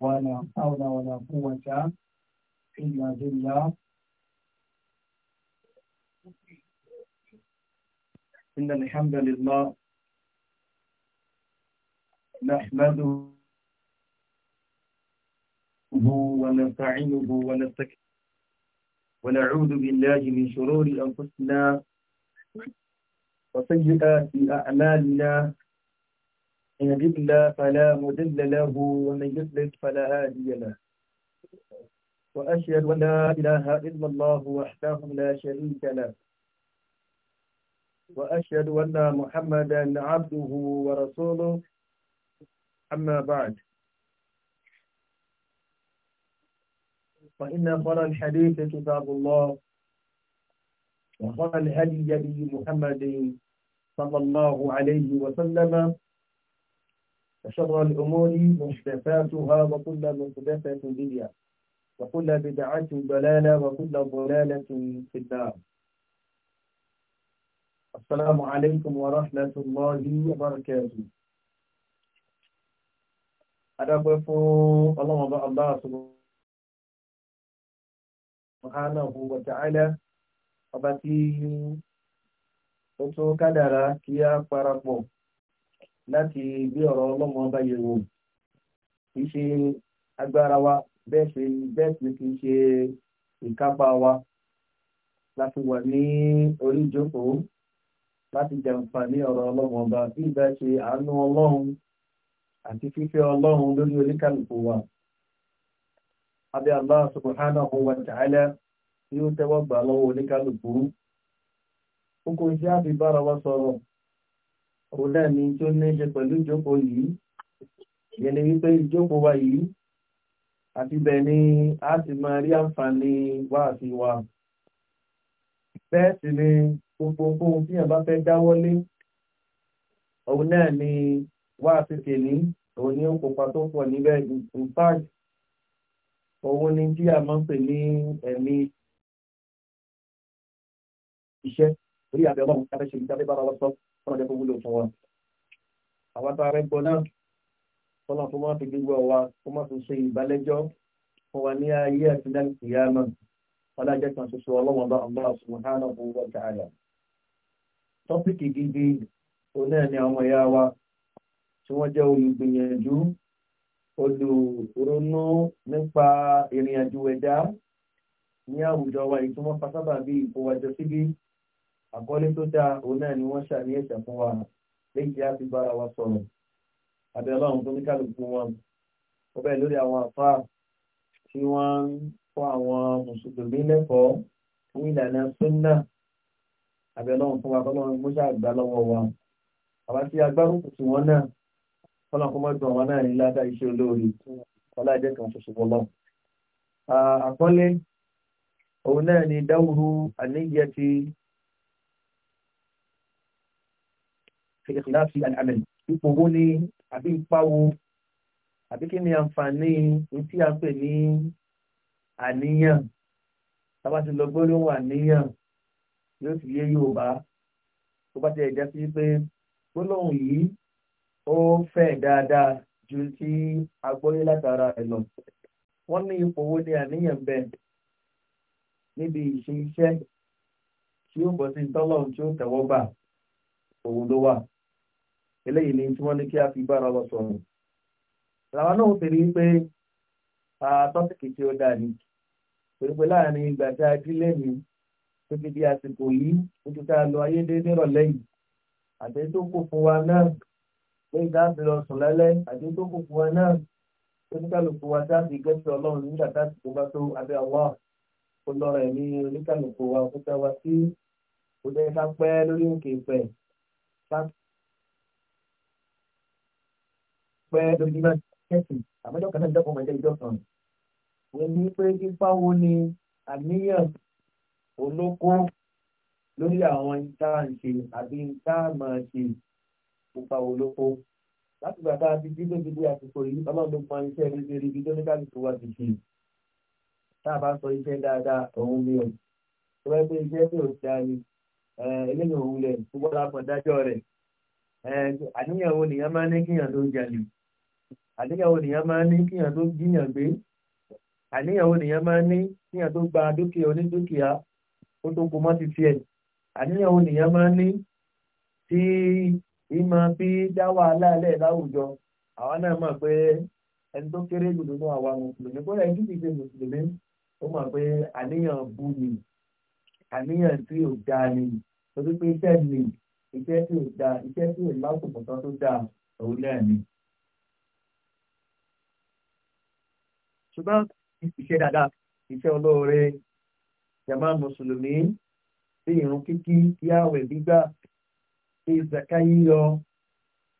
ولا حول ولا قوة إلا بالله إن الحمد لله نحمده ونستعينه ونستكبر ونعوذ بالله من شرور أنفسنا وسيئات أعمالنا من يهد الله فلا مضل له ومن يضلل فلا هادي له وأشهد أن لا إله إلا الله وحده لا شريك له وأشهد أن محمدا عبده ورسوله أما بعد فإن خير الحديث كتاب الله وقال الهدي هدي محمد صلى الله عليه وسلم وشر الأمور محدثاتها وكل محدثة بدعة وكل بدعة ضلالة وكل ضلالة في النار السلام عليكم ورحمة الله وبركاته adagbe الله ọlọ́run ọba allah subhanahu wa ta'ala ọba tí ó láti bí ọ̀rọ̀ ọlọ́mọ ọba yẹ̀ wò kì í ṣe wa bẹ́ẹ̀ ṣe bẹ́ẹ̀ sì kì í ṣe wa láti wà ní orí láti láti ní ọ̀rọ̀ ọlọ́mọ ọba bí ìgbà àánú ọlọ́run àti fífẹ́ ọlọ́run lórí oníkàlùkù wa. Abẹ́ Allah wa tẹ́wọ́ gbà lọ́wọ́ oníkàlùkù. Ó kò iṣẹ́ wa sọ̀rọ̀ òun náà ni tí ó ní ṣe pẹ̀lú ìjókòó yìí ìyẹn ni wípé ìjókòó wa yìí àti bẹ́ẹ̀ ni a sì máa rí àǹfààní wá àti wa bẹ́ẹ̀ sì ni gbogbo ohun tí yàn bá fẹ́ dáwọ́lé òun náà ni wá àti tèmi òun ni ó kópa tó pọ̀ níbẹ̀ in òun ni tí a máa ń pè ní ẹ̀mí iṣẹ́ orí àbẹ̀ ọlọ́run ká fẹ́ ṣe wa sọ́kù kọ́nà jẹ́ kó wúlò fún wa àwọn tá a rẹ gbọ́ náà kọ́nà kó má fi gbígbọ́ wa kó má fi ṣe ìbálẹ́jọ́ fún wa ní ayé àti ní ìyáàmà wọn lájẹ́ kan ṣoṣo ọlọ́wọ́n bá ọmọ subhanahu wa ta'ala tọ́pìkì gidi òun náà ni àwọn ẹ̀yà wa tí wọ́n jẹ́ olùgbìyànjú olùrònú nípa ìrìn àjò ẹ̀dá ní àwùjọ wa ìtumọ̀ pátábà bíi ìkówájọ síbí àkọlé tó dáa òun náà ni wọ́n ṣàní ẹ̀sẹ̀ fún wa léyìí á fi bára wa sọ̀rọ̀ abẹ́lá ọ̀hún tó ní kálukú wọn ó bẹ́ẹ̀ lórí àwọn àfa tí wọ́n ń kọ́ àwọn mùsùlùmí lẹ́kọ̀ọ́ fún ìlànà súnnà abẹ́lá ọ̀hún fún wa kọ́lọ́ mo ṣe àgbà lọ́wọ́ wa àwa tí agbárùkù tí wọ́n náà kọ́lọ́ kó mọ́tò àwọn náà ní ládà iṣẹ́ olóore kọ́lá jẹ́ kan ṣoṣo bọ́lọ́ àkọlé òun náà ni dáwùrú àníyẹ ti fi ikhlasi al-amal ipò wo ni àbí ipa àbí kí ni àǹfààní tí a pè ní àníyàn tábà ti lọ gbólóhùn àníyàn yóò sì yé Yorùbá tó bá ti ẹ̀já sí pé gbólóhùn yìí ó fẹ̀ dáadáa ju tí a gbóyé látara ẹ̀ lọ wọ́n ní ipò ni àníyàn bẹ níbi ìṣe iṣẹ́ tí ó bọ̀ sí tọ́lọ́run tí ó tẹ̀wọ́ gbà òun ló wà eléyìí ni tí wọ́n ní kí a fi bára wa sọ̀rọ̀ làwa náà ó tẹ̀lé pé tọ́sìkì tí ó dà ní pẹ̀lú láàrin ìgbà tí a dí lẹ́yìn tó fi di àsìkò yìí ojú tá a lọ ayédè nírọ̀lẹ́ yìí àti tó kù fún wa náà pé ìdáàbò lọ sùn lálẹ́ àti tó kù fún wa náà oníkàlùkù wa dáàbì gẹ́sì ọlọ́run nígbà táàbì tó bá tó abẹ́ ọwọ́ kó lọ́rọ̀ ẹ̀mí oníkàlùkù wa kó tẹ́ wa sí kó jẹ́ ká pẹ́ lórí òkè ìpẹ́ pẹ́ lójúmọ́ kẹ́sì àmọ́jọ́ kan náà ìjọba ọmọ ẹ̀jẹ̀ ìjọ kan wọ́n ní pé ipa wo ni àníyàn olóko lórí àwọn ìta ń ṣe àbí ìta máa ṣe ipa olóko láti gbà tá a ti dídé dídé àsìkò yìí ọlọ́run ló pọn iṣẹ́ ríbi ríbi tó ní kálukú wa ti ṣe tá a bá sọ iṣẹ́ dáadáa òun mi ò tó bá pé iṣẹ́ tí ò ti a ni eléyìí òun lẹ̀ gbogbo ọ̀la kan dájọ́ rẹ̀ àníyàn wo nìyẹn máa ń ní kíyàn tó ń jalè àníyàn wo nìyẹn máa ń ní kíyàn tó jíyàn gbé àníyàn wo nìyẹn máa ń ní kíyàn tó gba dúkìá onídúkìá ó tó kó mọ́ ti tiẹ̀ àníyàn wo nìyẹn máa ń ní tí ìmọ̀ bí dá wàhálà lẹ̀ láwùjọ àwa náà mọ̀ pé ẹni tó kéré jù nínú àwa mùsùlùmí kó lẹ́yìn kìí ṣe mùsùlùmí ó mọ̀ pé àníyàn bú ni àníyàn tí ò dáa ni torí pé iṣẹ́ ni iṣẹ́ tí ò dáa iṣẹ́ tí ò lákòókò tó dáa òun náà ni. ṣùgbọ́n ìṣe dáadáa iṣẹ́ olóore jama mùsùlùmí bí irun kíkí kí àwẹ̀ gbígbà bí ìzàká yíyọ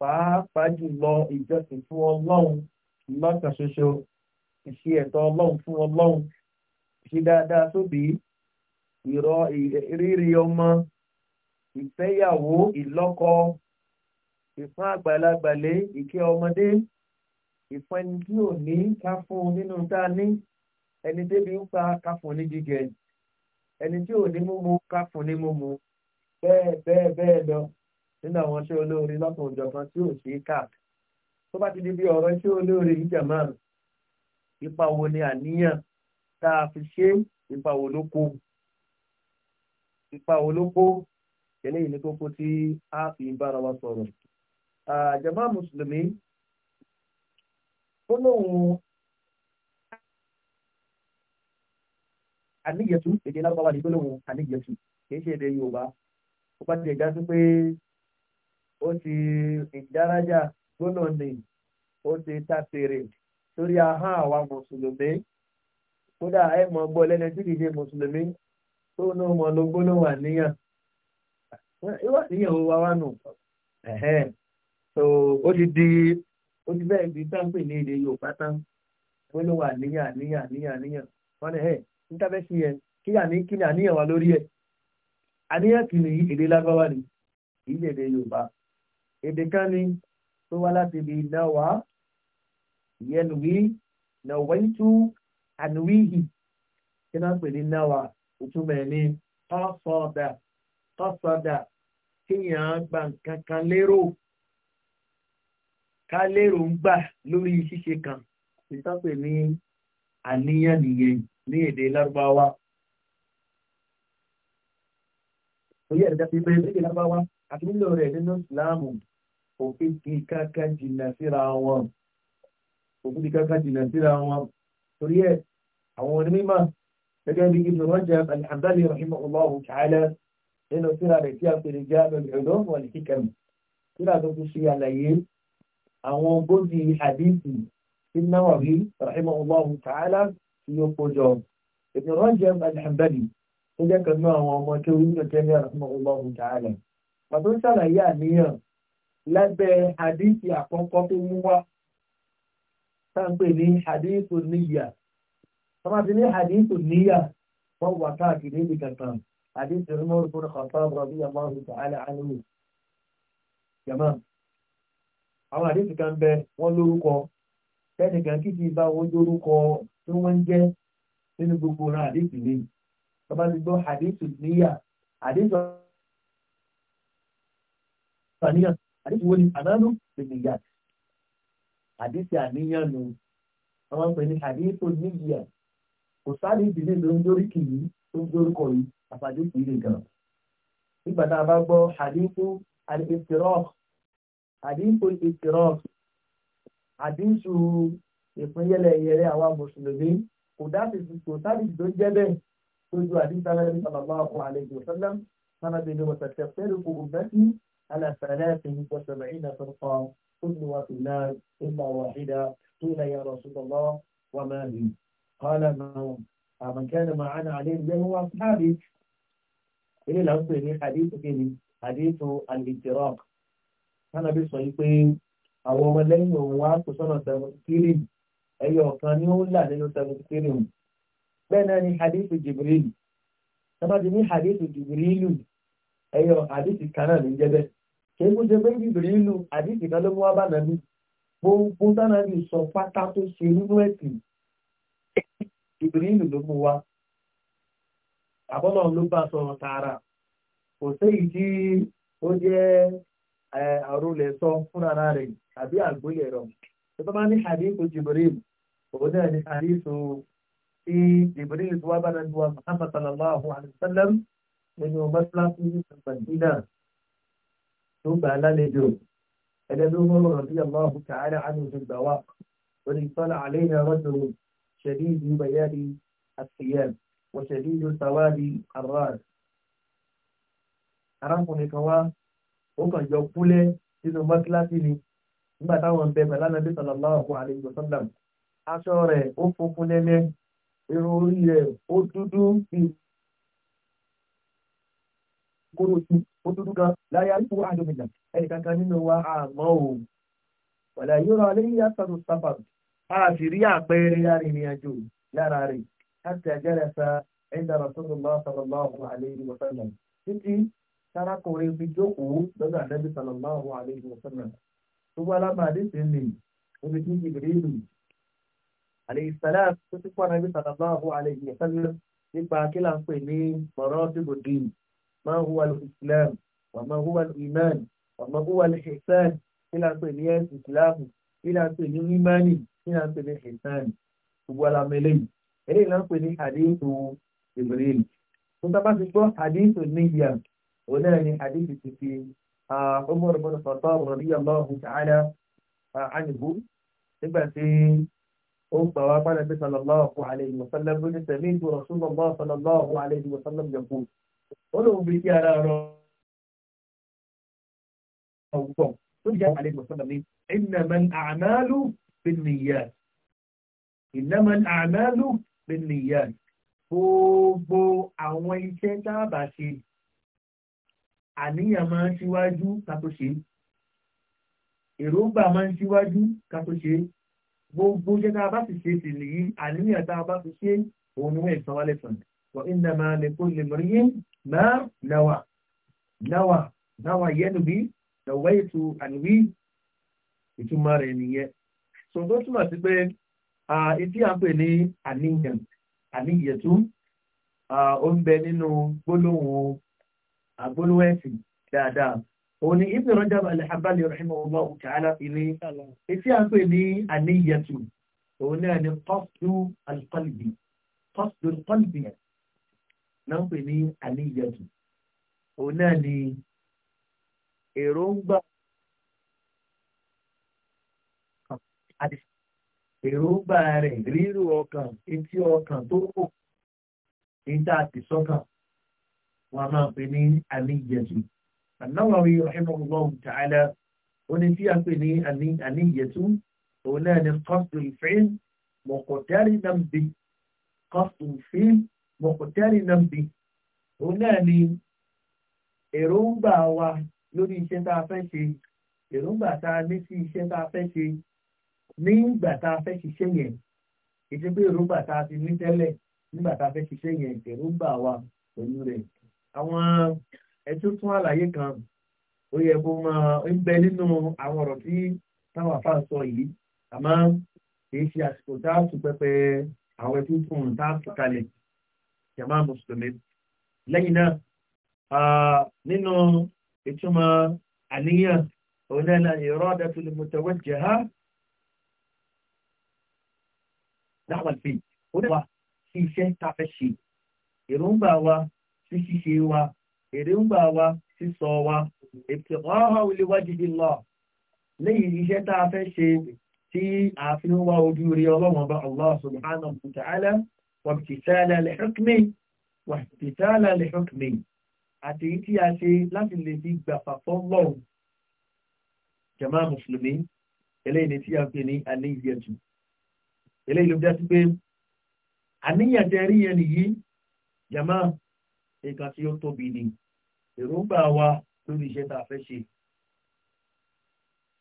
pàápàá jùlọ ìjọsìn fún ọlọ́run lọ́kàn ṣoṣo ìṣe ẹ̀tọ́ ọlọ́run fún ọlọ́run ṣe dáadáa sóbì ìrọ ìrírí ọmọ ìfẹ́yàwó ìlọ́kọ ìfún àgbàlagbàlé ìkẹ́ ọmọdé ìfún ẹni tí ò ní ká fún un nínú tá a ní ẹni débi ń pa ká fún un ní jíjẹ ẹni tí ò ní múmu ká fún un ní múmu bẹ́ẹ̀ bẹ́ẹ̀ bẹ́ẹ̀ lọ nínú àwọn iṣẹ́ olóore lọ́kùnrin ìjọkan tí ò ṣe é tó bá ti di bí ọ̀rọ̀ iṣẹ́ olóore ìjàmá ipa wo ni àníyàn tá a fi ṣe ipa wo ló kó ipa wo ló kó eléyìí ní kókó tí a fi bára wa sọ̀rọ̀ àjàmá mùsùlùmí gbólóhùn àníyẹ̀tú èdè lágbàwá ní gbólóhùn àníyẹ̀tú kìí ṣe èdè yorùbá ó bá ti ẹ̀dá sí pé ó ti ìdárájà gbólóhùn ó ti ahọ́n àwa mùsùlùmí kódà ẹ mọ̀ gbọ́ lẹ́nu tí kìí ṣe mùsùlùmí tó ló ó ti bẹ́ẹ̀ bí táǹpì ní èdè Yorùbá tán pé ló wà níyàn níyàn níyàn níyàn wọn ni ẹ sí ẹ kí àní kí ni àníyàn wa lórí ẹ àníyàn kì ní èdè lágbáwá ni kì í èdè Yorùbá èdè kan ni tó wá láti ibi náwà yẹnuwí kí náà pè ní ẹ̀ ní gba nǹkan ká lérò ń gbà lórí ṣíṣe kan ìtàpẹ̀ ní àníyàn nìyẹn ní èdè lárúbáwá oyè ẹ̀dá fi bẹ́ẹ̀ lédè lárúbáwá àti nílò rẹ̀ nínú ìsìláàmù òfin kì í káká jìnnà síra wọn òfin kì í káká jìnnà síra wọn torí ẹ̀ àwọn onímọ̀ gẹ́gẹ́ bí ibùdó rọ́jà alhàmbálì rahimu allahu ta'ala nínú síra rẹ̀ tí a pè ní jáàbẹ̀ ìlú wọn kíkẹ́mù síra tó tún ṣe àlàyé àwọn ogójì hadithi tí Nawawi rahimahullahu ta'ala tí ó kójọ Ibn Rajab al-Hanbali tó jẹ́ kan náà àwọn ọmọ tó ń yọ tẹ́lẹ̀ rahimahullahu ta'ala pàtó ń ṣàlàyé àníyàn lábẹ́ hadithi àkọ́kọ́ tó mú wá táǹpẹ̀ ní hadithu níyà tọ́mà ti ní hadithu níyà wọ́n wà káàkiri níbi kankan hadithu Umar ibn Khattab radiyallahu ta'ala anhu jama àwọn àdéhùn kan bẹ wọ́n lórúkọ lẹ́nìkan kí ti bá wọn lórúkọ tí wọ́n ń jẹ́ nínú gbogbo ra àdéhùn ní bàbá ti gbọ́ àdéhùn níyà àdéhùn àníyàn àdéhùn wo ni ànánú lèmìyà àdéhùn àníyàn nù àwọn pè ní àdéhùn níyà kò sáré ìdílé ló ń lórí kìí tó ń lórúkọ yìí àfàdéhùn yìí nìkan nígbà tá a bá gbọ́ àdéhùn àdéhùn àdínkù ìṣirọ́ àdínkù ìpínyẹlẹ̀ ìyẹrẹ àwọn mùsùlùmí kò dáàbì kò sábì tó jẹ́ bẹ́ẹ̀ tó ju àdínkù alábi sàlámà ọkọ̀ àlejò sọ́lá sábàbí ni wọ́n tẹ̀sẹ̀ fẹ́rẹ̀ kò gbẹ́ sí alàfẹ́rẹ́ fìyí pọ̀sẹ̀lẹ̀ ìnà sọ̀rọ̀ كل وفينا إلا واحدة قيل يا رسول الله وما هي قال من كان معنا عليه الجن هو إلى الأصل حديث كني حديث kánàbí sọ yìí pé àwọn ọmọ lẹ́yìn òun wá kó sọ́nà seventy three ẹyọ kan ni ó ń là nínú seventy three bẹ́ẹ̀ náà ni hadithu jibril sábàtì ní hadithu ẹyọ hadithu kan náà ló ń ṣe pé hadithu kan ló mú wá bá nàbí gbogbo sọ pátá tó ṣe nínú ló mú wá àbọ̀lọ́ ló bá sọ̀rọ̀ tààrà kò àrólẹ̀ sọ fúnra ara rẹ̀ àbí àgbóyè rọ̀ tó bá ní àdínkù jibril òun náà ní àdínkù tí jibril tó wá bá náà wà muhammad sallallahu alayhi wa sallam nínú mọ́sálásí ìpàdínà tó gbà lálejò ẹgbẹ́ tó mọ́ rọ̀ sí allahu ta'ala anu ti gbà wá wọ́n ti sọ́nà àlẹ́yìn rọ́jò ṣẹ̀dí ìlú bayani àfihàn wọ́n ṣẹ̀dí sawadi arras arákùnrin kan ó kàn yọ kúlẹ̀ nínú mọ́síláṣí ni nígbà táwọn bẹ pẹ̀lú anábì sallallahu alaihi wasallam aṣọ rẹ̀ ó funfun lẹ́lẹ́ irun orí rẹ̀ ó dúdú bí kóró sí ó dúdú gan láyé àríkú àdómìnà ẹnì kankan nínú wa àmọ́ ò wàlá yóò rọ alẹ́ yíyá sábà a sì rí àpẹẹrẹ arìnrìn àjò rẹ̀ láti àjẹrẹsà ẹ̀ńdà rasulullah sallallahu alaihi wasallam títí sárakùnrin fi jókòó lọ́dọ̀ àdẹ́bí sallallahu alayhi wa sallam tó wá lábàdé sí ni omi tí Jibrilu alayhi salam tó ti pọ̀ àdẹ́bí sallallahu alayhi wa sallam nípa kílà ń pè ní maratibud din ma huwa al-islam wa ma huwa al-iman wa ma huwa al-ihsan kílà ń pè ní ẹ̀sìn islam kílà ń pè ní imani kílà ń pè ní ihsan gbogbo alamẹ́lẹ́ yìí eléyìí òun náà ni àdéhùn ti fi Umar ibn Khattab radiyallahu ta'ala anhu nígbà tí ó gbà wá pàdé bí sallallahu alayhi wa sallam ló ní sẹ̀mí ìlú Rasulullah sallallahu alayhi wa sallam yẹ̀kú ó lóun bí kí ara rọ ọ̀gbọ̀n tó jẹ́ alayhi wa sallam ní innama al-a'malu bin-niyyat innama al-a'malu bin-niyyat gbogbo àwọn iṣẹ́ tá a bá ṣe àníyàn máa ń síwájú ká tó ṣe èròǹgbà máa ń síwájú ká tó ṣe gbogbo iṣẹ́ tá a bá ti ṣe sì nìyí àníyàn tá a bá ti ṣe òun ni wọ́n ìsanwó lẹ́sàn wọ iná máa lè kó lè mọ̀rí yín máa náwà náwà náwà yẹnu bí náwà ètò àníwí ìtumọ̀ rẹ̀ nìyẹn so tó túmọ̀ sí pé etí à ń pè ní àníyàn àníyàn tún ó ń bẹ nínú gbólóhùn àgbólówó ẹ̀sìn dáadáa òun ni ibn rajab al-hanbali rahimahullah ta'ala ìní etí à ń pè ní àníyàtù òun náà ni qasdu al-qalbi qasdu al-qalbi náà ń pè ní àníyàtù òun náà ni èròǹgbà èròǹgbà rẹ̀ rírò ọkàn etí ọkàn tó kò ní tá a ti sọ́kàn wọn a máa pè ní àníyẹ̀tù anáwàwí rahimahullahu ta'ala ó ní tí a pè ní àníyẹ̀tù òun náà ni kọ́sù ìfẹ́ mọ̀kọ̀dárì náà bì kọ́sù ìfẹ́ mọ̀kọ̀dárì náà bì òun náà ni èròǹgbà wa lórí iṣẹ́ tá a fẹ́ ṣe èròǹgbà tá a ní sí iṣẹ́ tá a fẹ́ ṣe nígbà tá a fẹ́ ṣiṣẹ́ yẹn ètò pé èròǹgbà tá a ti ní tẹ́lẹ̀ nígbà tá a fẹ́ ṣiṣẹ́ yẹn èròǹgbà wa pẹ̀lú rẹ̀ àwọn ẹtú tún àlàyé kan ó yẹ kó máa ń bẹ nínú àwọn ọ̀rọ̀ tí táwọn àfa sọ yìí àmọ́ kìí ṣe àsìkò tá a tún pẹpẹ àwọn ẹtú tún tá a tún kalẹ̀ jama mùsùlùmí lẹ́yìn náà nínú ìtumọ̀ àníyàn òun náà ìrọ̀ dàtúlù mùtẹ̀wé dáhùn àti ó dẹ̀ sí iṣẹ́ tá a fẹ́ ṣe èròǹgbà wa sí ṣíṣe wa èròǹgbà wa sísọ wa ètò ọ̀hán olè wájú ìlọ lẹ́yìn iṣẹ́ tá a fẹ́ ṣe tí a fi ń wá ojú rí ọlọ́wọ́n bá Allah subhanahu wa ta'ala wa ibtisala li hukmi wa ibtisala li hukmi àti tí a ṣe láti lè fi gbà fàfọ́ lọ́wọ́ nǹkan tí ó tóbi ni èròǹgbà wa lórí iṣẹ́ tá a fẹ́ ṣe.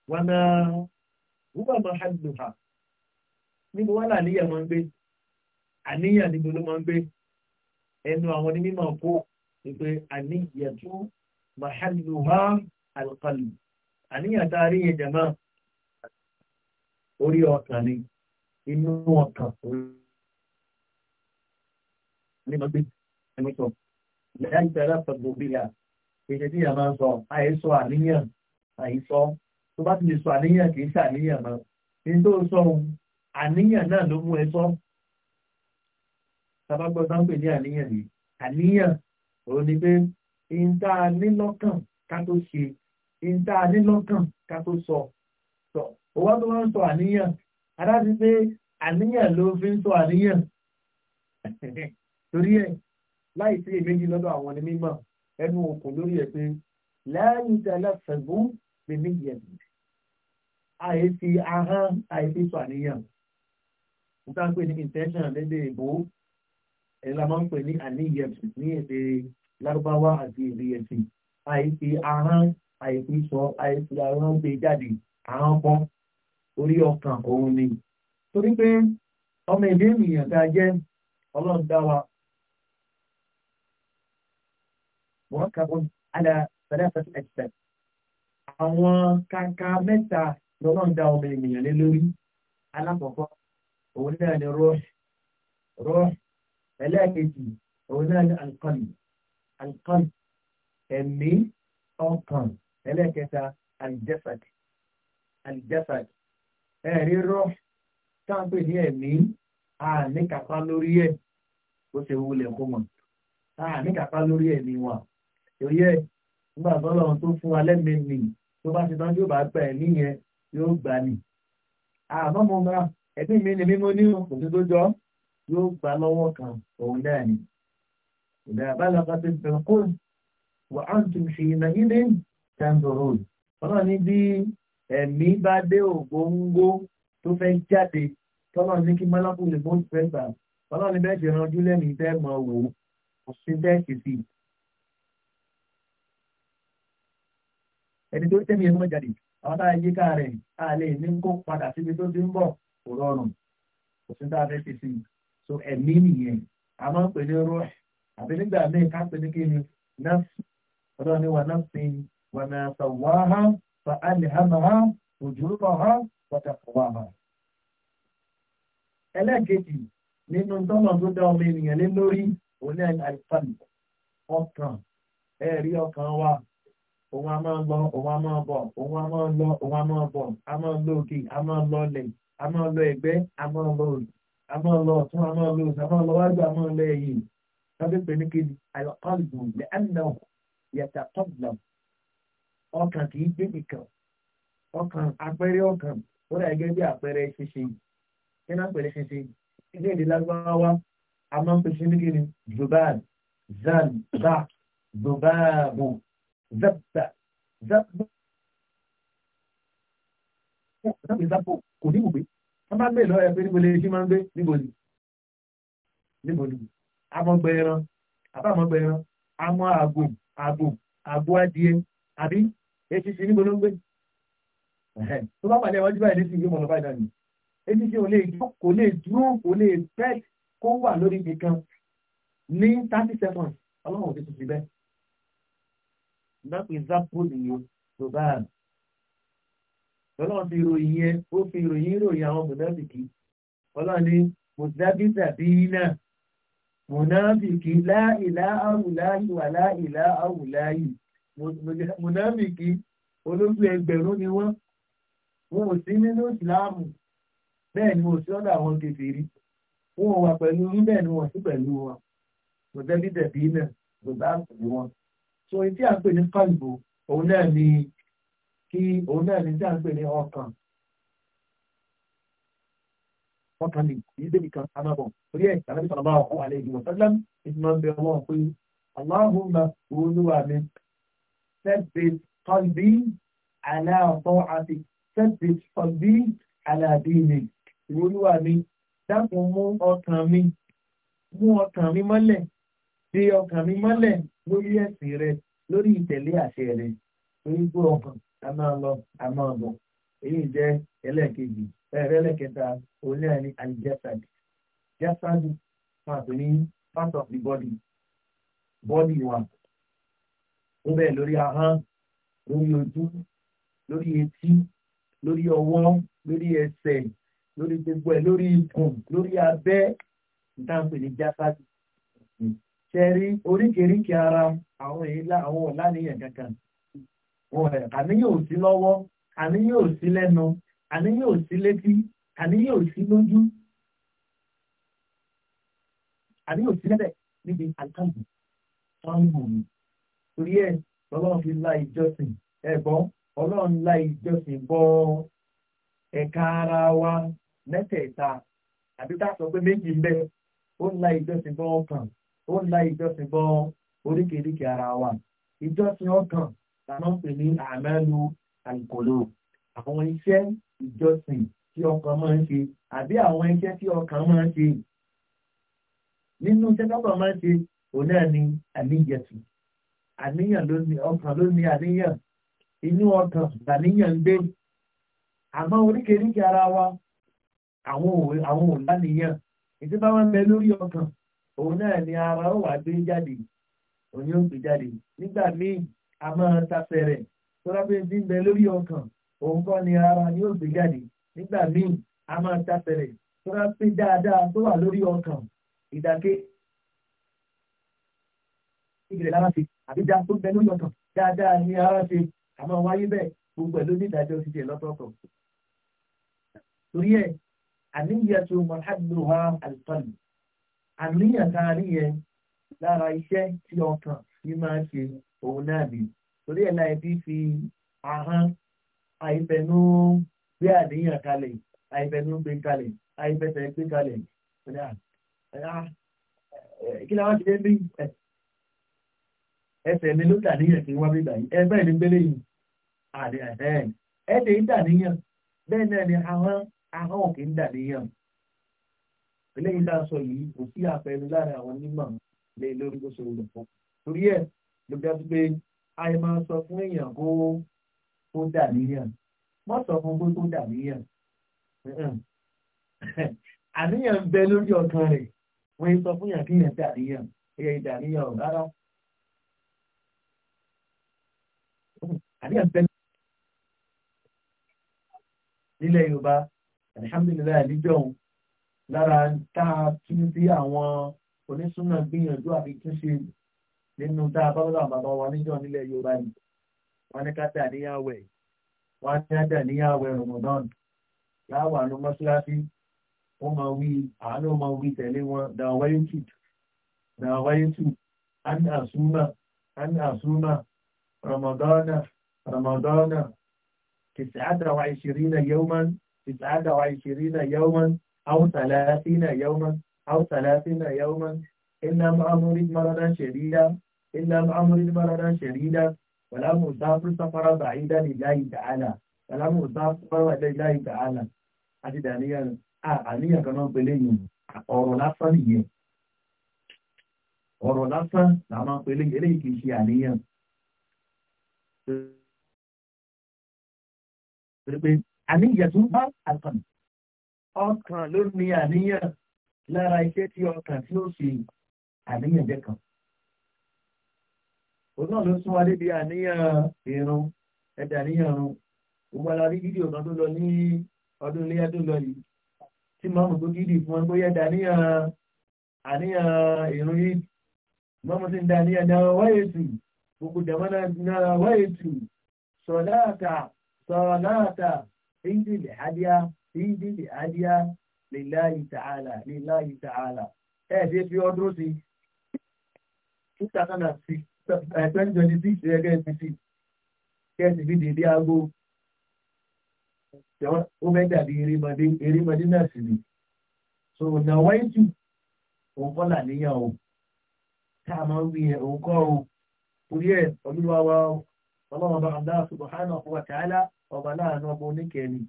wọn náà wúbà máa ha lò ha níbo wà láàníyàn máa ń gbé àníyàn níbo ló máa ń gbé ẹnu àwọn onímọ̀ kó pé àníyàn tún máa ha lò ha alqalb àníyàn tá a rí yẹn jẹ̀mọ́ orí ọkàn ni inú ọkàn orí. Ní gbé ẹni sọ lẹ́yìn tẹ̀lé pẹ̀lú bíyà èdè tí yàrá sọ àìsọ àníyàn àìsọ tó bá ti lè sọ àníyàn kì í ṣe àníyàn mọ́ ní tó sọ àníyàn náà ló mú ẹ sọ tabagbọ́ sáńpẹ̀ ní àníyàn yìí àníyàn òun ni pé ìta nílọ́kàn ká tó ṣe ìta nílọ́kàn ká tó sọ owó tó máa ń sọ àníyàn adájú pé àníyàn ló fi ń sọ àníyàn torí ẹ̀ láì sí èméjì lọ́dọ̀ àwọn ní mímọ̀ ẹnu òkun lórí ẹ̀ pé lẹ́yìn tẹ́lẹ̀ fẹ̀gbú lè méjì ẹ̀ àìfi ahọ́n àìfi sọ àníyàn nǹkan pé ní intention lédè ìbò ẹ̀rọ la máa ń pè ní àníyàn ní èdè lárúbáwá àti èdè ẹ̀sìn àìfi ahọ́n àìfi sọ àìfi ahọ́n gbé jáde ahọ́n pọ́n orí ọkàn òun ni torí pé ọmọ ìdí ènìyàn tá a jẹ́ ọlọ́run dá wa مركب على ثلاثة أجساد àwọn kàkà mẹ́ta lọ́nà dá ọmọ ènìyàn lé lórí alákọ̀ọ́kọ́ òun náà ni rush rush ẹlẹ́ẹ̀kejì òun náà ni alkali alkali ẹ̀mí ọkàn ẹlẹ́ẹ̀kẹta aljẹ́fàd aljẹ́fàd ẹ̀rí rush táǹpẹ̀ ní ẹ̀mí àníkàpá lórí ẹ̀ ó ṣe wulẹ̀ kó mọ̀ àníkàpá lórí ẹ̀mí wọn torí ẹ̀ nígbà tó lọ́run tó fún wa lẹ́mìí nì tó bá ti tán yóò bá gbà ẹ̀ níyẹn yóò gbà nì. àmọ́ mo máa ẹ̀mí mi ni mímú ní kò tó tó jọ yóò gbà lọ́wọ́ kan òun náà ni. ìdá àbálàkà ti bẹ̀rẹ̀ kó wà á tún ṣe iná ilé tanzoro. ọlọ́run ní bí ẹ̀mí bá dé ògbóngbó tó fẹ́ jáde tọ́lọ́ ní kí mọ́lákùnrin mọ́ fẹ́ gbà ọlọ́run bẹ́ẹ̀ ti ranjú lẹ́mìí tẹ́ mọ̀ wò ó sí tẹ́ẹ̀kì sí i. ẹni tó tẹ́mi ẹ̀mọ́ jáde àwọn tá a yí ká rẹ̀ a lè ní kó padà síbi tó ti ń bọ̀ kò rọrùn kò sí tá a fẹ́ ṣe sí i so ẹ̀mí nìyẹn a máa ń pè ní rọ́ọ̀ àbí nígbà míì ká pè ní kí ni nọ́ọ̀sì ọlọ́run ni wà nọ́ọ̀sì wà náà sàwáhá fa alìhámàhá òjòrúbàhá pàtàkùwàhá. ẹlẹ́ẹ̀kejì nínú tọ́nà tó dá ọmọ ènìyàn lé lórí òun ní ọkàn ẹ̀rí ọkàn wa òun a máa lọ òun a máa bọ̀ òun a máa lọ òun a máa bọ̀ a máa lọ òkè a máa lọ ọlẹ̀ a máa lọ ẹgbẹ́ a máa lọ òrì a máa lọ ọ̀tún a máa lọ òsì a máa lọ wájú a máa lọ ẹ̀yìn tàbí pẹ̀lú kejì àyọkọ́lù lẹ́ẹ̀nà yàtà tọ́gbà ọkàn kì í gbé nìkan ọkàn apẹ̀rẹ̀ ọkàn ó dà gẹ́gẹ́ bí àpẹẹrẹ ṣíṣe kí náà pẹ̀lú ṣíṣe ilé èdè lágbára a máa ń pèsè ní zabba zabbu zabbu zabbu kò ní ìwé wọn bá bẹ̀rẹ̀ lọ́yẹ̀ pé níbo lè ṣí máa ń gbé níbo ni níbo ni amọ̀gbẹ ẹran àbámọ̀gbẹ ẹran amọ̀ àgùn àgùn àgbo adìẹ àbí eṣiṣi níbo ló ń gbé tó bá pàdé ọjọ́ báyìí lẹ́sìn yóò mọ̀ báyìí náà ni eṣiṣi ò lè kò lè dúró kò lè pẹ́ kó wà lórí ibì ní thirty seconds ọlọ́run ò ti tún bẹ́ẹ̀ lọ́pẹ́ zápòlì yìí tó bá a. ọlọ́run fi ròyìn yẹn ó fi ròyìn ròyìn àwọn mùnáfìkì ọlọ́run ní mùsàbísà bíi náà mùnáfìkì láìlá àwùláyì wà láìlá àwùláyì mùnáfìkì olóṣù ẹgbẹ̀rún ni wọ́n wọn ò sí nínú ìsìláàmù bẹ́ẹ̀ ni wọn ò sí ọ̀dọ̀ àwọn kèfèrí wọn ò wà pẹ̀lú yín bẹ́ẹ̀ ni wọn sí pẹ̀lú wọn mùsàbísà náà tó bá wọn so èyí tí a ń pè ní kọ́ǹbù òun náà ni kí òun náà ni tí a ń pè ní ọkàn ọkàn ni kì í débi kan anábọ̀ orí ẹ̀ tàbí sọ̀rọ̀ bá ọkọ̀ àlẹ́ ìgbìmọ̀ sọ́dọ́m ìtumọ̀ ń bẹ ọwọ́ pé aláhùnmá olúwa mi sẹ́ẹ̀bì kọ́ǹbì aláàtọ̀ àti sẹ́ẹ̀bì kọ́ǹbì aláàbí mi olúwa mi dákun mú ọkàn mi mú ọkàn mi mọ́lẹ̀ dé ọkàn mi mọ́lẹ̀ lórí ẹ̀sìn rẹ lórí ìtẹ̀lé àṣẹ rẹ lórí gbọ́ ọkàn a máa lọ a máa bọ̀ èyí jẹ́ ẹlẹ́ẹ̀kejì ẹ̀rẹ́ ẹlẹ́kẹta òní àní àìjẹsàdì jẹsàdì pàtó ní part of the body body wa ó bẹ̀ lórí ahọ́n lórí ojú lórí etí lórí ọwọ́ lórí ẹsẹ̀ lórí gbogbo ẹ̀ lórí ikùn lórí abẹ́ ìtàǹpẹ̀ ní jásádì tẹ̀rí oríkèéríkèé ara àwọn èèlà àwọn ọ̀la níyàn kankan àní yóò sí lọ́wọ́ àní yóò sí lẹ́nu àní yóò sí létí àní yóò sí lójú àní yóò sí lẹ́bẹ̀ níbi torí ẹ̀ ọlọ́run fi la ìjọsìn ẹ̀gbọ́n ọlọ́run la ìjọsìn ara wa mẹ́tẹ̀ẹ̀ta àbí ká sọ pé méjì ó la ìjọsìn bọ oríkèéríkèé ara wa ìjọsìn ọkàn lànà pè ní àmẹ́lu àìkòló àwọn iṣẹ́ ìjọsìn tí ọkàn máa ń ṣe àbí àwọn iṣẹ́ tí ọkàn máa ń ṣe nínú iṣẹ́ tọ́kàn máa ń ṣe òun náà ni àníyẹ̀sìn àníyàn ló ní ọkàn ló ní àníyàn inú ọkàn wa àwọn ò láníyàn bá wọn bẹ lórí ọkàn òun náà ni ara ó wà gbé jáde òun yóò gbé jáde nígbà míì a máa tasẹ̀ rẹ̀ tọ́lá pé ti ń bẹ lórí ọkàn òun kọ́ ni ara yóò gbé jáde nígbà míì a máa tasẹ̀ rẹ̀ tọ́lá pé dáadáa tó wà lórí ọkàn ìdáké ìgbìlẹ̀ lára ṣe àbí tó bẹ lórí ọkàn dáadáa ni ara ṣe àmọ́ wáyé bẹ́ẹ̀ gbogbo ẹ̀ ló ìdájọ́ ti jẹ lọ́tọ̀ọ̀tọ̀ torí ẹ̀ àníyàn tó mọ̀ àníyàn tá a rí lára iṣẹ́ tí ọkàn ní máa ṣe òun náà nì torí ẹ̀ láì bí fi ahán àìfẹnú gbé àníyàn kalẹ̀ àìfẹnú gbé kalẹ̀ àìfẹsẹ̀ gbé kalẹ̀ kí wá ti dé bí ẹsẹ̀ mi ló dàníyàn kí wọ́n ẹgbẹ́ gbélé yìí ń dàníyàn bẹ́ẹ̀ náà ni dàníyàn. eléyìí tá a sọ yìí kò sí àpẹẹrẹ lára àwọn onímọ̀ lé lórí bó ṣe wùdọ̀ fún torí ẹ̀ ló bí a ti pé àyè máa sọ fún èèyàn kó kó dà níyàn má sọ fún kó tó dà níyàn àníyàn ń bẹ lórí ọkàn rẹ̀ wọ́n sọ fún yàn kí yàn dà níyàn ẹ̀yẹ ìdà níyàn rárá. àníyàn bẹ nílẹ̀ yorùbá alihamdulilayi níjọ́ lára tá a tún bí àwọn onísúná gbìyànjú àbí túnṣe nínú tá a bá lọ́wọ́ bàbá wa níjọ́ nílẹ̀ yorùbá yìí wọn ní ká dà níyàwó ẹ̀ wọn ní ká dà níyàwó ẹ̀ rọmọdán láwọn àánú mọ́ṣáláṣí wọn máa wí àánú máa wí tẹ̀lé wọn dàn wáyé tù dàn wáyé tù á ní àsúmà á ní ìṣirí na yẹ́wọ́n tìsíàdà ìṣirí na yẹ́wọ́n. أو ثلاثين يوما أو ثلاثين يوما إلا مع مريض مرضا شديدا إلا مع مريض مرضا شديدا ولا مسافر سفر بعيدا لله تعالى ولا مسافر لله تعالى àti دانيا àníyàn kan náà pèlè yìí ọ̀rọ̀ lásán nìyẹn ọ̀rọ̀ lásán là máa pèlè yìí eléyìí kìí ṣe àníyàn. ọkàn ló ní àníyàn lára iṣẹ́ tí ọkàn tí ó fi àníyàn jẹ́ kan. òun náà ló sún wa débi àníyàn irun ẹ̀dà àníyàn irun gbogbo ara rí fídíò kan tó lọ ní ọdún iléyà tó lọ yìí tí mọ́mù tó gidi fún ẹ bóyá dàníyàn àníyàn irun yìí mọ́mù tí ń dàníyàn náà wáyé tù gbogbo dàmọ́ náà wáyé tù sọ̀láàtà sọ̀láàtà ìdílé àdíyà ìdí àdíyá lillahi ta'ala lillahi ta'ala ẹ̀ ṣe fi ọdún sí two thousand and six eh, twenty twenty six ṣe ẹgẹ́ ti sí kẹ́sì fi dèdé aago ó fẹ́ dàbí erémọdé erémọdé náà sì ni so nàwọ́ ètù òun kọ́ làníyàn o tá a máa ń wí yẹn òun kọ́ o orí ẹ̀ olúwa wa ọlọ́run bá ń dá subhanahu wa ta'ala ọba láàánú ọba oníkẹ́ni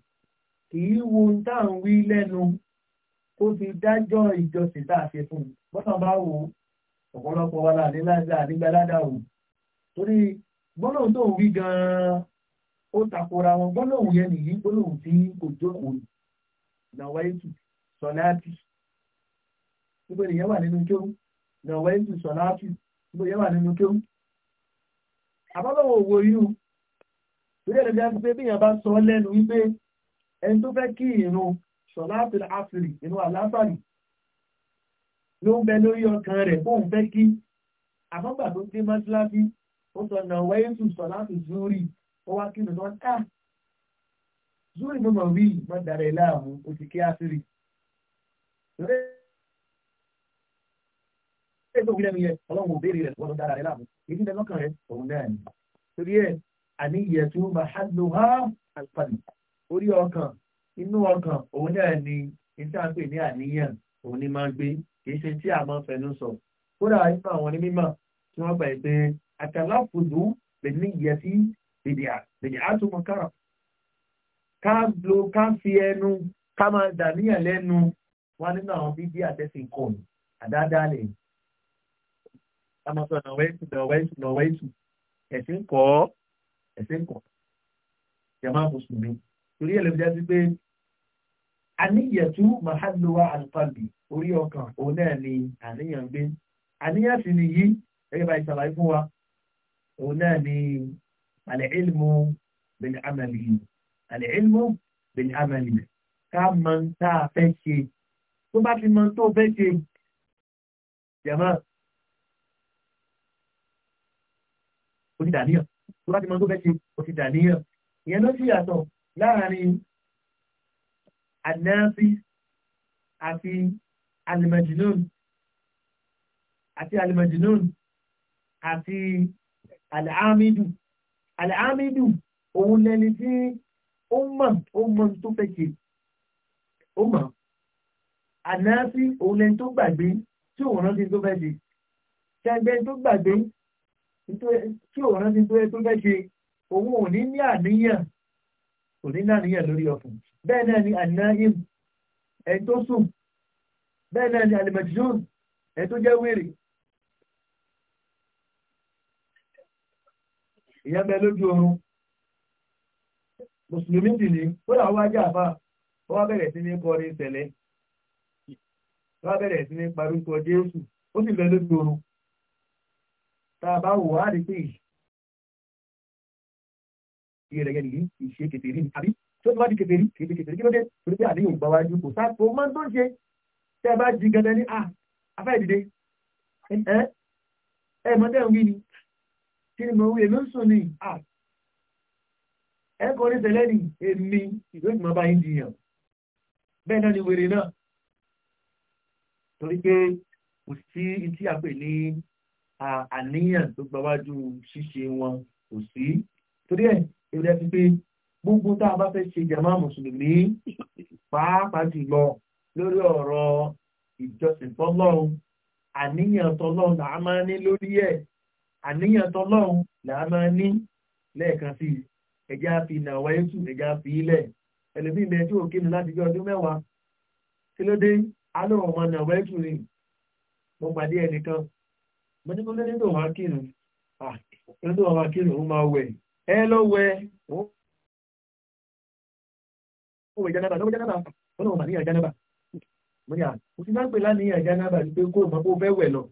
kì í wo tá à ń wí lẹ́nu tó fi dájọ́ ìjọsìn tá a ṣe fún un bọ́tà bá wò ó ọ̀pọ̀lọpọ̀ wa là níláńdà nígbàládà wò torí gbólóhùn tó ń wí gan-an ó takora wọn gbólóhùn yẹn nìyí gbólóhùn tí kò jókòó ìnáwó ètò sọláàtì gbogbo ènìyàn wà nínú kéwù ìnáwó ètò sọláàtì gbogbo ènìyàn wà nínú kéwù àbábọ̀wò òwò yìí torí ẹ̀rọ bí a ti pé bí èèyàn bá sọ lẹ́nu wípé ẹni tó fẹ́ kí ìrun ṣọ̀láàtì àfìrì inú àlásàrì ló ń bẹ lórí ọkàn rẹ̀ bóun fẹ́ kí àmọ́gbà tó dé mọ́síláṣí ó sọ nà wẹ́yẹ́sù ṣọ̀láàtì zúrì ó wá kí nìkan ah, á zúrì mo mọ̀ wí mọ́ dàrẹ̀ láàmú ó ti kí àfìrì. Ẹgbẹ́ òwúrẹ́ mi yẹ ọlọ́run ò béèrè rẹ̀ wọ́n lọ dára rẹ̀ láàmú. Èyí ń bẹ lọ́kàn rẹ̀ òun náà ni. Torí ẹ̀ àníyẹ̀ tó máa ha àlùfáàlì orí ọkàn inú ọkàn òun náà ni ìtàǹpè ní àníyàn òun ni máa gbé kìí ṣe tí a máa fẹnu sọ kódà nínú àwọn ní mímọ tí wọn gbà pé àtàláfòdù pẹ̀lú ìyẹsí bèdè àtúmọ̀kára ká lo ká fi ẹnu ká máa dàníyàn lẹ́nu wá nínú àwọn bíbí àtẹ̀sìn kọ̀ọ̀nù àdáadáalẹ̀ ká máa sọ nọ̀wẹ́sù nọ̀wẹ́sù nọ̀wẹ́sù ẹ̀sìn kọ́ ẹ̀sìn kọ́ jẹ̀má mùsùlùmí torí ẹ̀ ló fi jásí pé àníyàtú mahaluwa alqalbi orí ọkàn òun náà ni àníyàn gbé àníyàn sì ni yìí gẹ́gẹ́ bá ìṣàlàyé fún wa òun náà ni àlẹ́ìlmù bẹ̀lẹ̀ àmàlì àlẹ́ìlmù bẹ̀lẹ̀ àmàlì ká mọ tá a fẹ́ ṣe tó bá ti mọ tó fẹ́ ṣe jẹ̀mọ́ ó ti dàníyàn tó bá ti mọ tó fẹ́ ṣe ó ti dàníyàn ìyẹn ló sì yàtọ̀ láàrin anáfi àti alimajinun àti alimajinun àti alamidu alamidu òun lẹni tí ó mọ̀ ó mọ̀ tó fẹ́ ṣe ó mọ̀ anáfi òun lẹni tó gbàgbé tí òun rántí tó fẹ́ ṣe ṣẹgbẹ́ tó gbàgbé tí òun rántí tó fẹ́ òun ò ní ní àníyàn kò ní láníyàn lórí ọkùn bẹ́ẹ̀ náà ni anáhìm ẹ̀ tó sùn bẹ́ẹ̀ náà ni alimajun ẹ̀ tó jẹ́ wèrè ìyẹn bẹ lójú oorun mùsùlùmí sì ni ó làwọn ajá àfà ó wá bẹ̀rẹ̀ sí ní kọrin ìṣẹ̀lẹ̀ ó wá bẹ̀rẹ̀ sí ní parúkọ jésù ó sì bẹ lójú oorun tá a bá wò á rí pé ìrẹ̀ yẹn nìyí ìṣe kèfèrí ni àbí tó ti bá di kèfèrí kèfèrí kèfèrí kí ló dé torí pé àníyàn gbà wájú kò sáà kò máa ń tó ń ṣe tẹ́ ẹ bá di gandan ní à afẹ́ ìdìde ẹ ni kí ni mo wí èmi ni à ẹ kò ní ni èmi ìlú ìgbìmọ̀ bá yín jiyàn bẹ́ẹ̀ náà ni wèrè náà torí pé kò sí tí a pè ní àníyàn tó gbà ṣíṣe wọn kò sí torí ẹ̀ èrè ti pé gbogbo tá a bá fẹ́ ṣe jàmá mùsùlùmí pàápàá jùlọ lórí ọ̀rọ̀ ìjọsìn tọ́lọ́run àníyàn tọ́lọ́run là á máa ní lórí ẹ̀ àníyàn tọ́lọ́run là á máa ní lẹ́ẹ̀kan sí i ẹ̀já fi nàwọ́ ẹ̀sùn ẹ̀já fi ilẹ̀ ẹlòmíì mẹ́jọ òkè mi láti bí ọdún mẹ́wàá kí ló dé alóhùn ọmọ nàwọ́ ẹ̀sùn ni mo pàdé ẹnìkan mo ní kó lé nínú òun akínú òun máa wẹ̀ ẹ lọ wẹ ó wẹ jánábà lọ́wọ́ jánábà wọ́n lọ́wọ́ màníyàn jánábà mo ní à mo ti máa ń pè láníyàn jánábà ní pé kó o mọ̀ pé o fẹ́ wẹ̀ lọ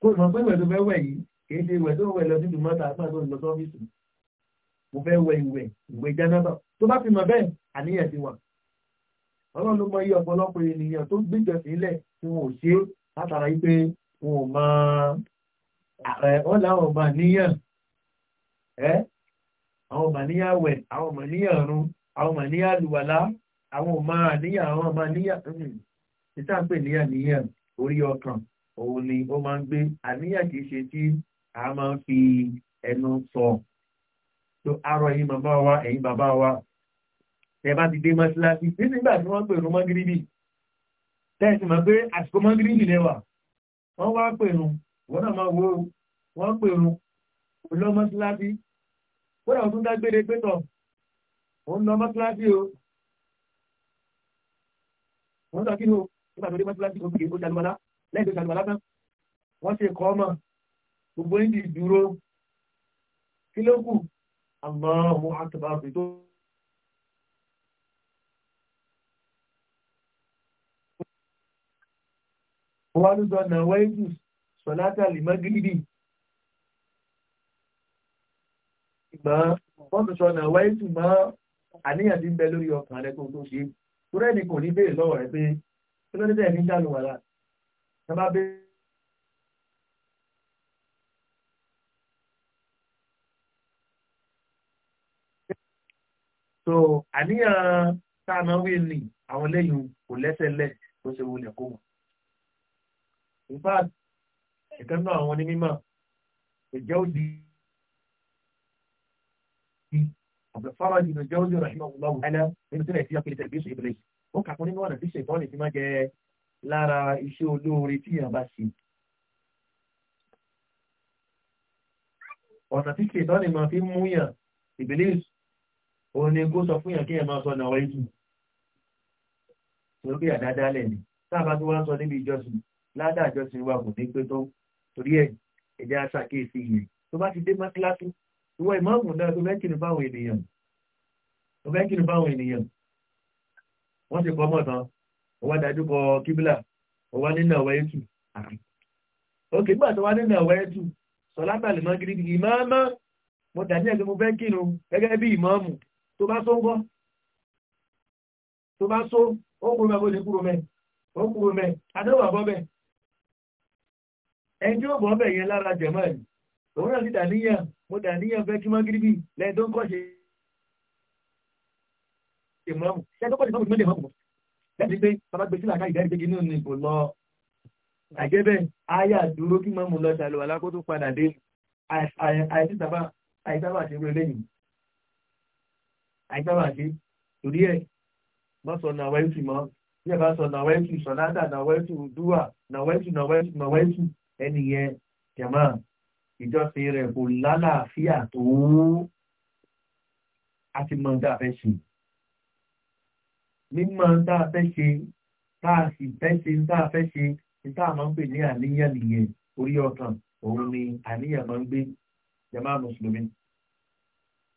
kó o mọ̀ pé ìwẹ̀ tó fẹ́ wẹ̀ yìí kì í ṣe ìwẹ̀ tó wẹ̀ lọ sí ìdùmọ́ta àgbà tó lọ sọ́fíìsì mo fẹ́ wẹ ìwẹ̀ ìwẹ̀ jánábà tó bá fi mọ̀ bẹ́ẹ̀ àníyàn ti wà ọlọ́run ló mọ iye ọ̀pọ̀lọpọ̀ ènìyàn tó gbéjọ sílẹ̀ tí wọn ò ṣe látara yìí pé wọn ò mọ wọn làwọn ọmọ àníyàn ẹ́ àwọn ọmọ níyà wẹ̀ àwọn ọmọ níyà ọ̀run àwọn ọmọ níyà lùwàlá àwọn ọmọ níyà àwọn ọmọ níyà hmm, títà ń pè níyà níyà orí ọkàn òun ni ó máa ń gbé àníyàn kìí ṣe tí a máa ń fi ẹnu sọ tó arọ ẹyin bàbá wa ẹyin bàbá wa tẹ bá ti dé mọ́síláṣí nígbà tí wọ́n ń pè ní mọ́gíríbì tẹ́sí máa pé àsìkò mọ́gíríbì lẹ́wà wọ́n wá pèrún wọ́n náà máa wo wọ́n pèrún olómọ́síláṣí kódà ó tún dágbére pétọ̀ òun lọ mọ́síláṣí o wọ́n sọ kí ni o nígbà tó dé mọ́síláṣí o kìí ó ṣàlùmọ́lá lẹ́yìn tó ṣàlùmọ́lá tán wọ́n ṣe kọ́ ọmọ gbogbo ní ìdúró kí ló kù àmọ́ ọmọ àtàbàbì tó wọ́n ló sọ nàwẹ́ ìjù sọ̀látà lè mọ́ gírídì mọ́ bọ́ọ̀lù sọ̀nà wáyétù mọ́ àníyàn ti ń bẹ lórí ọkàn rẹ kó tó ṣe tó rẹ́ni kò ní béèrè lọ́wọ́ rẹ pé kí ló dé tẹ̀ ní dànù wàrà ẹ má béèrè. so àníyàn tá a máa ń wí ni àwọn lẹ́yìn kò lẹ́sẹ̀lẹ̀ tó ṣe wọlé kó wọn. in fact ìkan náà àwọn onímọ̀ ìjẹ́ òdì عبد الفرج بن الجوزي رحمه الله تعالى nínú sílẹ̀ tí ọkùnrin tẹ̀lé bíṣọ̀ ìbílẹ̀ ó kà fún nínú ọ̀nà tí ṣètọ́ lè fi máa jẹ lára iṣẹ́ olóore tí yàn bá ṣe. ọ̀nà tí ṣètọ́ lè máa fi mú yàn ìbílẹ̀ òun ni kó sọ fún yàn kí yàn máa sọ nàwọ́ ìjù. torí pé àdáadáa ni tá a bá tó wá sọ níbi ìjọsìn ládàá ìjọsìn wa kò ní pé tó torí ẹ̀ ẹ̀jẹ̀ ìwọ ìmáàmù náà tó fẹ́ kírun fáwọn ènìyàn tó fẹ́ kírun fáwọn ènìyàn wọ́n ti kọ́ mọ̀ tán wọ́n wá dájú kọ kíbílà wọ́n wá nínú ọ̀wẹ́ ètù òkè gbà tó wá nínú ọ̀wẹ́ ètù sọ̀lábàlì mọ́ gidi ìmáàmá mo dàbí ẹgbẹ́ mo fẹ́ kírun gẹ́gẹ́ bí ìmáàmù tó bá tó ń gbọ́ tó bá tó ó kúrò mẹ́ bó ṣe kúrò mẹ́ ó kúrò mẹ́ adéwà bọ́ bẹ́ẹ̀ ẹni tí ó bọ́ bẹ́ẹ̀ yẹn lára jẹ̀mọ́ ẹ̀ òun náà ti dà níyàn mo dà níyàn fẹ́ kí mọ́gíríbì lẹ́yìn tó ń kọ́ ṣe ìmọ̀ọ́mù lẹ́yìn tó kọ́ ṣe mọ́mù ìmọ̀lẹ̀ mọ́mù lẹ́yìn pé bàbá gbé sílẹ̀ àká ìdárí gbégi nínú ìbò lọ àjẹ́bẹ̀ ayà dúró kí mọ́mù lọ ṣàlùwà lákó tó padà dé àìsísàbà àti ìwé lẹ́yìn àìsísàbà àti torí ẹ̀ bọ́sọ̀ náà wẹ́ẹ́ tì mọ́ bí ẹ bá sọ náà wẹ́ẹ́ tì sọ̀nádà náà wẹ́ẹ́ tì dúwà náà wẹ́ẹ́ tì náà ìjọsìn rẹ̀ kò lálàáfíà tó a ti mọ̀ dáa fẹ́ ṣe mímọ̀ dáa fẹ́ ṣe táà sì fẹ́ ṣe dáa fẹ́ ṣe táà máa ń pè ní àníyàn nìyẹn orí ọkàn òun ni àníyàn máa ń gbé jama mùsùlùmí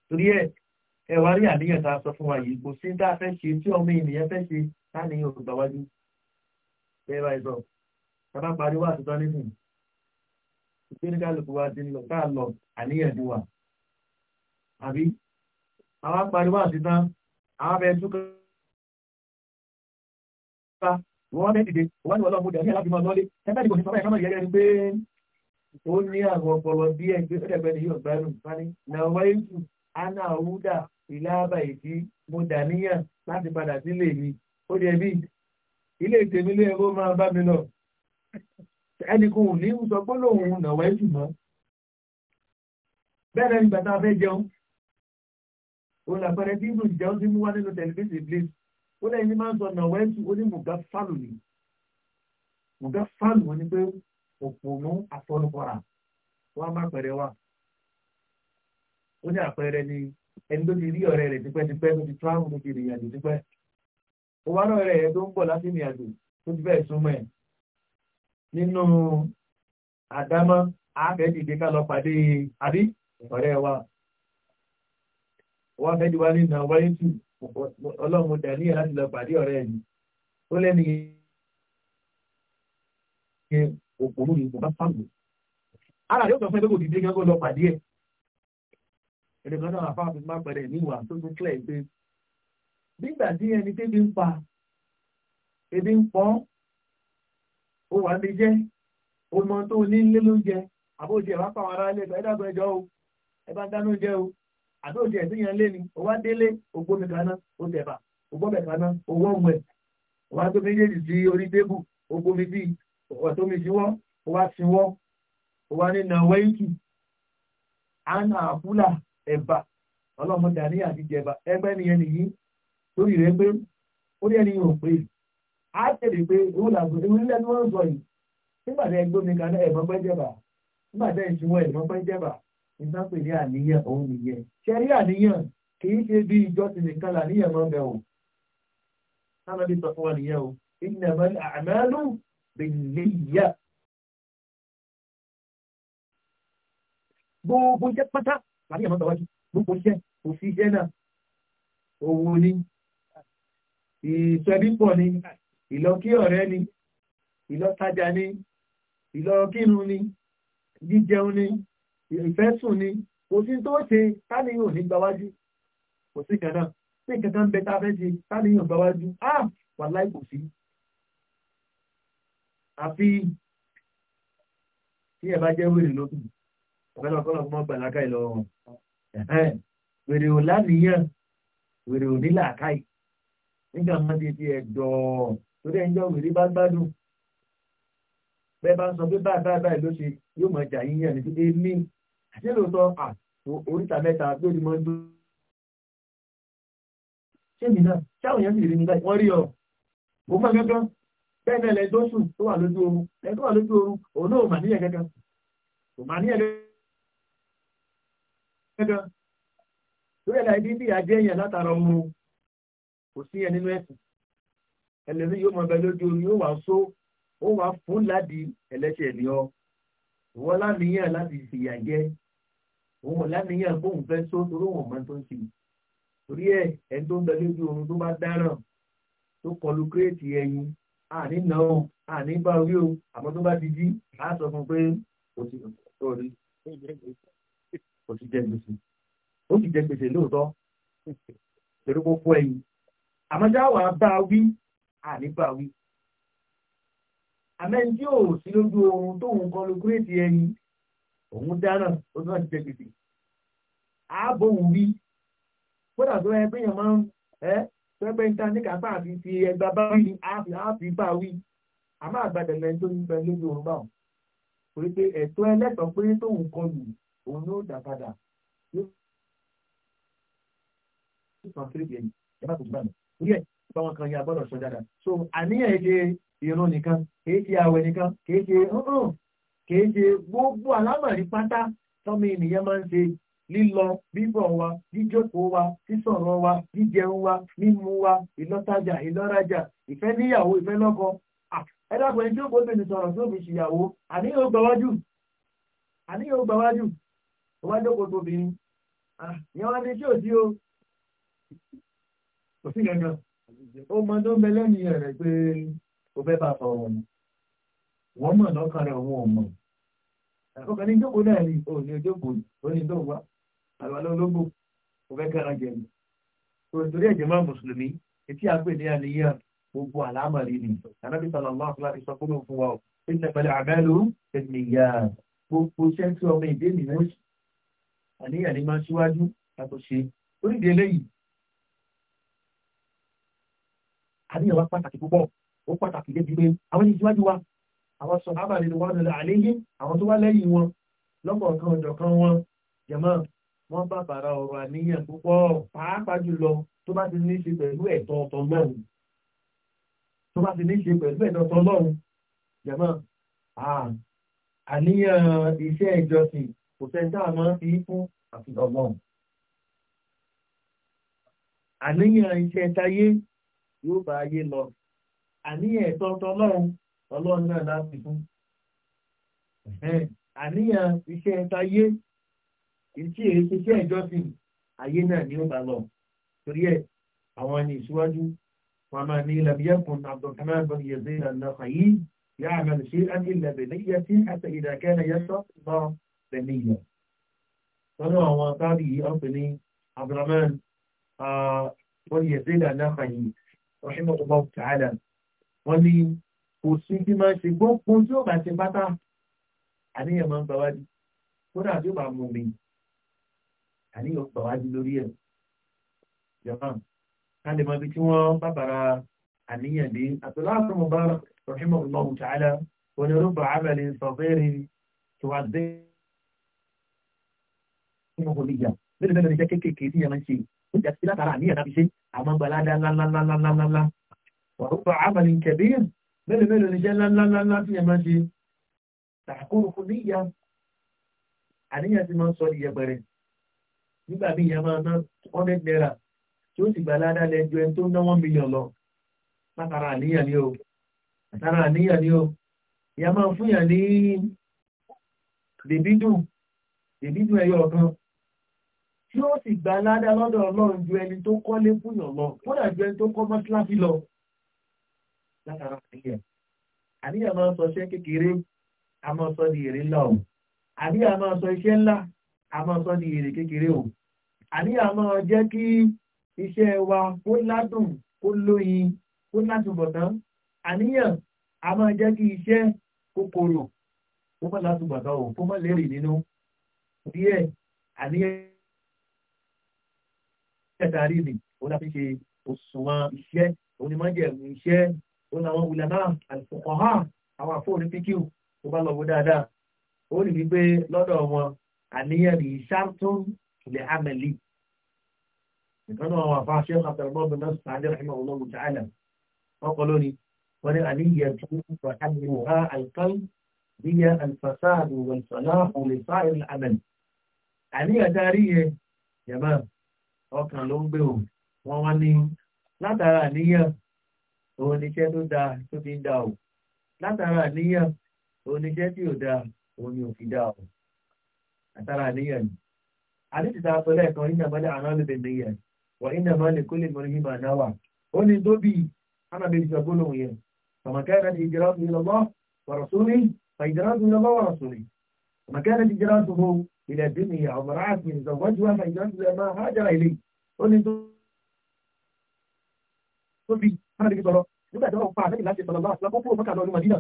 torí ẹ ẹ wá rí àníyàn tá a sọ fún wa yìí kò sí dáa fẹ́ ṣe tí ọmọ ènìyàn fẹ́ ṣe táà ní yorùbá wájú bẹ́ẹ̀ báyìí sọ tá bá parí wá àtúntò nísìnyí tí ní kálukú wa ti lọ káà lọ àníyànjú wa àbí àwọn apariwo àti tán àwọn abẹ túkọ ká wọ́n ní dìde wọ́n ní ọlọ́mọdé àti alábìmọ lọ́lé ẹgbẹ́ ìgbòho sọ́kọ́ ìkámọ̀ ìyẹ́rẹ́ ni pé ó ní àwọn ọpọlọ díẹ̀ gbé ẹgbẹ́ ni yóò gbẹ́nu fani nàwáyéjù ana awúdà mo dàníyàn láti padà sílé mi ó dẹ̀ bí ilé ìtẹ̀mílẹ̀ ó máa bá mi lọ ẹnìkan ò ní sọ pé lòun nàwẹ́ jù mọ́ bẹ́ẹ̀ ni bàtà fẹ́ jẹun olùlàpẹrẹ tí ibùdó jẹun ti mú wá nínú tẹlifíṣì place ó lẹ́yìn ní máa ń sọ nàwẹ́ jù ó ní mùgá fálù ni mùgá fálù wọn ni pé òpònú àfọlùkọrà wọn á má pẹ̀rẹ̀ wà ó ní àpẹẹrẹ ni ẹni tó ti rí ọ̀rẹ́ rẹ̀ tipẹ́tipẹ́ tó ti travel tó ti rìnrìn àjò tipẹ́ ó wá náà rẹ̀ tó ń bọ̀ láti ìrìn àjò tó ti bẹ́ẹ̀ súnmọ́ ẹ̀ nínú àdámọ́ àfẹ́dìdé ká lọ pàdé àbí ọ̀rẹ́ wa wọ́n fẹ́dì wá ní ìnà wáyé tù ọlọ́run dà ní láti lọ pàdé ọ̀rẹ́ ẹ̀yìn ó lẹ́ni yẹn òpònú ni kò bá fáwọn ara rẹ̀ ó sọ fún ẹgbẹ́ òdìdé gẹ́gẹ́ lọ pàdé ẹ̀ ẹ̀rẹ̀ kan náà àfáà fi máa pẹ̀lẹ̀ níwà tó tún kílẹ̀ pé nígbà tí ẹni tẹ́bi ń pa ebi ń pọ́n ó wà lè jẹ́ ó mọ tó nílé lóúnjẹ àbóòdì ẹ̀wá pàwọn ará ilé ẹ̀dàgbọ́n ẹjọ́ o ẹ bá dáná oúnjẹ o ẹ̀sìn yẹn lé ni ó wá délé ògbómi kaná ó tẹ̀bà ògbọ́bẹ̀ kaná owó ọ̀wẹ̀ ó wá tó méjèèjì sí orí tébù bíi ó wá ó wá ní ẹ̀bà ọlọ́mọdé àníyàn àti jẹ̀bà ẹgbẹ́ nìyẹn nìyí á tẹ̀lé pé òun làbò ìwé nílẹ̀ ni wọ́n ń sọ yìí nígbà tẹ́ gbó mi kan ẹ̀mọ́ pẹ́ jẹ̀bà nígbà tẹ́ ìṣúwọ́ ẹ̀mọ́ pẹ́ jẹ̀bà nígbà pè ní àníyàn òun nìyẹn ṣe rí àníyàn kì í ṣe bí ìjọsìn nìkan làníyàn máa ń bẹ̀ o sábà bí sọ fún wa nìyẹn o ìnàmọ́ àmàlù bìnnìyà gbogbo iṣẹ́ pátá tàbí àmọ́ tọ́wájú gbogbo iṣẹ́ kò sí iṣẹ́ náà owó ní ìṣẹ́bí pọ̀ ní ìlọ kí ọ̀rẹ́ ni ìlọ tajà ni ìlọ kírun ni jíjẹun ni ìfẹ́ ni kò sí tó ṣe táníyàn ní gbáwájú kò sí kan náà sí kankan bẹ tá a fẹ́ ṣe táníyàn gbáwájú á wà láì kò sí. àfi tí ẹ bá jẹ́ wèrè lókùn ọ̀pẹ́lọpọ̀lọ mọ́ gbàlákà ìlọ ọ̀hún wèrè ò láníyàn wèrè ò ní làákàyè nígbà mọ́tí ti ẹ̀ dọ̀ọ́ torí ẹjọ́ wèrè bá gbádùn bẹ́ẹ̀ bá sọ pé báyìí ló ṣe yóò mọ̀ jà yíyàn ní pípé ní àti oríta mẹ́ta tó ní mọ́ dún. ṣé mi náà ṣáwọn èèyàn sì rí mi báyìí wọ́n rí ọ mo fẹ́ gángan bẹ́ẹ̀ náà lẹ́jọ́ sùn tó wà lójú oorun ẹ̀ tó wà lójú oorun òun náà ò mà níyẹn gángan kò mà níyẹn gángan torí ẹ̀ láì bí bí àjẹyàn látara ọmọ kò sí ẹ nínú ẹ̀sìn ẹlẹ́ni yóò mọ ẹbẹ lójú omi ó wàá só ó wàá fún ládi ẹlẹ́ṣẹ̀ ni ọ ìwọ láníyàn láti fìyà jẹ òun láníyàn bóun fẹ́ só torí òun mọ tó ń ṣe torí ẹ ẹni tó ń bẹ lójú oorun tó bá dáràn tó kọlu kírètì ẹyin àní nà ó àní bá orí o àmọ́ tó bá ti jí á sọ fún pé kò sí òrí kò sí jẹ gbèsè ó sì jẹ gbèsè lóòótọ́ torí kó fọ ẹyin àmọ́ já wàá bá wí àníbà wí. àmẹ́ni tí ò sí lójú oorun tóun kọlu kúrètì ẹni òun dáná ó náà ti jẹ gbèsè ààbò òun wí kódà tó ẹ péyàn máa ń ẹ pẹpẹ níta ní kápá àti ti ẹgbà bá wí ni àfi àfi bá wí àmọ́ àgbàdàgbà tó ń bẹ lójú oorun báwọn torí pé ẹ̀tọ́ ẹlẹ́tọ̀ọ́ pé tóun kọlu òun ló dà padà yóò sàn kéré bìí ẹni ẹ má tó gbà mí torí ẹ báwọn kan yà gbọ́dọ̀ sọ dáadáa so àníyàn irun nìkan kìí ṣe àwẹ̀ nìkan kìí ṣe kìí ṣe gbogbo ṣe lílọ bíbọ̀ wa jíjókòó wa sísọ̀rọ̀ wa jíjẹun wa mímu wa ìlọ́tajà ìlọ́rajà ìfẹ́ níyàwó ìfẹ́ lọ́kọ ẹ dákun ẹni tí ó ó mọ tó ń bẹ lẹ́nu rẹ̀ pé o fẹ́ bá sọ̀rọ̀ ni wọ́n mọ̀ lọ́kàn rẹ̀ wọn ò mọ̀ ọkàn ní ìjókòó náà ni ò ní ìjókòó ó ní ìdóhùn wa àlọ́ lọ́gbò o fẹ́ kẹ́ran jẹ ni tó nítorí ẹ̀jẹ̀ máa mùsùlùmí etí àgbè ní àníyàn gbogbo àlámà rí ni anábì sallallahu alaihi sọ fún mi fún wa o ìṣe pẹ̀lú àmẹ́lú ènìyà gbogbo sẹ́ńtì ọmọ ìdí ènìyàn àníyàn ni máa ṣíwájú àtúnṣe orídìí àníyàn wa pàtàkì púpọ̀ ó pàtàkì débi pé àwọn ẹni síwájú wa àwọn sọ ábà nínú wọn lọ àléyé àwọn tó wá lẹ́yìn wọn lọ́kọ̀ọ̀kan ọ̀jọ̀kan wọn jẹ̀mọ́ wọn bá bàrà ọ̀rọ̀ àníyàn púpọ̀ pàápàá jùlọ tó bá ti ní ṣe pẹ̀lú ẹ̀tọ́ ọ̀tọ̀ lọ́run tó bá ti ní ṣe pẹ̀lú ẹ̀tọ́ ọ̀tọ̀ lọ́run jẹ̀mọ́ àníyàn iṣẹ́ ìjọsìn kò sẹ́ńtà máa fi fún àfihàn ọlọ́run àníyàn iṣẹ́ táyé yóò bá ayé lọ àní ẹ̀tọ́ tọlọ́run ọlọ́run náà láti fún àníyàn iṣẹ́ táyé ìtí èsì iṣẹ́ ìjọsìn ayé náà ni ó bá lọ torí ẹ̀ àwọn ẹni ìṣíwájú wọn máa ní ìlàbíyẹ̀kùn abdulkamal bin yazid al-nakhayi يعمل شيئا إلا بنية حتى إذا كان يشرب صار بنية صنع وقابه أبني عبد الرحمن وليزيد النخعي رحمه الله تعالى wọ́n ní kò sí bí máa ń ṣe gbọ́ fún tí ó bá ṣe pátá àníyàn máa ń bá wájú kódà tí ó bá mú mi àníyàn bá wájú lórí ẹ̀ jọba ká lè mọ ibi tí wọ́n bàbàrà àníyàn dé àtọ́lá àtọ́mọ̀ bá rọ̀ṣímọ̀ ọlọ́run tààlà wọn ni rúbà abẹ́lé sọ̀fẹ́rì tó wá dé nínú olùyà lórí bẹ́ẹ̀ lórí iṣẹ́ kéékèèké tí yẹn máa ń ṣe ó jà sí látara àníyàn láti ṣe àmọ́ gbalada ńláńláńláńláńlá wàrúkọ àmàlì kẹbíyàn mélòó mélòó níṣẹ́ ńláńláńláńlá tí yẹn máa ṣe tàkùrù fún níyà àníyàn ti máa ń sọ ìyẹpẹrẹ nígbà bí ìyá máa ná hundred naira tí ó sì gbalada lẹjọ ẹni tó ná one million lọ látara àníyàn ni o látara àníyàn ni o ìyá máa fún yàn ní dèbídùn dèbídùn ẹyọ ọ̀kan tí ó sì gbà ládá lọ́dọ̀ ọlọ́run ju ẹni tó kọ́lé fún yàn lọ kódà ju ẹni tó kọ́ mọ́síláfí lọ látara àníyàn àníyàn máa ń sọ iṣẹ́ kékeré a máa sọ di èrè ńlá o àníyàn máa sọ iṣẹ́ ńlá a máa sọ di èrè kékeré o àníyàn máa jẹ́ kí iṣẹ́ wa kó ládùn kó lóyin kó ládùn bọ̀tán àníyàn a máa jẹ́ kí iṣẹ́ kókòrò kó má ládùn bọ̀tán o kó má lérè nínú díẹ̀ àníyàn ẹ̀dá rí ni òun láti ṣe òṣùwọ̀n iṣẹ́ òun ni máa ń jẹ ẹ̀mú iṣẹ́ òun làwọn wùlànà àlùfọ̀kọ̀há àwọn àfọ̀rí píkìú tó bá lọ wọ dáadáa ó rí i pé lọ́dọ̀ wọn àníyàn ní ṣáàtún ilẹ̀ amẹ́lì nǹkan náà wọn àfa ṣe àtàlọ́bù náà sàlẹ̀ ẹ̀mọ́ ọlọ́run tààlà wọn kọ lónìí wọn ní àníyàn tó ń sọ àmìwá àlùkán bíyà àníyàn ọkàn ló ń gbé o wọ́n wá ní látara àníyàn òun níṣẹ́ tó dáa tó fi ń dá o látara àníyàn òun níṣẹ́ tí ò dáa òun ni ò fi dá o látara àníyàn ni àdéhùn tá a sọ lẹ́ẹ̀kan nínú àmọ́lẹ̀ àná lóde nìyẹn wọ́n nínú àmọ́lẹ̀ kó lè mọ ní ìmọ̀ náà wà ó ní tó bí anábì gbólóhùn yẹn tọmọkẹ́rẹ́ ti ìjọba ìlọ́lọ́ wọ̀rọ̀ sórí fàìjọba ìlọ́lọ́ wọ̀rọ̀ sórí tọmọkẹ́rẹ́ ti ìjọba tó ilẹ̀ bí mi àmọ́ra àti ìzọ̀wọ́jú wa nàìjíríà ti lè máa hájà ilé ó ní tó bí káàdì kí sọ̀rọ̀ nígbà tí wọ́n pa àtẹ́kì láti sọ̀rọ̀ bá àtìlákó fún òmùkà lọ́dún màdínà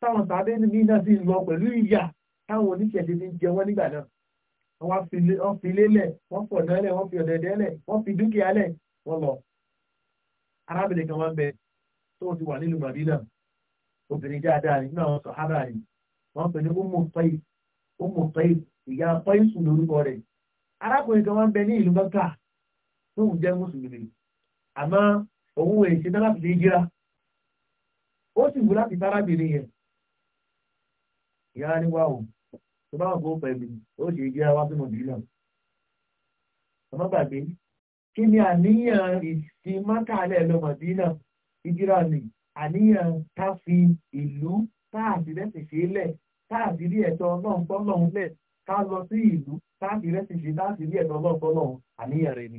táwọn sàbẹ́ mi náà sì lọ pẹ̀lú ìyà táwọn oníṣẹ̀ṣe ti jẹ wọ́n nígbà náà wọ́n fi ilé lẹ̀ wọ́n fọ̀ náà lẹ̀ wọ́n fi ọ̀dẹ̀dẹ̀ lẹ̀ wọ́n fi dúkìá lẹ̀ wọ́n lọ. arábìnrin kan wá ń bẹ tó ti wà nílùú màdínà obìnrin dáadáa nínú àwọn sọ̀hárà yìí wọ́n pè ní ó mú fẹ́yìí ó mọ̀ tọ́yì ìyá tọ́yì sùn lórúkọ rẹ̀ arákùnrin kan wá ń bẹ ní ìlú mọ́kà tóun jẹ́ mùsùlùmí àmọ́ òun èyí ṣe tán láti lè ó sì wú láti tárábìnrin yẹn ìyá ni wà ó tó bá wọn kó pẹ̀lú ó ṣe yíra wá sínú ìdílé ọmọ gbàgbé kí ni àníyàn ìsìn mọ́kàlẹ̀ lọ́mọdínà ìdíra ni àníyàn ká fi ìlú táàtì rẹ̀ sì ṣe lẹ̀ káàdìrí ẹ̀tọ́ ọlọ́run tọ́lọ́run lẹ̀ ká lọ sí ìlú káàdìrí ẹ̀sìn ṣe láàdìrí ẹ̀tọ́ ọlọ́run tọ́lọ́run àníyàn rẹ̀ ni.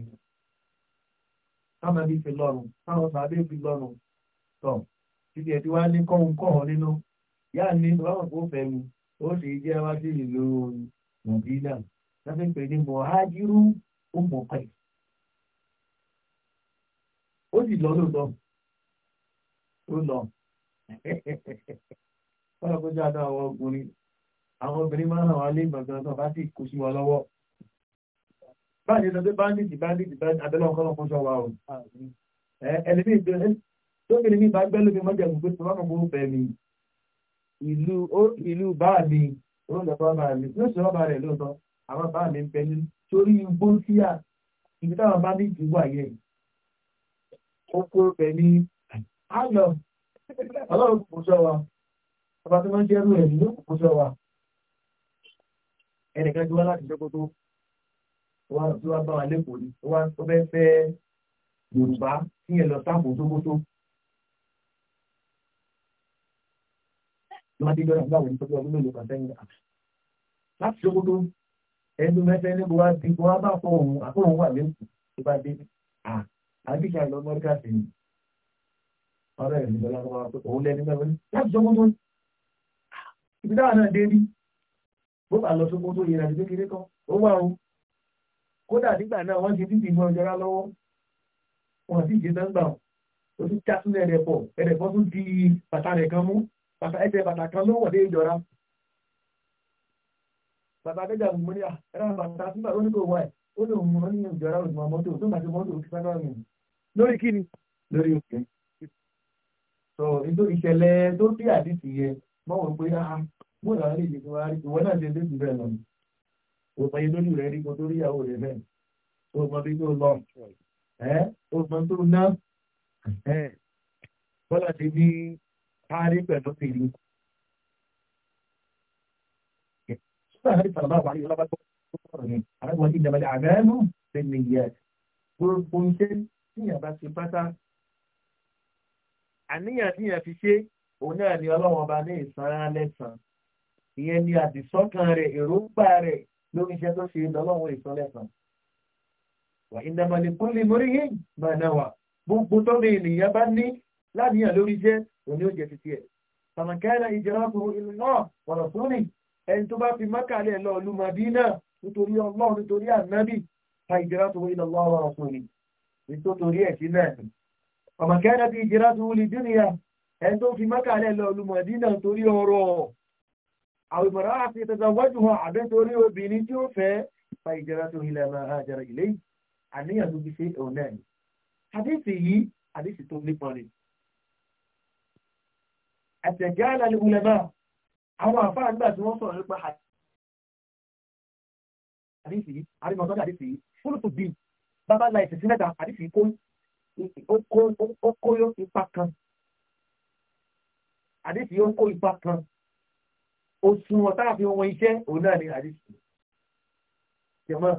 káwọn ẹbí fi lọ́rùn káwọn sàbẹ̀ fi lọ́rùn tọ̀ títí ẹ̀tí wá ní kọ́ńkọ́ nínú yá ni báwọn kò fẹ́ mi ó sì jẹ́ wá sí ìlú nàìjíríà láti pè ní mọ̀hájírú òmùpẹ̀. ó sì lọ lóòótọ́ ó lọ. kọ́lọ̀ kó jáde àwọn ọkùnrin àwọn obìnrin máa ń hàn wá lé ìgbàgbọ́n náà bá sì kó sí wa lọ́wọ́ báyìí lọ pé báńdìtì báńdìtì abẹ́lẹ́ ọkọ́lọ́ kó sọ wa o ẹlẹ́mí tóbi ní bá gbẹ́lú mi mọ́jà gbogbo tó bá mọ̀ gbogbo fẹ́ mi ìlú bá mi olóòtọ́ bá mi yóò sọ bá rẹ̀ lóòtọ́ àwọn bá mi ń bẹ ní torí igbó ọlọ́run kò sọ wa ọba tó máa ń jẹ́rú ẹ̀ ní òkúta wa ẹnìkan tí wọ́n láti ṣẹ́kótó tí wọ́n bá wà lẹ́kọ̀ọ́ ni wọ́n tó fẹ́ fẹ́ yorùbá tí yẹn lọ sáàpù tókótó ló máa dé lọ́dọ̀ àgbáwò ní pẹ́pẹ́ ọdún mélòó kan sẹ́yìn láti ṣẹ́kótó ẹni tó mẹ́fẹ́ ní buwa ti buwa bá fọ òun àfọ̀hún wà lẹ́kọ̀ọ́ tó bá dé à àdìsá lọ mọ́ríkà sí ọ̀rẹ́ ìlú lọ́wọ́ òun lẹ́ni mẹ́fẹ́ láti ṣẹ́kótó ibi táwọn náà dé rí bó bá lọ sóko tó yẹra sí kékeré kan ó wà o kódà nígbà náà wọ́n ti títí ìmọ̀ ìjọra lọ́wọ́ wọn sì jẹ́ nọ́mbà o tún já sílẹ̀ ẹ̀rẹ̀pọ̀ ẹ̀rẹ̀pọ̀ tún di bàtà rẹ̀ kan mú bàtà ẹsẹ̀ bàtà kan ló wọ̀dé ìjọra bàbá adéjà mú ní àrà bàtà fún bàbá oníkó wà ẹ̀ ó lè mú ní ìjọra òṣùwọ̀n mọ́tò tó bàtà mọ́tò òkè sáná mi. lórí kí ni. lórí òkè. sọ ìṣẹ̀lẹ̀ tó bí àdìsí yẹn mọ́wọ́ pé áá mú ìlànà lè dìbò wá rí ìwọ náà ṣe lè dìbò ẹ̀ lọ. o mọ ilé lórí rẹ rí mo tó rí ìyàwó rẹ bẹ́ẹ̀ o mọ bí tó lọ ẹ o mọ tó ná bọ́lá ti ní kárí pẹ̀lú tèmi. sọ́dọ̀ àti sàlámà wà ní ọlọ́pàá tó sọ̀rọ̀ ni àwọn ìdàbàdì àbẹ́ẹ́nù lè nìyẹn gbogbo iṣẹ́ tíyàn bá ti pátá àníyàn tíyàn fi ṣe òun náà ni ọlọ́wọ́n ọba ní ìsanra lẹ́sàn ìyẹn ni àdìsọ́kàn rẹ̀ èròǹgbà rẹ̀ lórí iṣẹ́ tó ṣe lọ́lọ́wọ́ ìsan lẹ́sàn. wà ìdàmọ̀lì kúnlẹ̀ mórí yìí máa náà wà gbogbo tó ní ènìyàn bá ní láníyàn lórí iṣẹ́ òun ni ó jẹ títí ẹ̀. sàmàkẹ́rẹ́ ìjọba kò ìlú náà ọ̀rọ̀ tó ní ẹni tó bá fi mọ́kàlẹ̀ lọ ìlú madina nítorí ọlọ́run ẹni tó fi mọ́kàlẹ̀ lọ olùmọ̀dínà torí ọrọ̀ àwòmọ̀rá àti tẹ̀sánwájú hàn àbẹ́ torí obìnrin tí ó fẹ́ fa ìjẹra tó ilẹ̀ máa ha jẹra ilé yìí àníyàn ló fi ṣe òun náà ni àdéhìsì yìí àdéhìsì tó nípọn ni. àtẹ̀jẹ́ àlàlẹ́ ulẹ̀mà àwọn àfáà nígbà tí wọ́n sọ̀rọ̀ nípa àdéhìsì yìí àrímọ̀tọ́jà àdéhìsì yìí fúlùtù bíi àdìsí yóò ń kó ipa kan òṣùwọ̀n táà fi wọn iṣẹ́ òun náà ni àdìsí jẹ̀mọ́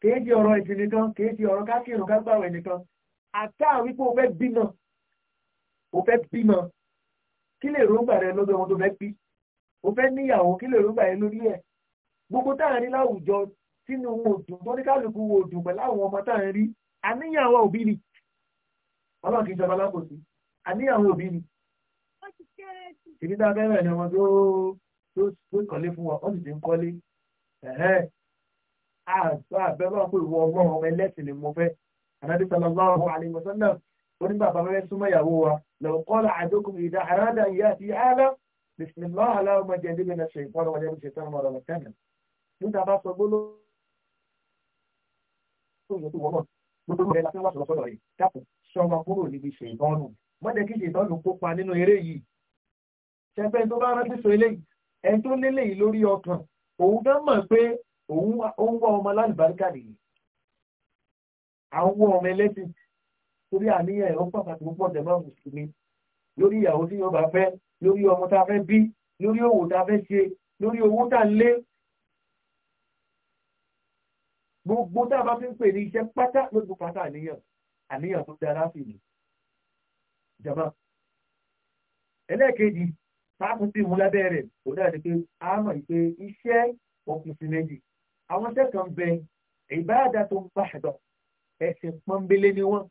kéèdì ọ̀rọ̀ ìsìn nìkan kéèdì ọ̀rọ̀ kákìrùn kágbàwẹ̀ nìkan àtà wípé o fẹ́ bímọ o fẹ́ bímọ kí lè rógbà rẹ lọ́dọ̀ ọmọ tó fẹ́ bí o fẹ́ níyàwó kí lè rógbà rẹ lórí ẹ̀ gbogbo táàrin láwùjọ sínú wọn òdùn tó ní kálukú òdùn pẹ̀lú ọmọ táàrin rí àníyàwó òbí ni ọlọ́run kì í jọba àníyàwó òbí ni tìbí tá a fẹ́ rẹ̀ ni ọmọ tó tó kọ́lé fún wa ó sì ti ń kọ́lé àgbà àbẹ́bà pé ìwọ ọgbọ́n ọmọ ẹlẹ́sìn ni mo fẹ́ anábì sallallahu alaihi wasallam ó ní bàbá fẹ́ súnmọ́ ìyàwó wa lọ́wọ́ kọ́lá àdókùn ìdá àrádà ìyá àti ààlà bismillah aláwọ̀mọ jẹ́ ẹ̀dẹ́gbẹ̀ náà ṣe ìpọ́nà wọlé ṣe tán ọmọ ọ̀rọ̀ tẹ́lẹ̀ nígbà bá sọ gbóló gbogbo ẹ̀ la fẹ́ wá sọ̀rọ̀ sọ̀rọ̀ yìí dákun sọ ọmọ yìí ṣẹpẹ́ tó bá rántí sọ eléyìí ẹni tó lélẹ̀ yìí lórí ọkàn òun gan mọ̀ pé òun ń wá ọmọ lálùbáríkà nìyí àwọn ọmọ ẹlẹ́sìn torí àníyàn ẹ̀rọ pàtàkì púpọ̀ tẹ̀mọ́ mùsùlùmí lórí ìyàwó tí yóò bá fẹ́ lórí ọmọ tá a fẹ́ bí lórí òwò tá a fẹ́ ṣe lórí owó tá a lé gbogbo tá a bá fi ń pè ní iṣẹ́ pátá lójú pátá àníyàn àníyàn tó dára sí ni ẹlẹ́ẹ̀kejì táàmù sí mú lábẹ́ rẹ̀ kò dáa ni pé a mọ̀ pé iṣẹ́ òkùnkùn méjì àwọn iṣẹ́ kan bẹ ìbáàdà tó ń bá àdọ̀ ẹ̀sìn pọ́nbélé ni wọ́n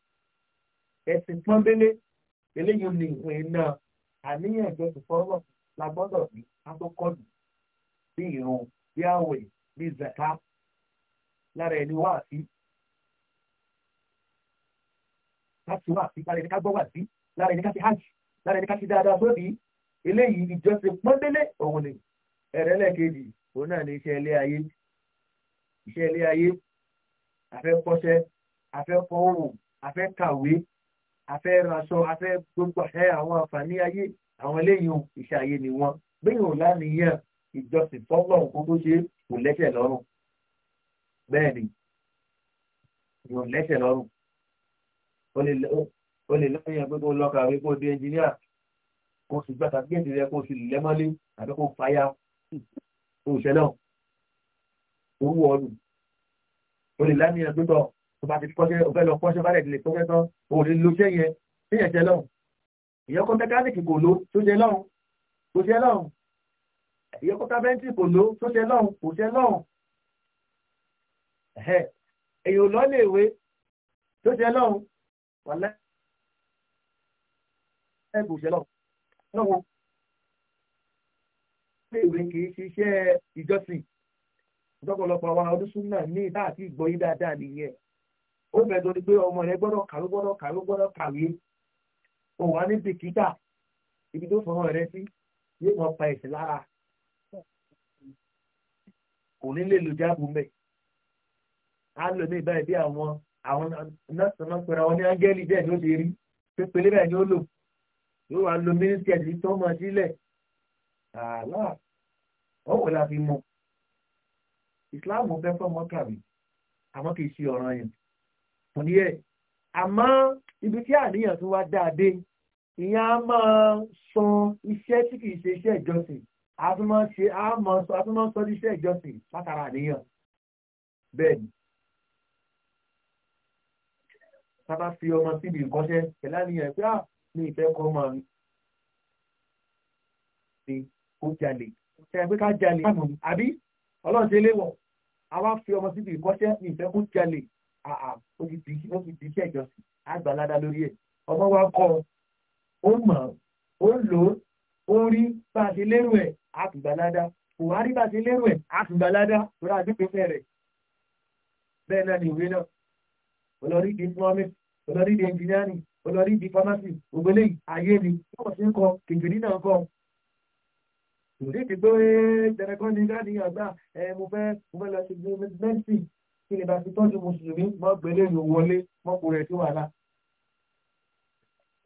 ẹ̀sìn pọ́nbélé eléyìí ni ìwé náà àníyàn ìjọsìn fọ́lọ́ la gbọ́dọ̀ ní akókọ́dù bí ìrun bí àwẹ̀ bí zaka lára ẹni wá sí láti wá sí lára ẹni ká gbọ́ wá sí lára ẹni ká ti hajj lára ẹni ká ti dáadáa sóbì eléyìí ìjọsìn pọ́ndélé òun ni ẹ̀rẹ́lẹ̀kejì òun náà ní iṣẹ́ ilé ayé iṣẹ́ ilé ayé afẹ́ kọ́ṣẹ́ afẹ́ kọ́wò afẹ́ kàwé afẹ́ raṣọ afẹ́ gbogbo ẹ̀ àwọn àǹfààní ayé àwọn eléyìí iṣẹ́ ayé ni wọ́n gbẹ̀yìn òun láníyàn ìjọsìn fọ́lọ́ nǹkan tó ṣe kò lẹ́sẹ̀ lọ́rùn bẹ́ẹ̀ ni kò lẹ́sẹ̀ lọ́rùn o lè lọ́yìn pé kó lọ́kàwé kó di ẹnjìníà kó o sì gbá sàtífíkẹ́tì rẹ kó o sì lẹ́mọ́lé tàbí kó o fàyà òṣèlú náà owó ọdún o lè lánìyàn gbẹ́tọ̀ tó bá ti kọ́ṣẹ́ o fẹ́ lọ kọ́ṣẹ́ bá lẹ̀dìlẹ̀ tó kẹ́tọ́ o lè lo iṣẹ́ yẹn níyẹn jẹ́ lọ́hùn ìyọ́kọ́ mẹkáníìkì kò ló tó jẹ́ lọ́hùn kò jẹ́ lọ́hùn ìyọ́kọ́ kábẹ́ńtì kò ló tó jẹ́ lọ́hùn kò jẹ́ lọ́hùn èyàn lọ lè wé tó jẹ́ lọ́hùn wọ́n lẹ́ ẹ̀kọ́ lọ́hùn lọ́wọ́ pé ìwé kì í ṣiṣẹ́ ìjọsìn ọ̀pọ̀lọpọ̀ àwọn ọdúnṣún náà ní ìta àti ìgbọ̀yìn dáadáa nìyẹn ó bẹ̀ tó ní pé ọmọ rẹ gbọ́dọ̀ kà ló gbọ́dọ̀ kà ló gbọ́dọ̀ kàwé òun á ní bìkítà ibi tó fọwọ́ rẹ sí yóò mọ pa ẹ̀sìn lára kò ní lè lo jáàbù mẹ́ á lò ní ìbáyìí bí àwọn àwọn nọ́ọ̀sì náà pẹ̀lú àwọn ní áńgẹ́lì bẹ́ẹ̀ ni ó ṣe rí pépele bẹ́ẹ̀ ni ó lò yóò wá lo mínísítì ẹ̀sì tó mọ sílẹ̀ àlá ọ̀wọ̀ la fi mọ ìsìláàmù fẹ́ fọmọ kàwé àmọ́ kì í ṣe ọ̀ràn yẹn kò ní ẹ̀ àmọ́ ibi tí àníyàn tó wá dáadé ìyẹn á máa san iṣẹ́ tí kì í ṣe iṣẹ́ ìjọsìn a tún máa ṣe a máa sọ iṣẹ́ ìjọsìn látara àníyàn bẹ́ẹ̀ ni sábà fi ọmọ síbi ìkọ́ṣẹ́ pẹ̀lú àníyàn pé ah ní ìfẹ́ kọ́ máa ń ṣe kó jalè ṣe pé ká jalè máa mọ̀ àbí ọlọ́run ṣe léwọ̀ àwa fi ọmọ síbi ìkọ́ṣẹ́ ní ìfẹ́ kó jalè àà ó ti di ó ti di iṣẹ́ ìjọsìn àgbàládá lórí ẹ̀ ọmọ wa kọ́ ó mọ̀ ó lò ó rí bá a ṣe lérò ẹ̀ àtùgbàládá kò wá rí bá a ṣe lérò ẹ̀ àtùgbàládá tó rà dípẹ́ rẹ̀ bẹ́ẹ̀ náà ni ìwé náà olórí di economics olórí di engineering olórí ibi pharmacy gbogbo eléyìí ayé ni wọ́n ti ń kọ kìkìrí náà kọ́ ìdí ti pé tẹ̀lẹ́kọ́ ní gáàdì àgbà ẹ mo fẹ́ mo fẹ́ lọ sí mẹ́sì kí ni bá ti tọ́jú mùsùlùmí mọ́ gbélé ìlú wọlé mọ́kù rẹ̀ sí wàhálà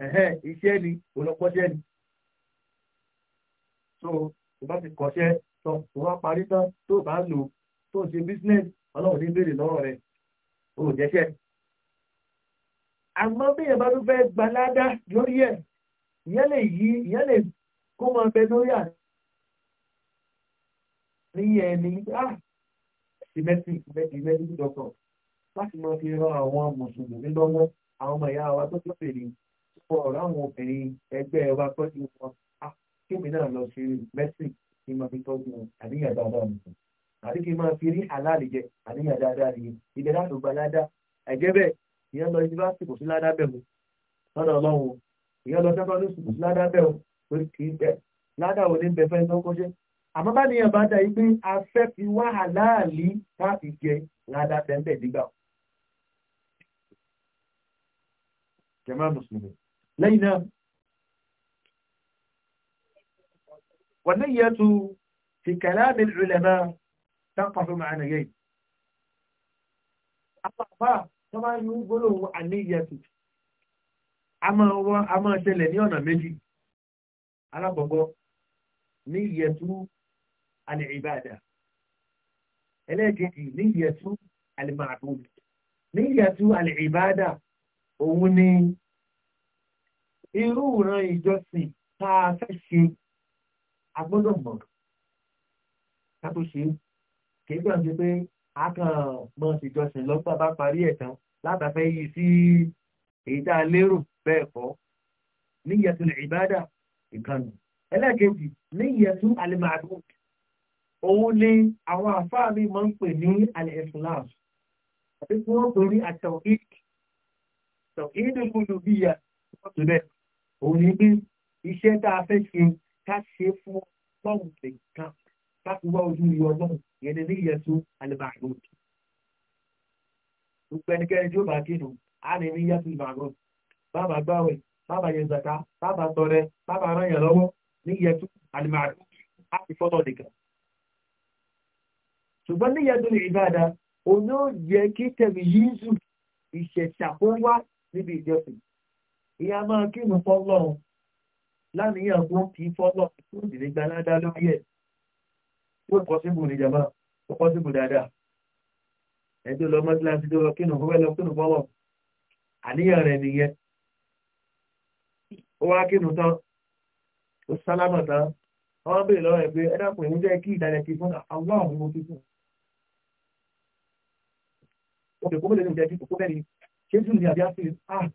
ẹ̀hẹ́ iṣẹ́ ni olọ́pọ́ṣẹ́ ni so ìbá ti kọ̀ṣẹ́ sọ ìwọ́n parí tán tó bá lò tó ṣe business ọlọ́run ní béèrè lọ́rọ̀ rẹ̀ o ò jẹ́ṣẹ́ àmọ́ bí èèyàn bá tún fẹ́ gbalada lórí ẹ̀ ìyẹn lè yí ìyẹn lè kó máa bẹ lórí àníyàn ẹni ìmẹ́sì ìmẹ́sì dọ́kọ̀ láti máa fi ran àwọn mùsùlùmí lọ́wọ́ àwọn ọmọ ìyá wa tó tó fèrè fún ọ̀rọ̀ àwọn obìnrin ẹgbẹ́ wa tọ́jú wọn ah, kémi náà lọ sí mẹ́sì kí n máa fi tọ́jú àníyàn dáadáa nìkan àti kí n máa fi rí àlàlì jẹ àníyàn dáadáa nìyẹn ìdẹ́rẹ́ àtògbàládá ẹ̀jẹ̀ bẹ́ẹ̀ ìyẹn lọ yunifásitì kò sí ládàbẹ̀ mu lọ́dọ̀ ọlọ́run ìyẹn lọ sẹ́kọ́ndì kò sí ládàbẹ̀ o pé kì í bẹ ládà ò ní bẹ fẹ́ tó kọ́ṣẹ́ àmọ́ bá nìyẹn bá da yìí pé a fẹ́ fi wá àláàlí láti jẹ ládà tẹ́ńtẹ̀ dígbà o. jẹ́mọ́ mùsùlùmí lẹ́yìn náà wọ́n ní yẹ́ tu fi kàlámi ìrìnlẹ̀ náà tán kọfí màánà yẹ́ yìí tó bá yú gbólóhùn àníyàtù a máa ṣẹlẹ̀ ní ọ̀nà méjì alábọ̀gbọ́ ní ìyẹ̀tú alìbàdà ẹlẹ́ẹ̀kejì ní ìyẹ̀tú alìmàdùn ní ìyẹ̀tú alìbàdà òun ni irú ìran ìjọsìn tá a fẹ́ ṣe agbọ́dọ̀ mọ̀ ká tó ṣe kì í gbà pé a kàn mọ ìjọsìn lọ́gbà bá parí ẹ̀ tán látàfẹ́ yìí sí ìdá lérò bẹ́ẹ̀ kọ́ níyẹ̀tún ìbádà ìkànnì ẹlẹ́ẹ̀kejì níyẹ̀tún alimadu òun ni àwọn àfáà mi máa ń pè ní alẹ́sùláàf àti tí wọ́n pè ní àtọ̀híd tọ̀hídùkúlù bí ya ọ̀tún bẹ́ẹ̀ òun ni pé iṣẹ́ tá a fẹ́ ṣe ká ṣe fún ọlọ́run nìkan láti wá ojú ìlú ọlọ́run ìyẹn ní níyẹtú alimahud gbogbo ẹnikẹ́ni tí ó bá kínú á ní níyẹtú alimahud bàbá gbáwẹ̀ bàbá yẹn zaka bàbá tọrẹ bàbá aráyàn lọ́wọ́ níyẹtú alimahud á ti fọ́tọ̀ nìkan ṣùgbọ́n níyẹtú ìbáda òun yóò jẹ́ kí tẹ̀mí yíṣù ìṣẹ̀ṣà kó wá níbi ìjọsìn ìyá máa kí fọ́lọ́run tó sì ní gbanáda tó pọ̀ síbù ní jama tó pọ̀ síbù dáadáa ẹjọ́ lọ mọ́síláṣí tó lọ kínú fọwọ́ lọ kínú fọwọ́ àníyàn rẹ̀ nìyẹn ó wá kínú tán ó sálámà tán wọ́n bèèrè lọ́wọ́ ẹ̀ pé ẹ dákun ìwúnjẹ kí ìdálẹ̀ kí fún àwọn àwọn ọmọ tuntun ó fi kókó lè ìjẹ́ kí kókó bẹ́ẹ̀ ni ah, ṣé tún ní àbí àfi ah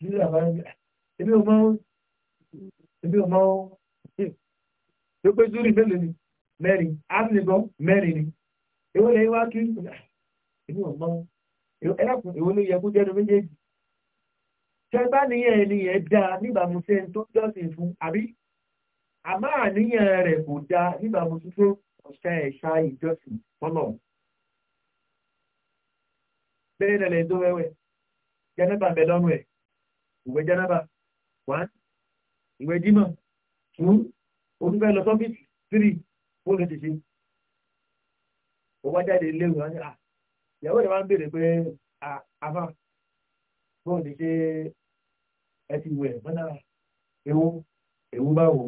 jíjẹ àbáyé ẹbí ọmọ ẹbí ọmọ ó pé zúrì mélòó ni. meri áfíríkọ́ meriri ni èwo lè wá kí ìlú ọ̀mọ́ ẹlẹ́kùn èwo ya yẹ kó jẹ́nu méjèèjì tẹ́gbá nihe ènìyàn dáa níbàámu sí ẹni tó jọ́sìn fún kò dáa níbàámu sí tó ọ̀sẹ̀ ẹ̀ṣá ìjọsìn fọ́lọ̀ bẹ́ẹ̀ lẹ́lẹ̀ bó ló ti ṣe ó wá jáde léwu wọn ni à ìyàwó rẹ̀ máa ń béèrè pé àfà bó ló ṣe ẹ ti wẹ̀ mọ́nà ewu ewu báwo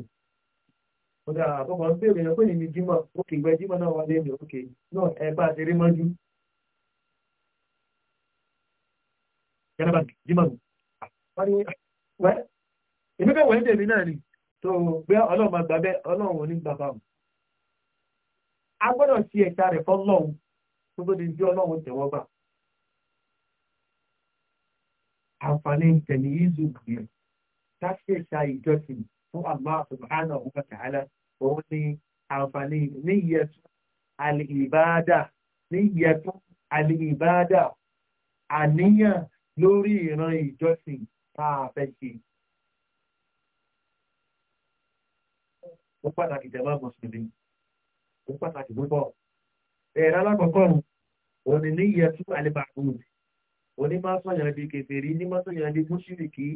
ó dà àkọ́kọ́ ń béèrè pé ní jímọ̀ òkè ìgbẹ́ náà wà òkè náà ẹ bá a ṣe rí mọ́jú. yàrá wọ́n ní èmi bẹ́ẹ̀ wọ́n náà ni tó gbé ọlọ́run máa gbà bẹ́ẹ̀ ọlọ́run a gbọ́dọ̀ ṣe ẹ̀ṣà rẹ̀ fọ́lọ́hun tó tó di jẹ́ ọlọ́run tẹ̀wọ́ gbà. àǹfààní tẹ̀lé yíṣù gbìyà káṣẹ̀ṣà ìjọsìn fún Allah subhanahu wa ta'ala òun ni àǹfààní níyẹtú àlìbáadà níyẹtú àlìbáadà àníyàn lórí ìran ìjọsìn tá a fẹ́ ṣe. ó pàtàkì jẹ́ bá mùsùlùmí ó pàtàkì púpọ̀ ẹ̀rọ alákọ̀ọ́kọ́ òní ní yẹtú alibakun òní máa sọ̀yàn di kèfèrí ní máa sọ̀yàn di mùsùlùkì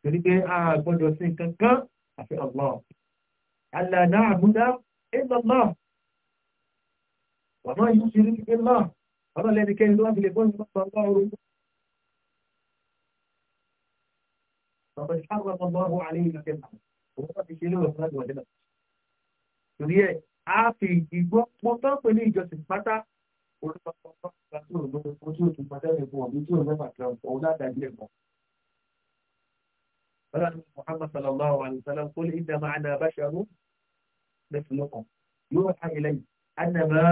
torí pé a gbọ́dọ̀ sí kankan àfi Allah Allah náà àbúdá ìlọ́lá wà máa yóò ṣe rí ìlọ́lá ọlọ́lẹ́nikẹ́ni lọ́wọ́ fi lè bọ́ ìlọ́pàá ọlọ́run فقد حرم الله عليه الكذب وهو في شنو الفرد torí ẹ̀ á fi ìgbọ́ pọ̀ tán pé ní ìjọsìn pátá orúkọ ọ̀pọ̀ ọ̀pọ̀ tí òun lórí ojú òtún pátá rẹ̀ fún ọ̀bí tí òun mẹ́fà kan òun ládàájú ẹ̀ mọ́. ọlọ́run muhammad sallallahu alayhi wa sallam kó lè dá máa na abáṣẹ́rú lẹ́sìnlọ́kàn yóò há ilẹ̀ yìí annama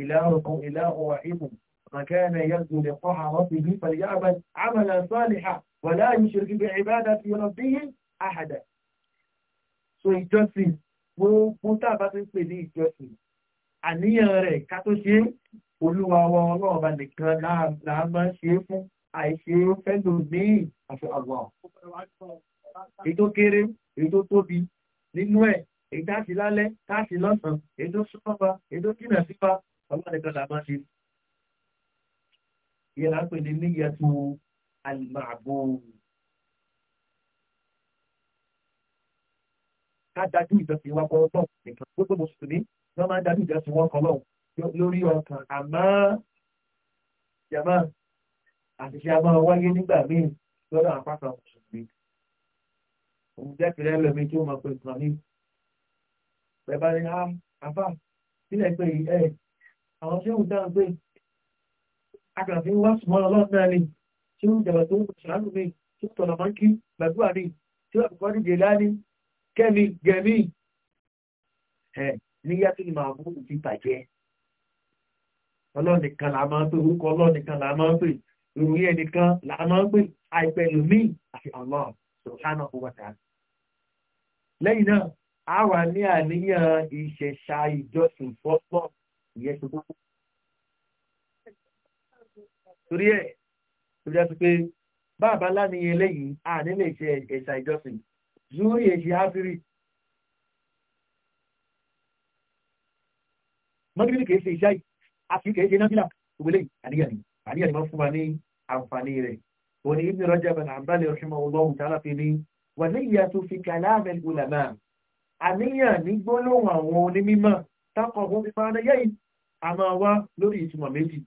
ilahukum ilahu wahidu فكان يرجو لقاء ربه فليعمل عملا صالحا ولا يشرك بعبادة ربه أحدا. So ìjọsìn gbogbo tá a bá ti ń pè ní ìjọsìn àníyàn rẹ̀ ká tó ṣe olúwa wa ọlọ́ọ̀ba nìkan là á máa ṣe é fún àìṣe fẹ́lò ní àṣọ àwọ̀ èyí tó kéré èyí tó tóbi nínú ẹ̀ èyí tá a ṣe lálẹ́ tá a ṣe lọ́sàn-án èyí tó súnmọ́ ba èyí tó jìnà sípa ọlọ́ọ̀ba nìkan là máa ṣe. ìyẹn là ń pè ní níyàtò àlùmọ̀ àbò ká dájú ìjọsìn wa kọ ọlọ́run nìkan gbogbo mùsùlùmí wọn máa ń dájú ìjọsìn wọn kọ ọlọ́run lórí ọkàn àmọ́ jàmá àṣìṣe a máa wáyé nígbà míì lọ́dọ̀ àpapọ̀ mùsùlùmí òun jẹ́ kìlẹ̀ lẹ́mí tí ó máa pe nǹkan ní bẹ̀bá ni a àfà sílẹ̀ pé ẹ̀ àwọn tí ó ń dáhùn pé akànfin wá sùmọ́ ọlọ́run náà ni tí ó ń jẹ̀bẹ̀ tó ń sàánù mi tí tọ̀nà máa ń kí gbàdúrà ni tí ó àkọ́kọ́ dìde láàrin kẹ́mi gẹ̀mí ẹ̀ níyà tí màá bú ti bàjẹ́ ọlọ́nìkan là máa ń pè orúkọ ọlọ́nìkan là máa ń pè ìròyìn ẹnìkan là máa ń pè àìpẹ́ lómi àti Allah subhanahu wa ta'ala lẹ́yìn náà a wà ní àníyàn ìṣẹ̀ṣà ìjọsìn fọ́pọ̀ ìyẹn ṣe gbogbo torí ẹ̀ tó jẹ́ pé bá àbá láníyàn lẹ́yìn a nílé iṣẹ́ ìjọsìn zúrí èyí ásírì mọ́gírí kìí ṣe iṣẹ́ àti kìí ṣe náfílà ògbélé àníyàní àníyàní máa fún wa ní àǹfààní rẹ̀ òní ibi rọjá bẹ̀rẹ̀ àbálẹ̀ ọ̀ṣunmọ̀ ọlọ́run tààlà fi ní wà ní ìyá tó fi kàlámẹ̀ ìgbòlàmà àníyàn ní gbólóhùn àwọn onímọ̀ tákọ̀ ọ̀hún ti máa náyẹ́ yìí a máa wá lórí ìtumọ̀ méjì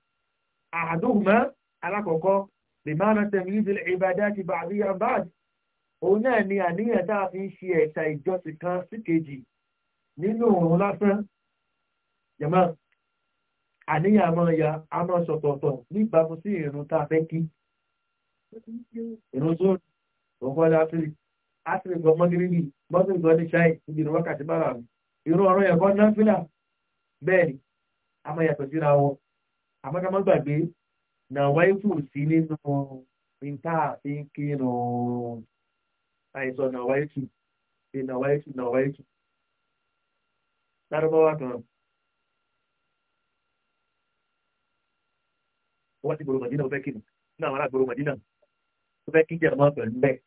àdóhùnmọ́ alákọ̀ọ́kọ́ lè máa ná tẹ̀mí ìdílé ìbàdí àti bàbí àbáàdì òun náà ni àníyàn tá a fi ń ṣe ẹ̀ṣà kan sí kejì nínú òun lásán jẹ̀mọ́ àníyàn ma ya àmọ́ sọ̀tọ̀ọ̀tọ̀ níbàámu sí ìrun tá a fẹ́ kí ìrun tó òǹkọ́lá áfírí áfírí gan mọ́gírígì mọ́gírígì gan ní ṣáì níbi ìrun wákàtí bára mi ìrun ọ̀rọ̀ yẹn kọ́ náà bẹ́ẹ̀ ni àmọ́ yàtọ̀ síra wọn àmọ́ gbàgbé àìsọ nàwáìtù ṣe nàwáìtù nàwáìtù lárúbáwá kan wọ́n ti gbòòrò màdínà ó fẹ́ kí ni ní àwọn alágbòòrò màdínà ó fẹ́ kí jẹ́ máa pẹ̀lú bẹ́ẹ̀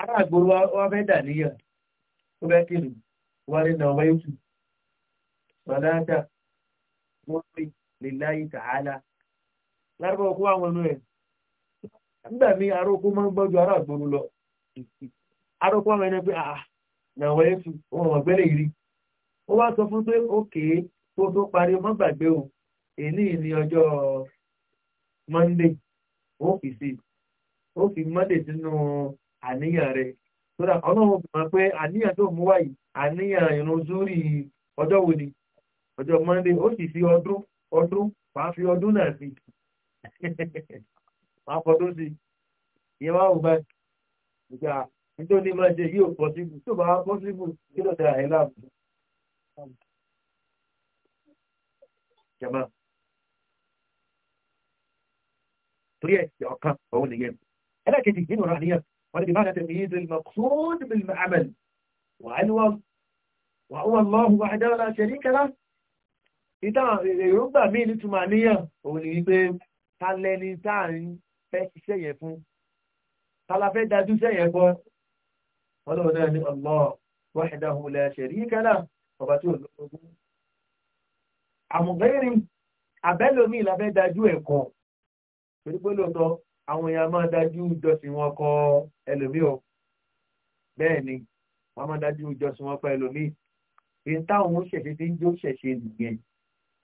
alágbòòrò wa fẹ́ dà níyà ó fẹ́ kí ni wọ́n ní nàwáìtù sọ̀dáàdà wọ́n rí lè láyé tààlà lárúbáwá kó àwọn ọmọ rẹ̀ nígbà míì aróko máa ń gbọ́jú ará àgbòrò lọ aróko àwọn ẹni pé àà nàwọ̀ ẹ̀ tu ohun ọ̀gbẹ́lẹ̀ yìí rí ó wá sọ fún pé òkè tó tó parí mọ́ gbàgbé o èyí ni ọjọ́ monday ó fi sí ó fi monday sínú àníyàn rẹ̀ sódà ọlọ́run mọ̀ pé àníyàn tó mú wáyìí àníyàn irun zúrì ọjọ́ wo ni ọjọ́ monday ó sì fi ọdún ọdún wàá fi ọdún náà sí máa fọ́ tó sí ìyẹn máa wù báyìí ìgbà nítorí máa ṣe yóò pọ̀ síbù tó bá pọ̀ síbù kí ló ṣe àìlá jama torí ẹ ọ̀kan òun nìyẹn ẹlẹ́kejì nínú ọ̀rọ̀ àníyàn wọ́n ti máa ń tẹ̀lé ìdílé mọ̀kúrúdì bí mọ̀hámẹ́l wà á níwọ̀n wà ó wà lọ́hùn wà á dára ṣẹ̀rí kẹlá ìtàn èròǹgbà míì nítumọ̀ àníyàn òun nìyí pé ta lẹni tá à ń fẹ́ ṣiṣẹ́ yẹn fún tala fẹ́ dájú iṣẹ́ yẹn bọ́ ọlọ́run náà ní Allah wahdahu la sharika lahu ọba tí ò lọ́gbọ́n àmọ̀gbẹ́rin àbẹ́lómi la fẹ́ dájú ẹ̀kọ́ torí pé lóòótọ́ àwọn èèyàn máa dájú ìjọsìn wọn kọ ẹlòmí o bẹ́ẹ̀ ni wọ́n máa dájú ìjọsìn wọn kọ ẹlòmí èyí táwọn ṣẹ̀ṣẹ̀ ti ń jó ṣẹ̀ṣẹ̀ nìyẹn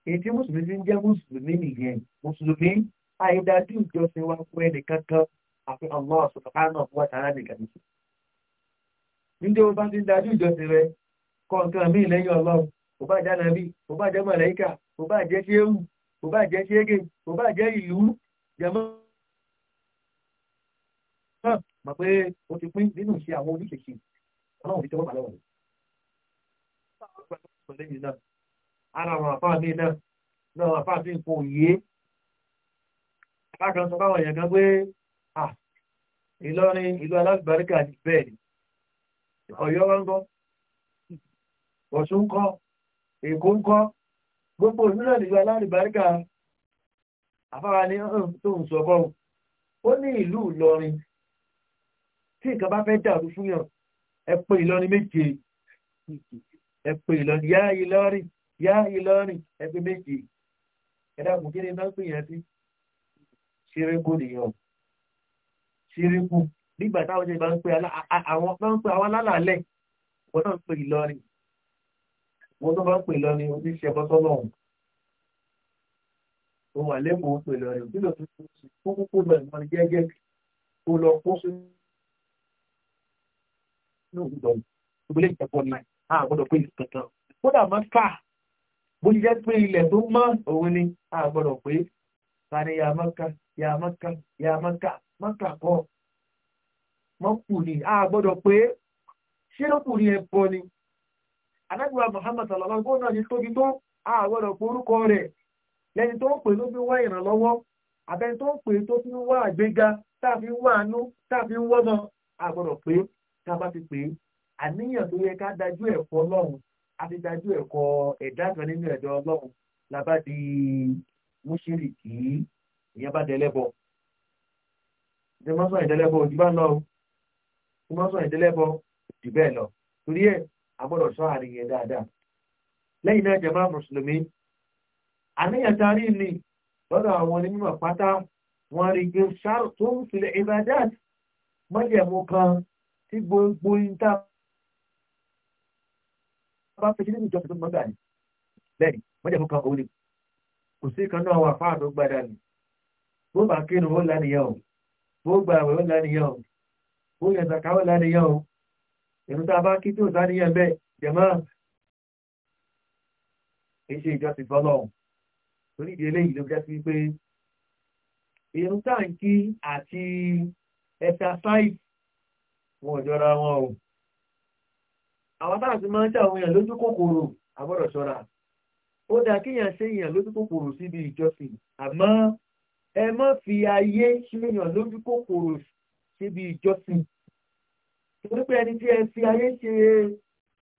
èyí tí mùsùlùmí ti ń jẹ́ mùsùlùmí nìyẹn mùsùlùmí àìdájú ìjọsìn wa fún ẹnì kankan àfi Allah subhanahu wa ta'ala nìkan ní. Níjẹ́ o bá ti ń dájú ìjọsìn rẹ, kọ́ nǹkan míì lẹ́yìn ọlọ́run, kò bá jẹ́ nàbí, kò bá jẹ́ màláíkà, kò bá jẹ́ ṣéwù, kò bá jẹ́ ṣége, kò bá jẹ́ ìlú, jẹ̀mọ́. Náà mọ̀ pé o ti pín nínú ìṣe àwọn oníṣèṣe, ọlọ́run fi tẹ́wọ́ bàlẹ́ wọ̀nyí. Ara àwọn àfáà mi náà, náà àfáà káàkiri sọ fáwọn èèyàn kan pé à ìlọrin ìlú alágbàríkà ní bẹ́ẹ̀ ni ọ̀yọ́ wá ń kọ́ ọ̀ṣun ń kọ́ èkó ń kọ́ gbogbo ìmúlẹ̀ ìlú alágbàríkà afára ní tó ń sọ kọ́ ó ní ìlú ìlọrin tí nǹkan bá fẹ́ dàrú fún yàn ẹ pé ìlọrin méje ẹ pé ìlọrin yá ìlọrin yá ìlọrin ẹ pé méje ẹ dákun kí ni náà pè yẹn sí ṣíríkù nìyàn ṣíríkù nígbà táwọn jẹ́ ìbá ń pè àwọn bá ń pè àwọn alálàálẹ̀ wọn náà ń pè Ìlọrin wọn tó bá ń pè Ìlọrin oníṣẹ́ bọ́sọ́lọ́hùn tó wà lẹ́kọ̀ọ́ pè Ìlọrin kí ló tún ṣe kókókó bẹ̀rẹ̀ mọ́ ni jẹ́jẹ́ kó lọ kó sí inú Ìlọrin ìgbélé ìjẹ́pọ̀ náà a gbọ́dọ̀ pé ìkankan kódà mọ́ ká bó ṣe jẹ́ pé ilẹ̀ tó mọ́ òun ni a gbọ́dọ̀ pé ká ya maka ya maka ya maka maka kọ mọ́kù a gbọ́dọ̀ pé ṣé ló kù ní ni anábìwá Muhammad sallallahu alaihi ní tóbi tó a gbọ́dọ̀ pé orúkọ rẹ̀ lẹ́ni tó ń pè ló fi wá ìrànlọ́wọ́ tó ń pè tó fi wá àgbéga táàfi wá àánú táàfi wọ́nà a gbọ́dọ̀ pé tá bá ti pè é àníyàn tó yẹ ká dájú ẹ̀kọ́ múṣírì kì í ìyẹn bá dẹlẹ́bọ ìdẹ́mọ́sán ìdẹ́lẹ́bọ òjì bá ń lọ ìdẹ́mọ́sán ìdẹ́lẹ́bọ òjì bẹ́ẹ̀ lọ torí ẹ̀ àgbọ̀dọ̀ sọ àárín yẹn dáadáa lẹ́yìn náà jẹ̀mọ́ mùsùlùmí àníyàn tarí ni lọ́dọ̀ àwọn onímọ̀ pátá wọn rí gbé ṣáàrù tó ń filẹ̀ ìbàdàn mọ́jẹ̀mú kan tí gbogbo ìta bá fi ṣe nínú ìjọsìn tó mọ́gà ní bẹ́ẹ̀ ni mọ́jẹ̀mú kan òun ni kò sí kan náà wà fáà tó gbádà nù bó bá kírun ó lánìyàn o bó gba àwẹ̀ ó lánìyàn o bó yẹ zaka ó lánìyàn o ìrún tá a bá kí tí ò sáníyàn bẹ́ẹ̀ jẹ̀mọ́ kì í ṣe ìjọsìn fọlọ́ torí ìdí eléyìí ló jẹ́ sí pé ìrún tá à ń kí wọn ò jọra wọn o àwọn táà máa ń ṣe àwọn èèyàn lójú kòkòrò àbọ̀dọ̀ ṣọ́ra ó dáa kéèyàn ṣe èèyàn lójú kòkòrò síbi ìjọsìn àmọ́ ẹ má fi ayé ṣèèyàn lójú kòkòrò síbi ìjọsìn torí pé ẹni tí ẹ fi ayé ṣe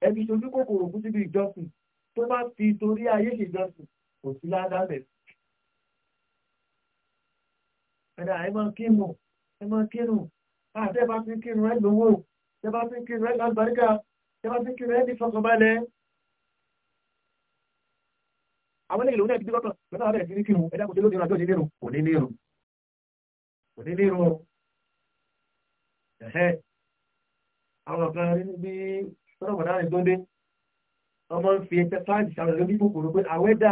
ẹbí ṣojú kòkòrò fún síbi ìjọsìn tó bá fi torí ayé ṣe ìjọsìn kò sí ládàbẹ̀. ẹ̀dá ẹ máa kírun ẹ máa kírun àti ẹ bá fi kírun ẹ lówó ẹ bá fi kírun ẹ lálùbáríkà ẹ bá fi kírun ẹ ní fọkànbalẹ̀ àwọn eléyìí lòun náà ti dúkọ́tọ̀ lọ́nà àbẹ̀rẹ̀ sí ní kírun ẹ̀dá kò sí lóde ìrìnàjò ìdílérò kò ní lérò kò ní lérò ẹ̀hẹ́ àwọn kan rí bí sọ́nà bọ̀dá rẹ̀ tó dé ọmọ ń fi ẹsẹ̀ sáàjì sàrẹ̀ lórí kòkòrò pé àwẹ́dà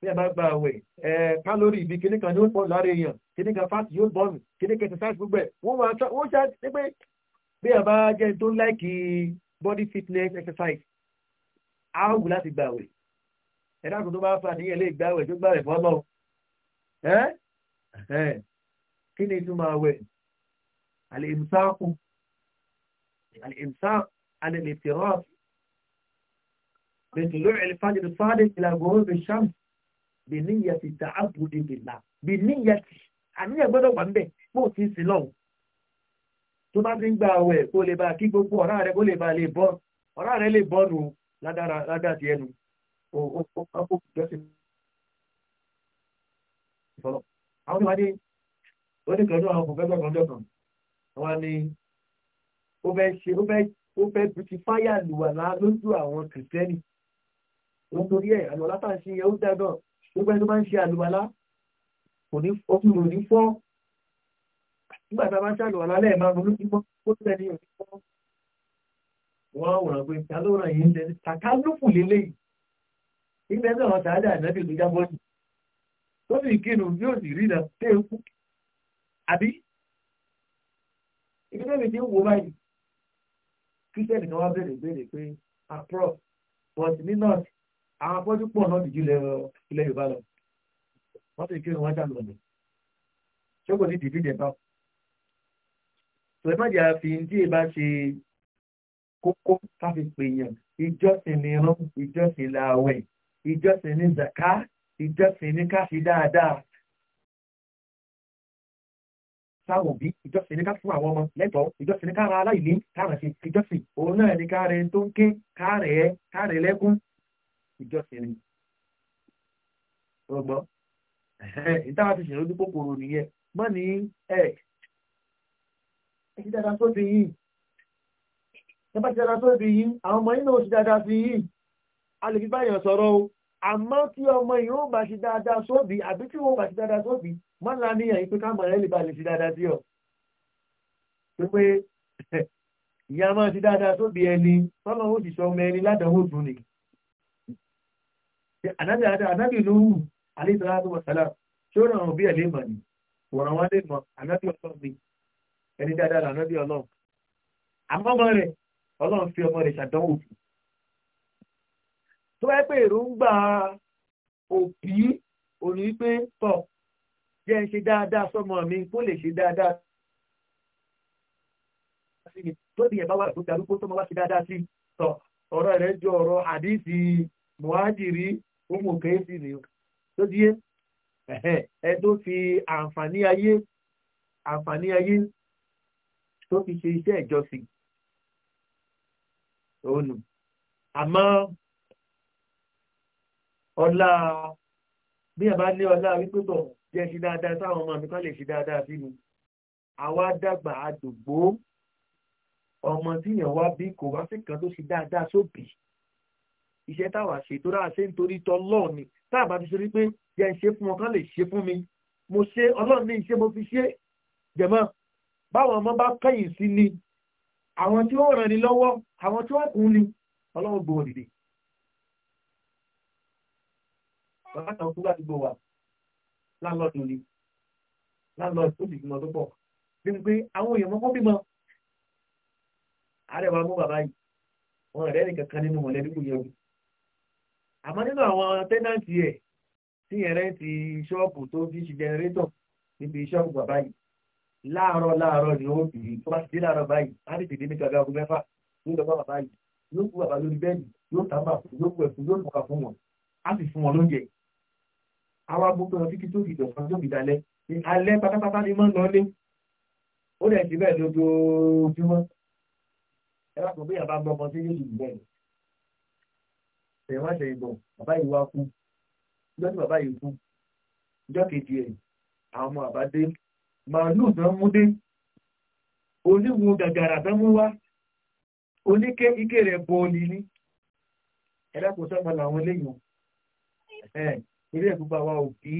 bí a bá gba àwẹ̀ ẹ̀ kálórì ibi kíní kan yóò pọ̀ lára èèyàn kíní kan fáàtì yóò bọ̀ kíní kan ẹsẹ̀ gbogbo ẹ̀ wọ́n wá wọ́n ṣá ní pé bí a bá jẹ́ tó láìkì body fitness exercise á wù láti gba àwẹ̀ ẹ̀dàkùn tó bá fà ní ilé ìgbàwẹ̀ tó gbàwẹ̀ fọ́lọ́ kí ni ìtumọ̀ àwẹ̀ alìmsáàkù alìmsáàkù alìmìtìrọ́ọ̀f bẹ̀tùlú ìlfàjì fàdé ìlàgòrò bí sàm bí níyà ti ta àbúdé bìlà bí níyà ti àníyàn gbọ́dọ̀ wà ń bẹ̀ bó ti sí lọ́hùn tó bá ti ń gba àwẹ̀ kó lè bá kí gbogbo ọ̀rá rẹ̀ kó lè bá lè bọ́ ọ̀rá rẹ̀ lè bọ́ nù ládàá ti ẹnu ó ó ó ó kù jọ́sìn ìfọlọ́. àwọn ìwádìí ó ní kẹ́lú àwọn pòfẹ́sọ̀ kan jọ̀kan àwọn ni ó fẹ́ ṣe ó fẹ́ ó fẹ́ bìtìfáyà lùwà náà lójú àwọn kìrìtẹ́nì ó torí ẹ̀ àlùwàlá tá à ń ṣe yẹn ó dáadọ́ gbogbo ẹni tó bá ń ṣe àlùwàlá kò ní ọkùnrin kò ní fọ́ nígbà tá a bá ń ṣe àlùwàlá lẹ́ẹ̀márùn lójúmọ́ ó tẹ̀lé òní fọ́ wọ́n á wòrán pé ta ló ilẹ̀ náà wọn sàádà ìnábì tó jábọ́ ní tó sì kínu yóò sì rí náà tẹ́ ń kú àbí ibi tẹ́bi ti ń wo báyìí kírísítẹ́nì kan wá béèrè béèrè pé àpọ̀ but ní north àwọn afọ́jú pọ̀ náà dìjú ilẹ̀ yorùbá lọ wọ́n sì kínu wọ́n sàlọ̀ ní ṣókò ní dìbí dẹ̀ bá tòun ìmájà fi ń tí ì bá ṣe kókó káfí pèèyàn ìjọsìn ni irun ìjọsìn làwẹ̀ ìjọsìn ní zaka ìjọsìn ní ká ṣe dáadáa sáwọn òbí ìjọsìn ní ká fún àwọn ọmọ lẹ́tọ̀ọ́ ìjọsìn ní ká ra aláìní kára ṣe ìjọsìn òun náà ní ká rẹ tó ń ké káàrẹ̀ ẹ káàrẹ̀ lẹ́kún ìjọsìn ni ọgbọ́n ìtawà ti ṣèlú kòkòrò nìyẹn mọ́ ní ẹ̀ ẹ̀ṣin dáadáa tó ti yìí ẹ bá ti dáadáa tó ti yìí àwọn ọmọ yìí náà ó ti dáadáa sí yìí a lè fi báyàn sọ̀rọ̀ o àmọ́ tí ọmọ yìí ó bá ṣe dáadáa sóbì àbí tí ó bá ṣe dáadáa sóbì má la ní àyíkú káàmọ̀ rẹ̀ lè ba lè ṣe dáadáa sí ọ. pé ìyá máa ṣe dáadáa sóbì ẹni tọ́lọ́ ó sì sọ ọmọ ẹni ládàáwò tún ni. ànábì ànábì ló wù alẹ́ sọ́lá tó wọ̀ sálà ṣé ó ràn án bí ẹ̀ lè mọ̀ ni wọ̀ràn wọn lè mọ̀ ànábì ọlọ́run ni ẹni dáadáa lànábì ọlọ́run àmọ́ ọmọ rẹ̀ ọlọ́run fi ọmọ rẹ̀ ṣàdánwò fún tó bá pé èròǹgbà òbí òní wípé tọ̀ jẹ́ ń ṣe dáadáa sọ́mọ mi kó lè ṣe dáadáa sí mi tó ní ẹ̀bá wà tó darúgbó tó máa wá ṣe dáadáa sí tọ̀ ọ̀rọ̀ rẹ̀ jọ ọ̀rọ̀ àdísì muhajiri ọmọ kẹ́sì ni tó díẹ̀ ẹ tó fi àǹfààní ayé àǹfààní ayé tó fi ṣe iṣẹ́ ìjọsìn òun àmọ́ ọlá bí ẹ bá ní ọlá wípé bọ̀ jẹ́ ṣe dáadáa sáwọn ọmọ mi kán lè ṣe dáadáa sí mi àwa dàgbà àdògbò ọmọ tíyàn wá bí kò wá sí kan tó ṣe dáadáa sóbì iṣẹ́ táwa ṣe tó dáa ṣe nítorí tọ́lọ́ ni tá a bá ti ṣe wípé jẹ́ ń ṣe fún wọn kán lè ṣe fún mi mo ṣe ọlọ́run ní iṣẹ́ mo fi ṣe jẹ̀mọ́ báwọn ọmọ bá kẹ́yìn sí ni àwọn tí ó ràn ní lọ́wọ́ àwọn tí wọ́n kún ni ọlọ́run gbòòdìdì bàbá kan kú láti gbọ́ wà láńlọ́ọ̀dù ni láńlọ́ọ̀dù ó sì bímọ tó pọ̀ bí pé àwọn èèyàn mọ́kọ́ bímọ ààrẹ wa mú bàbá yìí wọn rẹ̀ nìkan kan nínú mọ̀lẹ́bí kò yẹ̀wò àmọ́ nínú àwọn tẹ́nàntì ẹ̀ tí yẹn rẹ̀ ti ṣọ́ọ̀bù tó fi ṣe jẹnẹrétọ̀ níbi ṣọ́ọ̀bù bàbá yìí láàárọ̀ láàárọ̀ ni ó bì í tó bá ti dé láàárọ̀ báyìí á lè tètè níbi àgbà ogun mẹ́fà ní ìjọba bàbá yìí yóò kú bàbá lórí bẹ́ẹ̀lì yóò tábà yóò kú yóò fọkà fún wọn á sì fún wọn lóúnjẹ àwa gbogbo ọ̀rọ̀ títí tó fi dọ̀kan tó fi dalẹ̀ ní alẹ́ pátápátá ni máa ń lọlé ó dẹ̀ sí bẹ́ẹ̀ lójoojúmọ́ ẹ bá sọ pé yàrá gbọ́ kan tí yóò dùn bẹ́ẹ̀ ẹ̀yìn wá ṣe ìbọn bàbá yìí wá kú ìjọ́ tí bàbá yìí kú ìjọ́ kejì ẹ̀ àwọn ọmọ àbádé màálùú tán mú dé oníwun gàgàrà tán mú wá oníke ike rẹ̀ bọ́ọ̀lì ni ẹ̀dá kò sọ́mọ làwọn eléyìí torí ẹ̀ gbogbo àwa òbí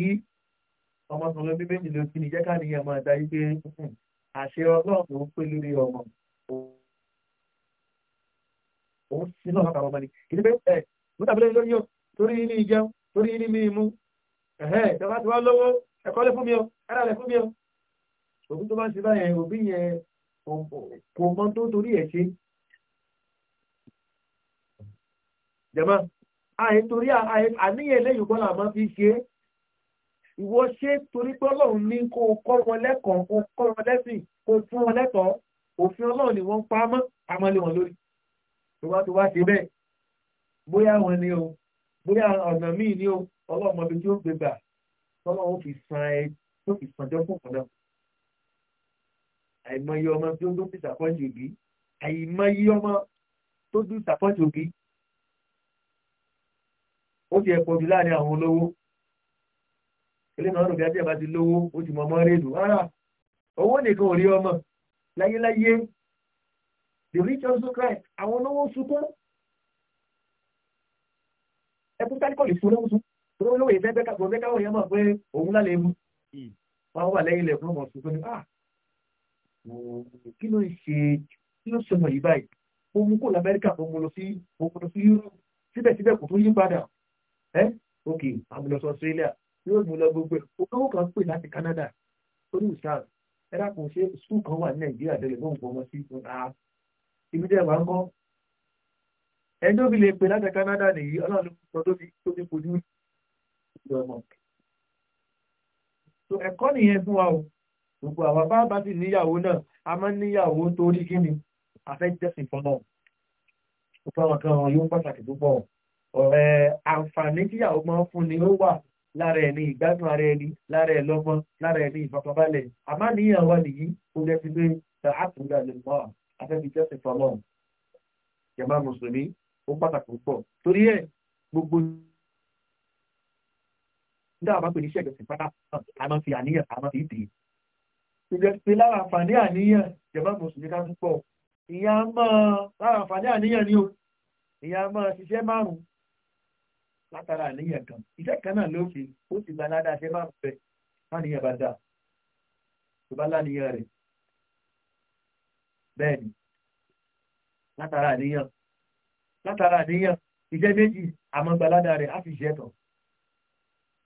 ọmọ sọ̀rọ̀ bí méjì ló kí ni jẹ́ káàdì yẹn máa dájú pé hmm, àṣẹ ọlọ́run ló pé lórí ọmọ òun sí náà kàwọn ọmọ ni kìí pé ẹ mútàbílẹ̀ lórí yóò torí ní ìjẹun torí ní mi mú ẹ̀hẹ́ ìjọba ti wá lọ́wọ́ ẹ̀kọ́ lé fún mi o ẹ̀rà lé fún mi o òbí tó bá ń ṣe báyẹn òbí yẹn kò mọ tó torí ẹ̀ ṣe àìtorí àníyàn eléyìí kọ́ làmọ́ fi ṣe é ìwọ ṣe torí pé ọlọ́run ní kó kọ́ wọn lẹ́kọ̀ọ́ kó kọ́ wọn lẹ́sìn kó fún wọn lẹ́tọ̀ọ́ òfin ọlọ́run ni wọ́n ń pa mọ́ àmọ́lé wọn lórí tó bá tó wá ṣe bẹ́ẹ̀ bóyá wọn ni o bóyá ọ̀nà míì ni o ọlọ́run ọbẹ̀ tí ó gbé gbà tọ́lọ́run fi san ẹ tó fi sanjọ́ fún ọ̀nà àìmọye ọmọ tó dún disapọ́ǹtì òbí àìmọye ọmọ tó dún disapọ́ǹtì òbí ti ẹ̀pọ̀ jù láàrin àwọn olówó ilé náà rògbé àti ẹ̀bá ti lówó ó ti mọ̀mọ́ rédù rárá owó nìkan ò rí ọmọ láyéláyé the rich also cry àwọn olówó sunkún ẹkún táníkọ̀lì fún olówó sún olówó lówó yìí fẹ́ bẹ́ẹ̀ káwọn èèyàn mọ̀ pé òun lálẹ́ mú hmm. wọn wà lẹ́yìn ilẹ̀kùn ọmọ sunkún ni ah kí ló ń ṣe kí ló ń sọmọ yìí báyìí mo mú kó lamẹ́ríkà mo mú lọ sí mo mú lọ sí yúròpù síbẹ̀síbẹ̀ kò tún yí padà ẹ ok àmúlọsọ Australia yóò mú lọ gbogbo olówó kan pè láti Canada torí ìsáà ẹ dákun ṣe skul kan wà ní Nàìjíríà tẹ́lẹ̀ bó ń fọmọ sí fún a ah, ibi tẹ́ ń kọ́ ẹni tó fi lè pè láti Canada nìyí Ọlọ́run ló tó fi fojú ọmọ so ẹ̀kọ́ nìyẹn fún wa o gbogbo àwọn bá bá sì níyàwó náà a máa níyàwó torí kí ni a fẹ́ jẹ́sìn fọ́nà ó fáwọn kan yóò pàtàkì púpọ̀ àǹfààní tíyàwó máa ń fún ni ó wà lára ẹni ìgbádùn ara ẹni lára ẹ lọ́mọ lára ẹni ìfọkànbalẹ̀ àmá níyàn wà nìyí kó jẹ́ ti pé ta àtúndà lè mọ́ afẹ́fi jẹ́ sẹ́fọ́ lọ́n yàmá mùsùlùmí ó pàtàkì púpọ̀ torí ẹ̀ gbogbo nígbà bá pè ní iṣẹ́ ìgbésẹ̀ pátá a máa fi àníyàn a máa fi dè é ìjọ ti lára àǹfààní àníyàn yàmá mùsùlùmí ká púpọ̀ ìyá máa lára àǹfààní àníyàn ni o ìyá máa ṣiṣẹ́ márùn-ún látara àníyàn kan iṣẹ́ kan náà ló fi ó sì gba ládàá ṣe máa ń fẹ́ láníyàn bá dáa tó bá láníyàn rẹ̀ bẹ́ẹ̀ ni látara àníyàn látara àníyàn iṣẹ́ méjì àmọ́ gba ládàá rẹ̀ á fi ṣe ẹ̀tọ́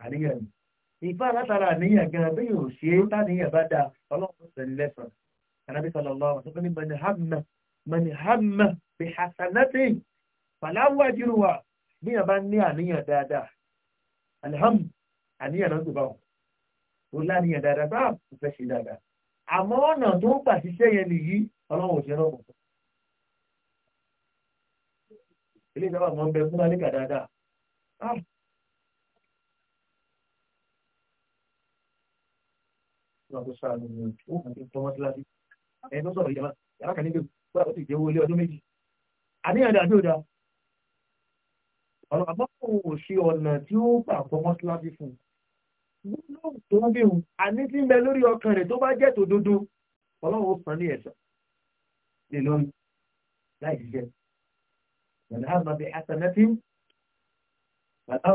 àníyàn ni ìfá látara àníyàn gan bí yóò ṣe é táníyàn bá dáa ọlọ́run sẹ̀lẹ̀ lẹ́sàn-án anábì sallallahu alaihi wasallam mani hamma mani hamma bi hasanatin falawa jiruwa bíyàn bá ní àníyàn dáadáa alhamdu àníyàn náà tó bá wọn tó láníyàn dáadáa bá kò fẹ́ ṣe dáadáa àmọ́ ọ̀nà tó ń gbà ṣiṣẹ́ yẹn nìyí ọlọ́run òṣèré náà kọ̀ọ̀kan ilé ìjọba mọ̀ ń bẹ fún alíkà dáadáa àníyàn dáadáa ó dáa ọ̀nà àbọ̀ kò ṣe ọ̀nà tí ó gbà fọwọ́ síláàbí fún un lóòrùn tó ń bí hun àní tí ń bẹ lórí ọkàn rẹ̀ tó bá jẹ́ tó dúdú ọlọ́run ó san ní ẹ̀sán lè lórí láì jíjẹ ìyànà àmàbí àtànẹ́tì bàtà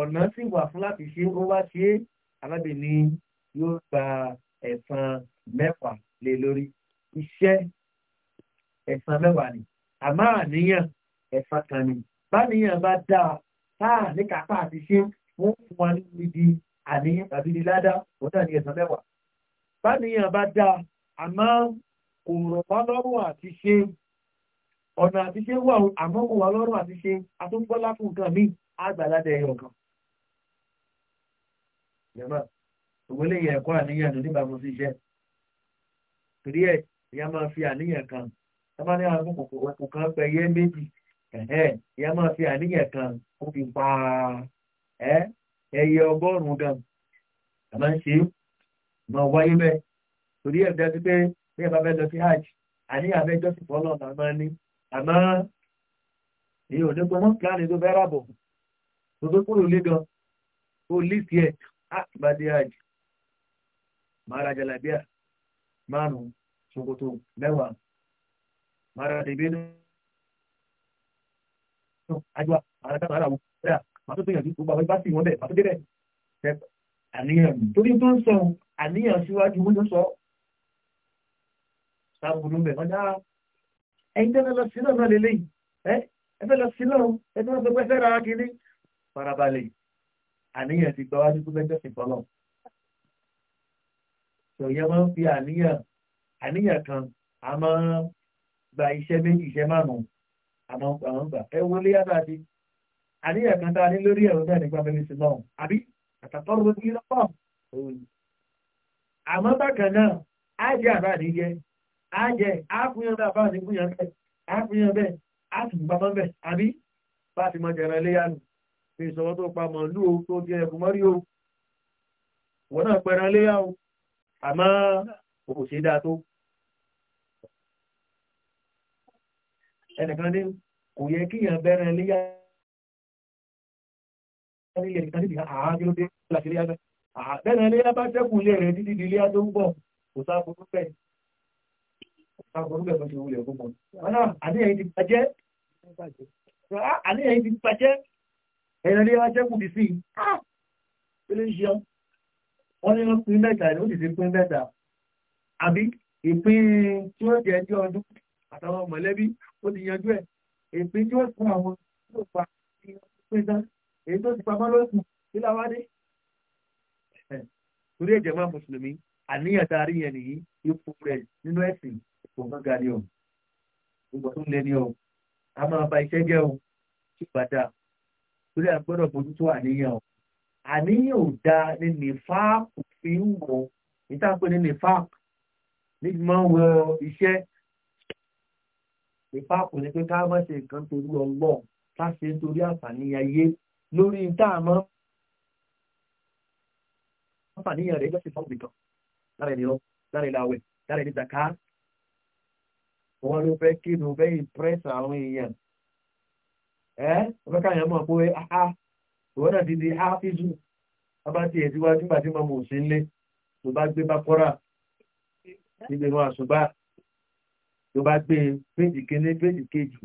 ọ̀nà sì wà fún láti ṣe ó wá ṣe arábìnrin yóò gba ẹ̀san mẹ́wàá lé lórí iṣẹ́ ẹ̀san mẹ́wàá ni àmọ́ àníyàn ẹ̀san kan ni báníyàn bá dáa táà ní kápá àti ṣe wọ́n fún wa níbi di àníyàn tàbí di ládá òun náà ní ẹ̀san mẹ́wàá báníyàn bá dáa àmọ́ kò rọ̀ wá lọ́rùn àti ṣe ọ̀nà àti ṣe wà àmọ́ kò wá lọ́rùn àti ṣe àtúngbọ́lá fún nǹkan míì àgbàládẹ ẹ̀yọ̀ kan jẹ́mọ́ òwe lè yẹ ẹ̀kọ́ àníyàn tó níbàámu sí iṣẹ́ torí ẹ̀ ìyá máa fi àníyàn kan sábà ní àwọn kòkòrò kan pẹ̀ yé méjì ìyá máa fi àníyàn kan ó fi pa ẹyẹ ọgọ́rùn-ún gan àmọ́ ń ṣe máa wáyé bẹ́ẹ̀ torí ẹ̀ dájú pé bí ẹ bá fẹ́ lọ sí hajj àníyàn fẹ́ jọ́sìn fọ́lọ́ àmọ́ ní àmọ́ èyí ò ní gbọ́n mọ́ kíláàni tó fẹ́ rábọ̀ tó tó kúrò lé gan ó lì sí àtìbádé àjì mara jalabia márùn ṣòkòtò mẹ́wàá mara dèbénú àjọ àràdàmàràwò rẹ̀ màá tó gbìyànjú gbogbo àwọn ibà sí wọn bẹ́ẹ̀ màá tó débẹ̀ Aniyan torí tó ń sọ àníyàn síwájú wọ́n ló sọ sáàbùrú mẹ́ wọ́n dáa ah, ẹ̀yin tẹ́lẹ̀ lọ sí náà lélẹ́yìn ẹ fẹ́ lọ sí náà ẹ fẹ́ lọ sí pé fẹ́ ra kiri farabalẹ̀ àníyàn ti gbọ́ wájú tó fẹ́ jọ́sìn fọlọ́ tó yẹ máa ń fi àníyàn àníyàn kan a máa ń gba iṣẹ́ méjì iṣẹ́ márùn-ún àmọ́ àwọn gbà ẹ wọlé yàtọ̀ àti àníyàn kan tá a ní lórí ẹ̀rọ bẹ́ẹ̀ nípa bẹ́ẹ̀ sí náà àbí àtàkọ́ ló ti lọ́pọ̀ àmọ́ bákan náà á jẹ́ àbá àníyẹ á jẹ́ á fúnyàn bá àbá àníkúnyàn bẹ́ẹ̀ á fúnyàn bẹ́ẹ̀ á tún gbàmọ́ bẹ́ẹ̀ àbí bá a ti mọ jẹ̀rọ iléyà fi ìṣọwọ́ tó pa màálù o tó jẹ ẹ̀kùn mọ́rí o wọ́n náà pẹran léyà o àmọ́ kò ṣe dáa tó ẹnìkan ní kò yẹ kíyàn bẹ́rẹ̀ léyà nílé ẹnìkan níbi àájọ́ dé láti léyà bẹ́ẹ̀ léyà bá sẹ́kù ilé rẹ̀ títí di léyà tó ń bọ̀ kò sá burú bẹ́ẹ̀ Àwọn orúkẹ̀ tó ṣe wulẹ̀ gbogbo. Àníyàn ti bàjẹ́. Àníyàn ti bàjẹ́ ẹ̀yàn lé wá jẹ́kù bí sí ilé-iṣẹ́ ah! wọ́n ní wọ́n pín mẹ́ta ẹ̀ ló sì ti pín mẹ́ta àbí ìpín tí ó jẹ́ ẹjọ́ ọdún àtàwọn mọ̀lẹ́bí ó ti yanjú ẹ̀ ìpín yẹn nìyí ipò rẹ̀ nínú ẹ̀sìn kò gángan ni o ìgbà tó lé ní o a máa ba iṣẹ́ jẹ́ o tí ò torí agbọ́dọ̀ bójú tó àníyàn àníyàn ò da ní nífàákù fi ń wọ níta pé ní nífàákù níbi máa ń wọ iṣẹ́ nífàákù ni pé ká má ṣe nǹkan torí ọlọ́ọ̀ ká ṣe nítorí àǹfààní ayé lórí níta àmọ́ àǹfààníyàn rẹ̀ jọ́sìn fún ìtàn lára ẹni lára ẹni àwẹ̀ lára ẹni zaka ló fẹ́ kí ni fẹ́ impress àwọn èèyàn ẹ́ ọ̀fẹ́ káyọ̀ mọ̀ pé áá ìwọ́n náà ti di áfíìsù ọba ti ẹ̀ síwájú nígbà tí mo mọ̀ sí ilé tó bá gbé bá kọ́ra níbi ìwọ̀n àṣùbá tó bá gbé péjì kíní péjì kejì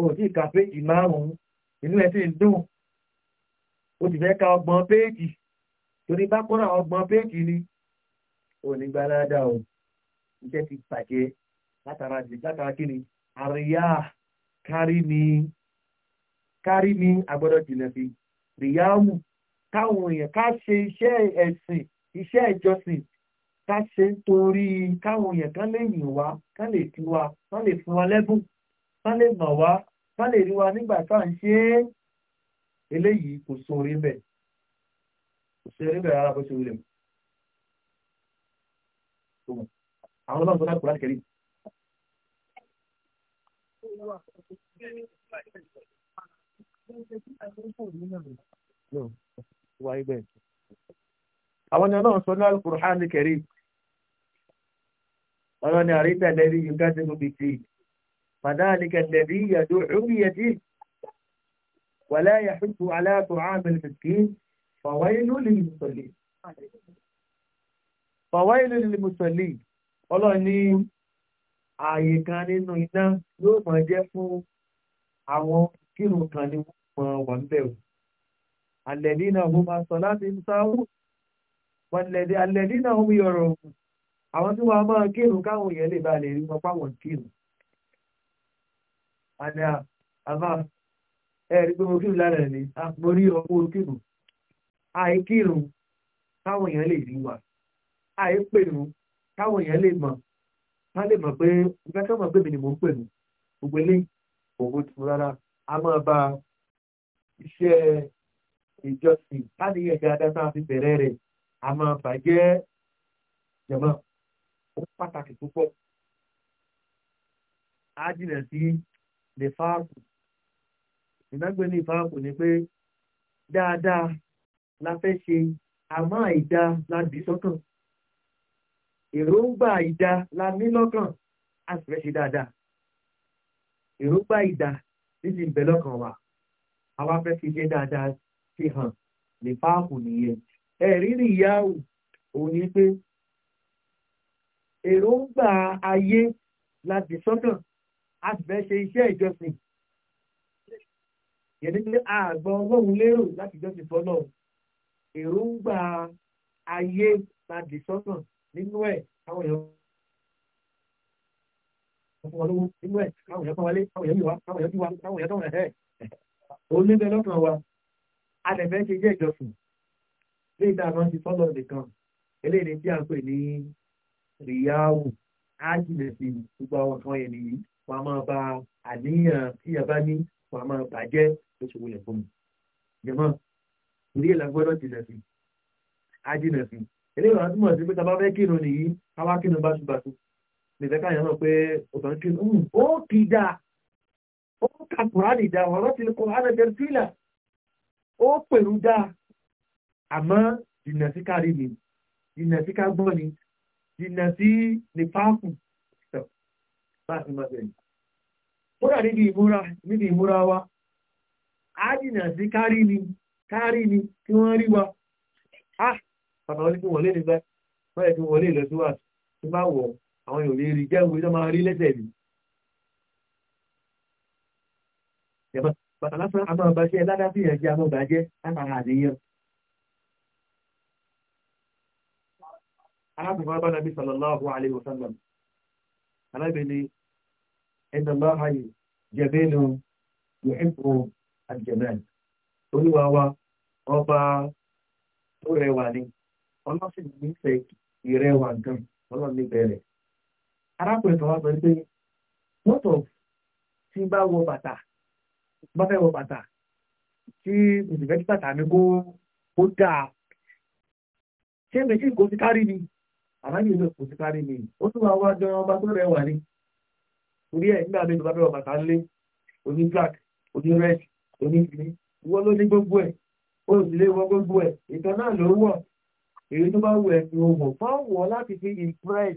o ti ka péjì márùn-ún inú ẹ̀ sì ń dùn o ti fẹ́ ka ọgbọ̀n péjì torí bá kọ́ra ọgbọ̀n péjì ni o ní gbalada o iṣẹ́ ti bàjẹ́ látara kí ni àríyá kárí ni kárí ní agbọ́dọ̀ jìnà sí ríyáwù káwọn èèyàn ká ṣe iṣẹ́ ẹ̀sìn iṣẹ́ ìjọsìn ká ṣe torí káwọn èèyàn kán lè yìn wá kán lè fi wá kán lè fún wa lẹ́bùn kán lè mọ̀ wá kán lè rí wa nígbà tá à ń ṣe é eléyìí kò sóore bẹ́ẹ̀ kò sóore bẹ́ẹ̀ rárá bó ṣe wúlò àwọn ọlọ́run tó dá kúrò láti kẹ́lí àwọn ènìyàn náà sọ ní alukur'an ní kẹrí ọlọ́ni àríta lẹ́rí yíká tí mo bì tí فذلك الذي يدعو بيده ولا يحب على طعام المسكين فويل للمصلين فويل للمصلين ọlọ́run kan nínú iná yóò mọ̀ jẹ́ fún àwọn kírun kan ni wọ́n mọ wà ń bẹ̀ o àlẹ́lí náà wọ́n máa sọ láti ń sáwó wọ́nlẹ̀dẹ̀ àlẹ́lí náà wọ́n yọ̀rọ̀ àwọn tí wọ́n máa kírun káwọn èèyàn lè bá lè rí wọn páwọn kírun àdá àbá ẹ̀rí pé mo kírun lára ẹ̀ mo rí ọmọ kírun káwọn èèyàn lè rí wa àìpèrun káwọn èèyàn lè mọ̀ ká lè mọ̀ pé ìgbà tó mọ̀ pé mi ni mo ń pèrun gbogbo eléyìí òwò tó rárá a máa ba iṣẹ́ ìjọsìn káníyàn dáadáa tá a fi bẹ̀rẹ̀ rẹ̀ a máa bàjẹ́ jẹ̀mọ́ ó pàtàkì púpọ̀ á jìnà sí lè fáàkù ìnágbé ní ìfáàkù ni pé dáadáa la fẹ́ ṣe àmọ́ àìdá la dì sọ́kàn èròǹgbà àìdá la ní lọ́kàn a fẹ́ ṣe dáadáa èròǹgbà àìdá níbi ìbẹ̀ lọ́kàn wa àwa fẹ́ fi ṣe dáadáa fi hàn lè fáàkù nìyẹn ẹ̀rí nìyáwó òun ni pé èròǹgbà ayé láti sọ́kàn a sì fẹ́ ṣe iṣẹ́ ìjọsìn yẹn ní pé àgbọn ọlọ́run lérò láti jọ́sìn fọ́nà èròǹgbà ayé láti sọ́kàn nínú ẹ̀ káwọn èèyàn fún wọn inú ẹ̀ káwọn èèyàn pọ́n wálé káwọn èèyàn bí wa káwọn èèyàn bí wa káwọn èèyàn tọ̀wọ̀n ẹ̀ oníbẹ̀ lọ́kàn wa alẹ̀fẹ́ ṣe jẹ́ ìjọsìn lé ìdáná ti sọ́dọ̀ nìkan eléyìí tí a ń pè ní ríyáwù ájìnà gbogbo àwọn kan yẹn nìyí wọn a máa ba àníyàn tí a bá ní wọn a máa bàjẹ́ oṣù wọlé fún mi jẹ̀mọ́ ìdí ìlà gbọ́dọ̀ jìnà sí eléyìí wọn a túmọ̀ sí pé tá bá fẹ́ kírun nìyí káwá kírun báṣubàṣu nìfẹ́ká yẹn náà pé ọ̀tàn kí ó kì í dáa ó ka kùránì dáa wọn láti lè kọ́ ánàjẹ sílẹ̀ ó pèrú dáa àmọ́ jìnnà sí kárí mi jìnnà sí kágbọ́n ni jìnnà sí nípaákù báyìí máa bẹ̀rẹ̀. Kódà níbi ìmúra níbi ìmúra wa, a jìnà sí kárí ni, kárí ni kí wọ́n rí wa. Ah, bàbá wọn ní kí wọlé nígbà, wọ́n yẹ kí wọlé ìlọsíwájú, tí bá wọ̀ àwọn yóò lè rí jẹ́ òwe tó máa rí lẹ́sẹ̀ rí. bàtà lásán àmọ́ ọba ṣe ládá sí ìyànjẹ àmọ́ ọba jẹ́ látara àdéyàn. arákùnrin bá nàbí sallallahu alayhi wa sallam arábìnrin ẹ̀dọ̀ bá hayè jẹ̀bẹ́nu yòókù àjẹ̀bẹ́n olúwa wa ọba tó rẹwà ni ọlọ́sìn nífẹ̀ẹ́ ìrẹwà gan ọlọ́run arákùnrin kan wá sọ pé what of tí bá wọ bàtà bá fẹ́ wọ bàtà tí òṣìṣẹ́ tí bàtà mi kó kó dáa ṣé méjì kò sí kárí ni àbájú ìlú kò sí kárí ni ó tún wá wá jẹun tó ẹ nígbà mi ló black oní red oní green ló ní gbogbo ó sì gbogbo ìtàn náà ló èyí tó fi impress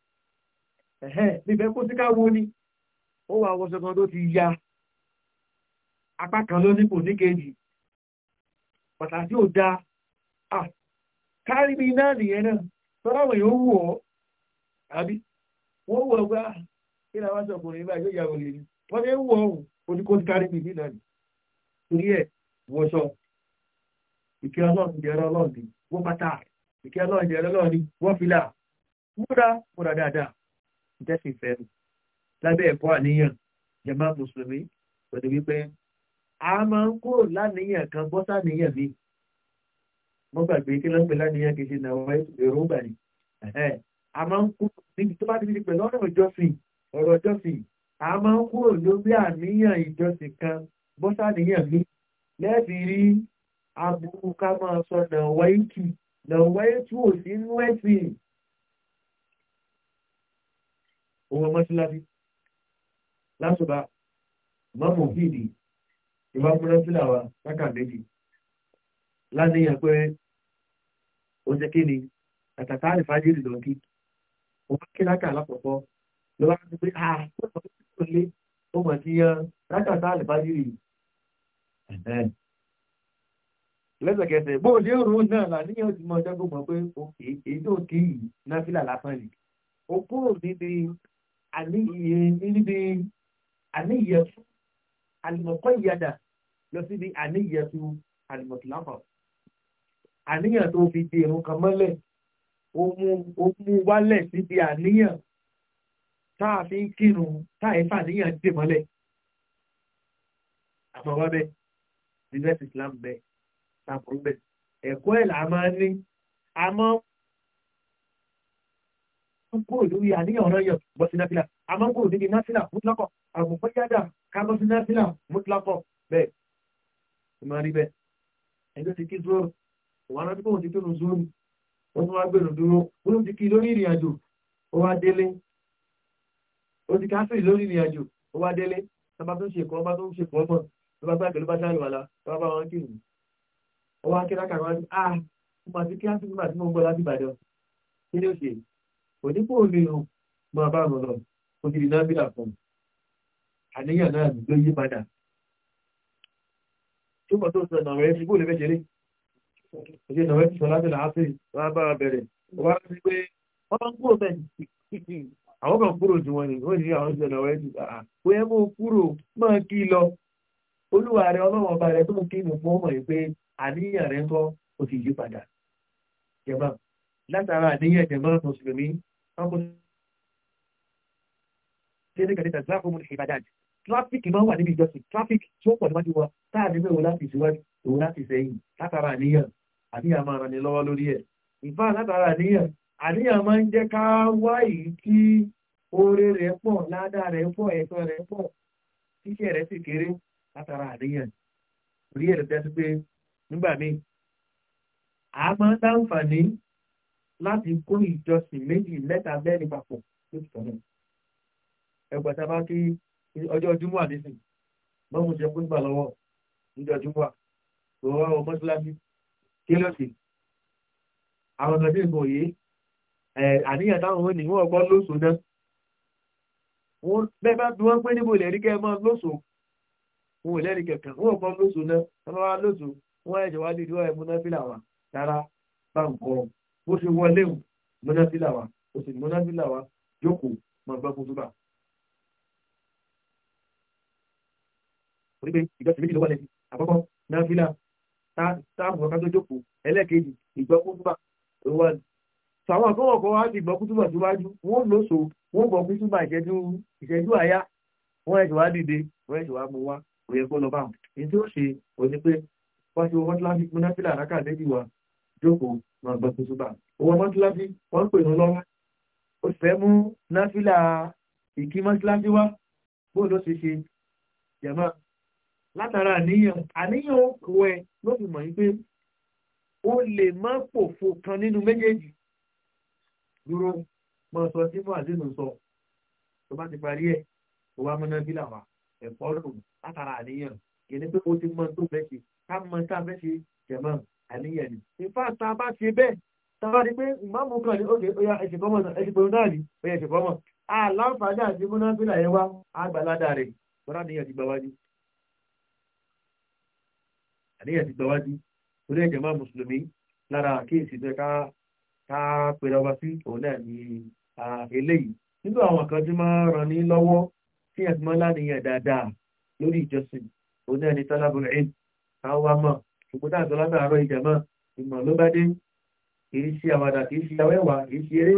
bíbẹ́ kó sí káwo ni ó wà wọ́sọ kan tó ti ya apá kan ló nípò ní kejì pàtàkì ò da kárí mi náà nìyẹn náà tọ́láwọ̀ yóò wù ọ́ àbí wọ́n wù ọ́ gbá kí ni yóò wọ́n ní wù ọ́ kárí mi torí ẹ̀ ọlọ́run ọlọ́run wọ́n tẹ́sí fẹ́rù lábẹ́ ẹ̀kọ́ àníyàn jàmá mùsùlùmí pẹ̀lú wípé a máa ń kúrò láníyàn kan bọ́ sáníyàn mi mo gbàgbé kí ló ń pè láníyàn kì í ṣe nàwọn èròǹgbà ni a máa ń kúrò níbi tó bá ti di pẹ̀lú ọ̀rọ̀ ìjọsìn ọ̀rọ̀ ìjọsìn a máa ń kúrò lórí àníyàn ìjọsìn kan bọ́ sáníyàn mi lẹ́ẹ̀fi rí aburú ká máa sọ nàwáyé tù nàwáyé tù ò sí nú ẹ̀sìn owó mọ́síláṣí lásùbà mọ́mù fìdí ìwà múrẹ́sílà wa káka méjì láníyàn pé ó ṣe kí ni àtàtà àlìfájìrì lọ kí òun kí láka lápọ̀pọ̀ ló wá sí pé àkókò lé ó mọ̀ sí yan látàtà àlìfájìrì lẹ́sẹ̀kẹsẹ̀ bó lé òru náà làníyàn ti mọ ọjọ́ gbogbo pé òkè èyí tó kì í náfìlà lásán yìí ó kúrò níbi níbi àníyẹ̀tú àlùmọ̀kọ́ ìyàdà lọ síbi àníyẹ̀tú àlùmọ̀tìláfà àníyàn tó fi di irun kan mọ́lẹ̀ ó mú wálẹ̀ síbi àníyàn táà fi ń kírun táà ẹ̀fà àníyàn dè mọ́lẹ̀ àfọwọ́ bẹ́ẹ̀ divers islam bẹ́ẹ̀ tàbí bẹ́ẹ̀ ẹ̀kọ́ ẹ̀ là máa ní a máa ń ń kúrò lórí àníyàn ọ̀rọ̀ yọ bọ́ sí náfìlà a máa ń kúrò níbi náfìlà mútlákọ̀ àgùnfẹ́ jáda ká bọ́ sí náfìlà mútlákọ̀ bẹ́ẹ̀ ẹ máa rí bẹ́ẹ̀ ẹjọ́ ti kí zoro wọn rántí kóhùn ti tó nu zoro wọn tún wá gbèrò dúró wọn ti kí lórí ìrìn àjò ó wá délé ó ti káfíì lórí ìrìn àjò ó wá délé tọba tó ń ṣe kọ́ ọba tó ń ṣe kọ́ ọmọ tọba gbàgbé bá dá ìwàlá tọba wọn kírun ó wá kí òdípò nínú máa bá rọ̀ lọ kó ti di nábìlà fún un àníyàn náà gbé yí padà tí wọ́n tó sọ ìnàwẹ́ ti bó lè fẹ́ ṣeré òṣèlú ìnàwẹ́ ti sọ lábìlà áfíì wọ́n bára bẹ̀rẹ̀ wọ́n ti pé wọ́n máa ń kúrò bẹ́ẹ̀ àwọn kan kúrò tí wọ́n ní wọ́n ní àwọn ìṣẹ̀lẹ̀ ọ̀rẹ́ ti àà kó yẹ mú kúrò máa kí lọ olúwa rẹ ọlọ́wọ́n ọba rẹ tó mú kí mú fún ọmọ yìí àníyàn rẹ ń kọ́ ó yí padà jẹ̀mọ́ látara àníyàn jẹ̀mọ́ ọkùnrin ṣe ní kẹ̀lẹ́tà ìgbà fún ìbàdàn tráfíkì máa ń wà níbi ìjọsìn tráfíkì tí ó pọ̀ níwájú wa táà ní wẹ́wọ́ láti ìṣíwájú òun láti sẹ́yìn látara àníyàn àníyàn máa ràn ní lọ́wọ́ lórí ẹ̀ ìfà látara àníyàn àníyàn máa ń jẹ́ ká wá yìí kí oore rẹ̀ pọ̀ ládàá rẹ̀ pọ̀ ẹ̀sọ́ rẹ̀ pọ̀ tíṣẹ́ rẹ̀ sì kéré látara àníyàn orí ẹ̀ lọ́tẹ́ sí pé nígbà míì a máa ń dáǹfààní láti kó ìjọsìn méjì mẹ́ta mẹ́rin papọ̀ lóṣù kan náà. ẹgbẹ́ tá a bá kí ọjọ́ júmọ́ àdéhùn bọ́mù ṣe fún ìgbà lọ́wọ́ níjọ́ júmọ́ òwò àwọn mọ́ṣáláṣí kílọ̀sì. àwọn kan tí ń bọ̀ yìí àníyàn táwọn ò ní wọ́n kọ́ lóṣù náà. wọ́n bẹ́ẹ̀ bá bí wọ́n pé níbo ilẹ̀ rí kẹ́ ẹ máa lóṣù wọn ò lẹ́rìí kẹ̀kẹ́ wọn ò kọ́ lóṣù náà ẹ máa wá lóṣù wọn ẹ̀jẹ̀ wá lè dúró ẹ̀mú náà fílà wà rárá bá ń kọ́ ọ bó ṣe wọlé o mọ́nàfílà wa o sì mọ́nàfílà wa jókòó máa gbọ́ fún túbà. orí pé ìjọsìn méjì ló wọlé àkọ́kọ́ náfílà táàmù ọ̀ká tó jókòó ẹlẹ́ẹ̀kejì ìgbọ́ fún túbà ló wà. sàwọn àkọ́wọ̀ kan wá ti gbọ́ fún túbà síwájú wọ́n lóṣò wọ́n gbọ́ fún túbà ìṣẹ́jú àyá wọ́n ẹ̀ṣẹ̀ wá dìde wọ́n ẹ̀ṣẹ̀ wá mú wá òye kó lọ bá wọn. èyí tí ó ṣe òní pé wọ́n ti wọ́n láti múnáfílà àrákà méjì wa jókòó máa gbọ́ tó súbà owó mọ́síláṣí wọ́n ń pè ní lọ́wọ́ ó sì fẹ́ mú náfìlà ìkí mọ́síláṣí wá bó ló ṣe ṣe jẹ̀mọ́ látara àníyàn àníyàn wẹ̀ ló fi mọ̀ yí pé ó lè má pòfo kan nínú méjèèjì dúró mọ́ sọ tí mo àdínú sọ tó bá ti parí ẹ̀ tó bá mú náfìlà wá ẹ̀fọ́ rò látara àníyàn kì í ní pé ó ti mọ tó fẹ́ ṣe ká mọ tá a fẹ́ ṣe jẹ̀mọ́ àníyàn ni ìfá tá a bá ṣe bẹ́ẹ̀ tá bá di pé ìmáàmù kan ní ẹsẹ̀ ẹsẹ̀ náà ni ẹsẹ̀ àti yẹn wá àgbàládà ti àníyàn ti ẹ̀jẹ̀ máa mùsùlùmí lára àkíyèsí ọba sí òun náà eléyìí nínú àwọn kan tí máa ràn ní lọ́wọ́ tí láníyàn dáadáa lórí ìjọsìn òun náà ṣùgbọ́n dáàtọ̀ látàárọ̀ ìjàmọ́ ìmọ̀ ló bá dé kìí ṣe àwàdà kìí ṣe awẹ́wà kìí ṣe eré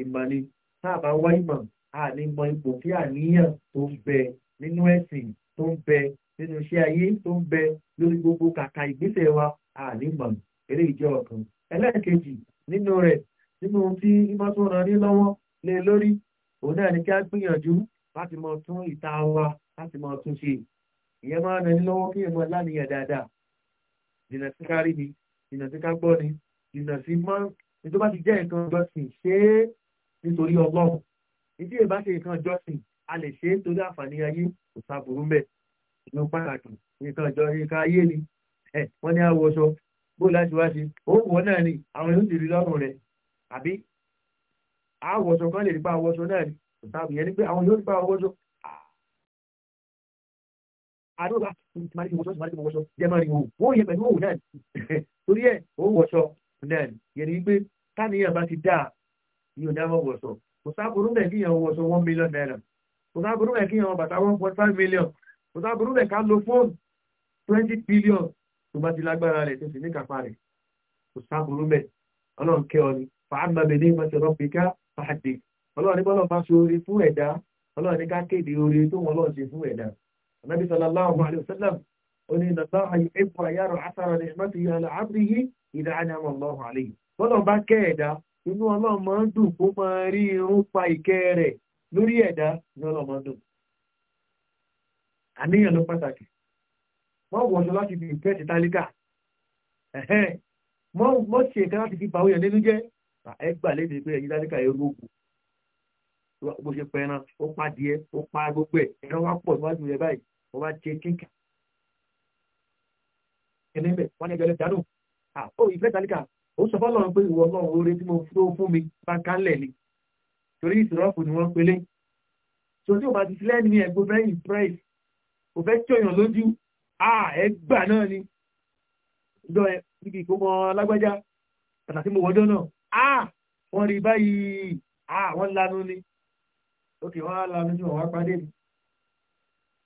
ìmọ̀ ni táà bá wá ìmọ̀ a ní mọ ipò kí àníyàn tó ń bẹ nínú ẹ̀sìn tó ń bẹ nínú iṣẹ́ ayé tó ń bẹ lórí gbogbo kàkà ìgbésẹ̀ wa a ní mọ̀ eré ìjọ ọ̀kan ẹlẹ́ẹ̀kejì nínú rẹ̀ nínú tí ìmọ̀ tó ràn ní lọ́wọ́ lé e lórí òun náà ni kí á gbìyànjú láti mọ tún ìta wa láti mọ tún ṣe ìyẹn máa ń ràn ní lọ́wọ́ kí èèmọ̀ láníyàn dáadáa jìnnà sí kárí ni jìnnà sí kágbọ́ ni jìnnà sí mọ́ ní tó bá ti jẹ́ nǹkan jọ́sìn ṣe é nítorí ọlọ́run ìdí èbá ṣe nǹkan jọ́sìn a lè ṣe é torí àǹfààní ayé kò sábùrú mẹ́ inú pàtàkì nǹkan ìjọ nǹkan ayé ni wọ́n ní àwọṣọ bó láti wá ṣe òun wọ́n náà ni àwọn yóò sì rí lọ́rùn rẹ̀ àbí àwọṣọ kan lè rí pa àwọṣọ náà ni kò sábùrú àdúgbà tìmárì kí mo wọṣọ tìmárì kí mo wọṣọ jẹ́ máa rí wò ó yẹ pẹ̀lú òwò náà torí ẹ̀ ó wọṣọ náà yẹn ni pé táníyàn bá ti dáa ní ọjà wọn kò sáburú bẹ̀ kí yẹn wọṣọ one million naira kò sáburú bẹ̀ kí yẹn bàtà one point five million kò sáburú bẹ̀ ká lo fóònù twenty billion tó bá ti lágbára rẹ̀ tó sì ní kápá rẹ̀ kò sáburú bẹ̀ ọlọ́run kẹ́ ọ ni fàámà bèdè ìfọ̀sẹ̀ rọ́pìkà fàdé ọlọ́run ní bọ́lọ̀ máa ṣe oore fún ẹ̀dá ọlọ́run النبي صلى الله عليه وسلم قل إن الله يحب أن يرى أثر نعمته على عبده إذا أنعم الله عليه فلو بكيدا inú ọlọ́run máa ń dùn kó máa rí irun pa ìkẹ́ rẹ̀ lórí ẹ̀dá ní ọlọ́run máa ń dùn. àníyàn ló pàtàkì wọ́n wọṣọ láti fi ìfẹ́ ti tálíkà wọ́n ṣe nǹkan láti fi bàwọ́ yàn nínú jẹ́ ẹ gbà léde pé ẹ̀yin tálíkà yẹn ológun bó ṣe pẹran ó pa díẹ̀ ó pa gbogbo ẹ̀ ẹran wá pọ̀ níwájú rẹ̀ báyìí ó wá jẹ kínkà ẹni bẹ wọn ni ẹjọ lè dànù ó ìfẹ́ tàlíkà ó sọ fọlọ́run pé ìwọ náà oore tí mo tó fún mi bá kálẹ̀ ni torí ìsìrọ́pù ni wọ́n pelé tó tí o bá ti sílẹ̀ ní ẹgbẹ́ fẹ́ impress kò fẹ́ tíọ̀yàn lójú ẹgbà náà ni lọ ẹ níbi ìkómọ alágbájá pàtàkì mo wọ́dọ́ náà wọ́n rí báyìí wọ́n lanu ni ókè wọ́n lanu tí wọ́n wá padé ni.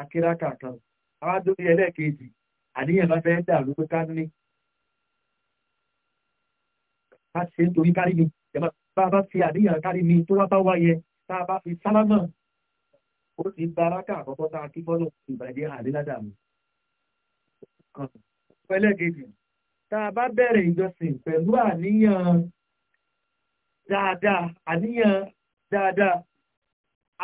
akíráka kan àwọn adóbi ẹlẹ́ẹ̀kejì àníyàn bá fẹ́ dàrú pé ká ní ká ṣe ń torí kárí mi bá bá fi àníyàn kárí mi tó wá bá wáyẹ tá a bá fi sálámà ó ti gba aráka àkọ́kọ́ tá a kí fọ́nà ìbàjẹ́ àdínládà mi. ẹlẹ́ẹ̀kejì tá a bá bẹ̀rẹ̀ ìjọsìn pẹ̀lú àníyàn dáadáa àníyàn dáadáa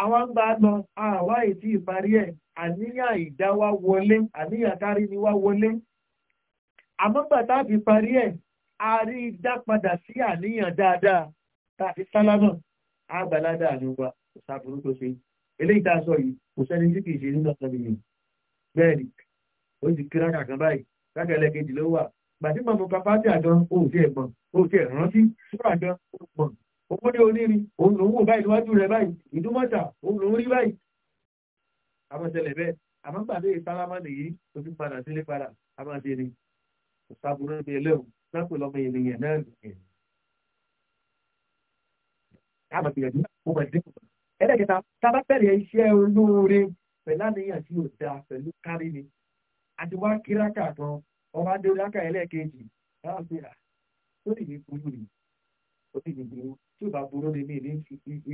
àwọn ń lọ àwa ètí ìparí ẹ̀ àníyàn ìdá wa wọlé àníyàn kárí ni wá wọlé àmọ́gbà tá a fi parí ẹ̀ a rí i dá padà sí àníyàn dáadáa tá a fi sálámà àgbàládà àníwá kò sáfúrú tó ṣe eléyìí tá a sọ yìí kò sẹ́ni tí kìí ṣe nínú ọ̀sán mi yìí bẹ́ẹ̀ ni ó ti kíra kàkan báyìí lákẹ́lẹ́ kejì ló wà gbàtí mọ̀mọ́ kápá tí àjọyọ̀ ó ti ẹ̀ mọ̀ ó ti ẹ̀ rántí sọ́rọ̀ àjọyọ̀ ó mọ̀ owó ní onírin òun lòún wò báyìí níwájú rẹ̀ báyìí ìdúmọ̀tà òun lòún rí báyìí amọ̀sẹ̀lẹ̀ bẹ́ẹ̀ àmọ́ gbà bí ìsálámà nìyí o ti padà sílé padà a máa ṣe ni kò sábúrú níbi ẹlẹ́wọ̀n sápò lọ́mọ ènìyàn náà nìyẹn. àmọ̀ gbìyànjú mo mọ̀ dínkù. ẹlẹ́kẹta tábà bẹ̀rẹ̀ iṣẹ́ olóore pẹ̀lú àníyàn tí ò da pẹ̀lú kárí ni àti wá kíráàkà kan ọba dé ráàkà ẹlẹ́ẹ̀kejì náà fi hà burú ni ó sì ní burú tí ò bá burú ni mi ní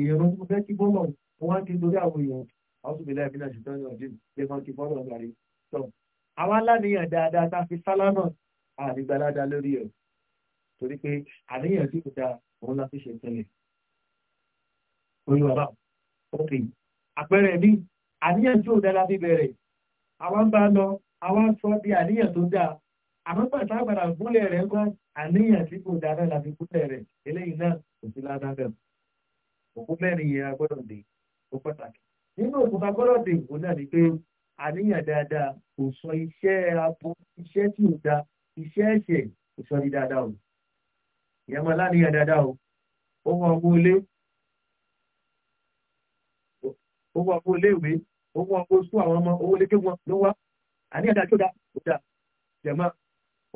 ìrún bẹ́ẹ̀ kí bọ́lọ̀ wọn ti lórí àwọn èèyàn àwọsùnbílẹ̀ ìbílẹ̀ ṣùgbọ́n ní ọdún lẹ́fọ́n ti bọ́ọ̀lù ọ̀gá rí tọ́ àwọn aláníyàn dáadáa tá a fi sálámà àdìgbàládà lórí ẹ̀ torí pé àníyàn tí kò dáa òun la fi ṣe tẹ́lẹ̀ olùwàbà òkè àpẹẹrẹ mi àníyàn tí ò dáa la fi bẹ̀rẹ̀ àwọn bá lọ àwọn sọ bí àníyàn tó dáa àmọ́ pàtó àgbàdà gúnlẹ̀ rẹ̀ kọ́ àníyàn tí kò dáa náà la fi gúnlẹ̀ rẹ̀ eléyìí náà kò sí nínú òkúta gbọ́dọ̀ dé ìbò náà ni pé àníyàn dáadáa kò sọ iṣẹ́ abo iṣẹ́ tí ò da iṣẹ́ ẹ̀ṣẹ̀ kò sọ ní dáadáa o ìyẹn máa láníyàn dáadáa o ó mọ ọgbọ́n ilé ó mọ ọgbọ́n ilé ìwé ó mọ ọgbọ́n sún àwọn ọmọ owó lékè wọn ló wá àníyàn dáadáa tó da kò da jẹ̀mọ́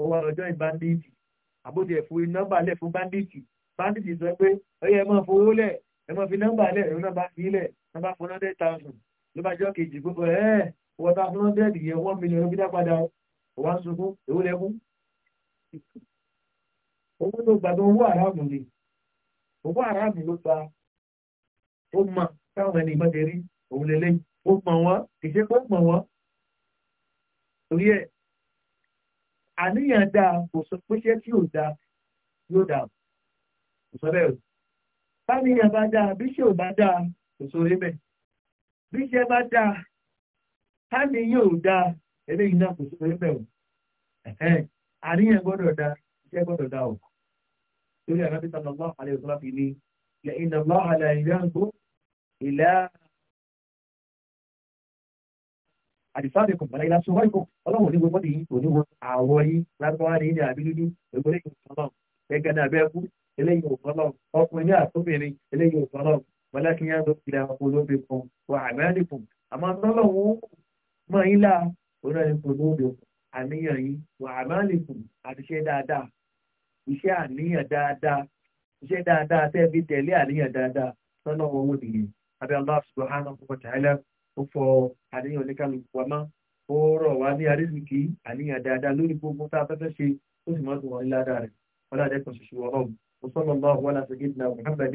ó wá ọjọ́ ìbándíìtì àbójú ẹ̀fọ́ nọ́mbà lẹ̀ fún bándíìtì bándíìtì sọ pé ẹ̀yẹ máa fowó lẹ̀ ẹ̀ máa fi nọ́mbà lẹ̀ ẹ̀ máa fi lẹ̀ wọ́n bá fún hundred thousand ló bá jọ́ kejì gbogbo ẹ̀ wọ́n bá fún hundred yẹn one million bí dápadà wà ń sunkún èwo lẹ́kún. owó ló gbà tó owó àràmù ni owó àràmù ló gba ó mọ táwọn ẹni ìbọn ti rí òun lè léyìn ó mọ wọn kì í ṣe pé ó mọ wọn. torí ẹ̀ àníyàn dáa kò sọ pé ṣé tí ò dáa yóò dáa kò sọ bẹ́ẹ̀ o. báníyàn bá dáa bí ṣé ò bá dáa kò sórí bẹ́ẹ̀ bí iṣẹ́ bá dáa ká ní yóò dáa eléyìí náà kò sórí bẹ́ẹ̀ o àríyàn gbọ́dọ̀ dáa iṣẹ́ gbọ́dọ̀ dáa o lórí àrẹ́bí sọ̀rọ̀ lọ́wọ́ àlẹ́ òṣèlú fi ní lẹ́yìn lọ́wọ́ àlẹ́ ìyáǹgbó ìlà àdìsáàdì kò mọ̀lẹ́ ìlàsọ wáyé kò ọlọ́run ní gbogbo yìí kò ní wo àwọ̀ yìí lágbára ní àbílú ní ìgbélé ìwòsàn gẹ́gẹ́ ní abẹ́kú eléyìí ìwòsàn náà ọkùnrin ní àtúnbìnrin eléyìí ìwòsàn náà ولكن ينظر إلى قلوبكم وأعمالكم أما ظلموا ما إلى هنا قلوبكم àníyàn وأعمالكم àti ṣe dáadáa iṣẹ́ àníyàn dáadáa iṣẹ́ dáadáa tẹ́ fi tẹ̀lé àníyàn dáadáa lọ́nà owó nìyẹn abẹ́ Allah subhanahu wa ta'ala ó fọ àníyàn oníkàlùkù wa mọ́ ó rọ̀ wá ní àrísìkí àníyàn dáadáa lórí gbogbo tá a fẹ́ fẹ́ ṣe ó sì mọ́ sí wọn ní ládàá rẹ̀ wọ́n ládàá kan ṣoṣo ọlọ́run وصلى الله على سيدنا محمد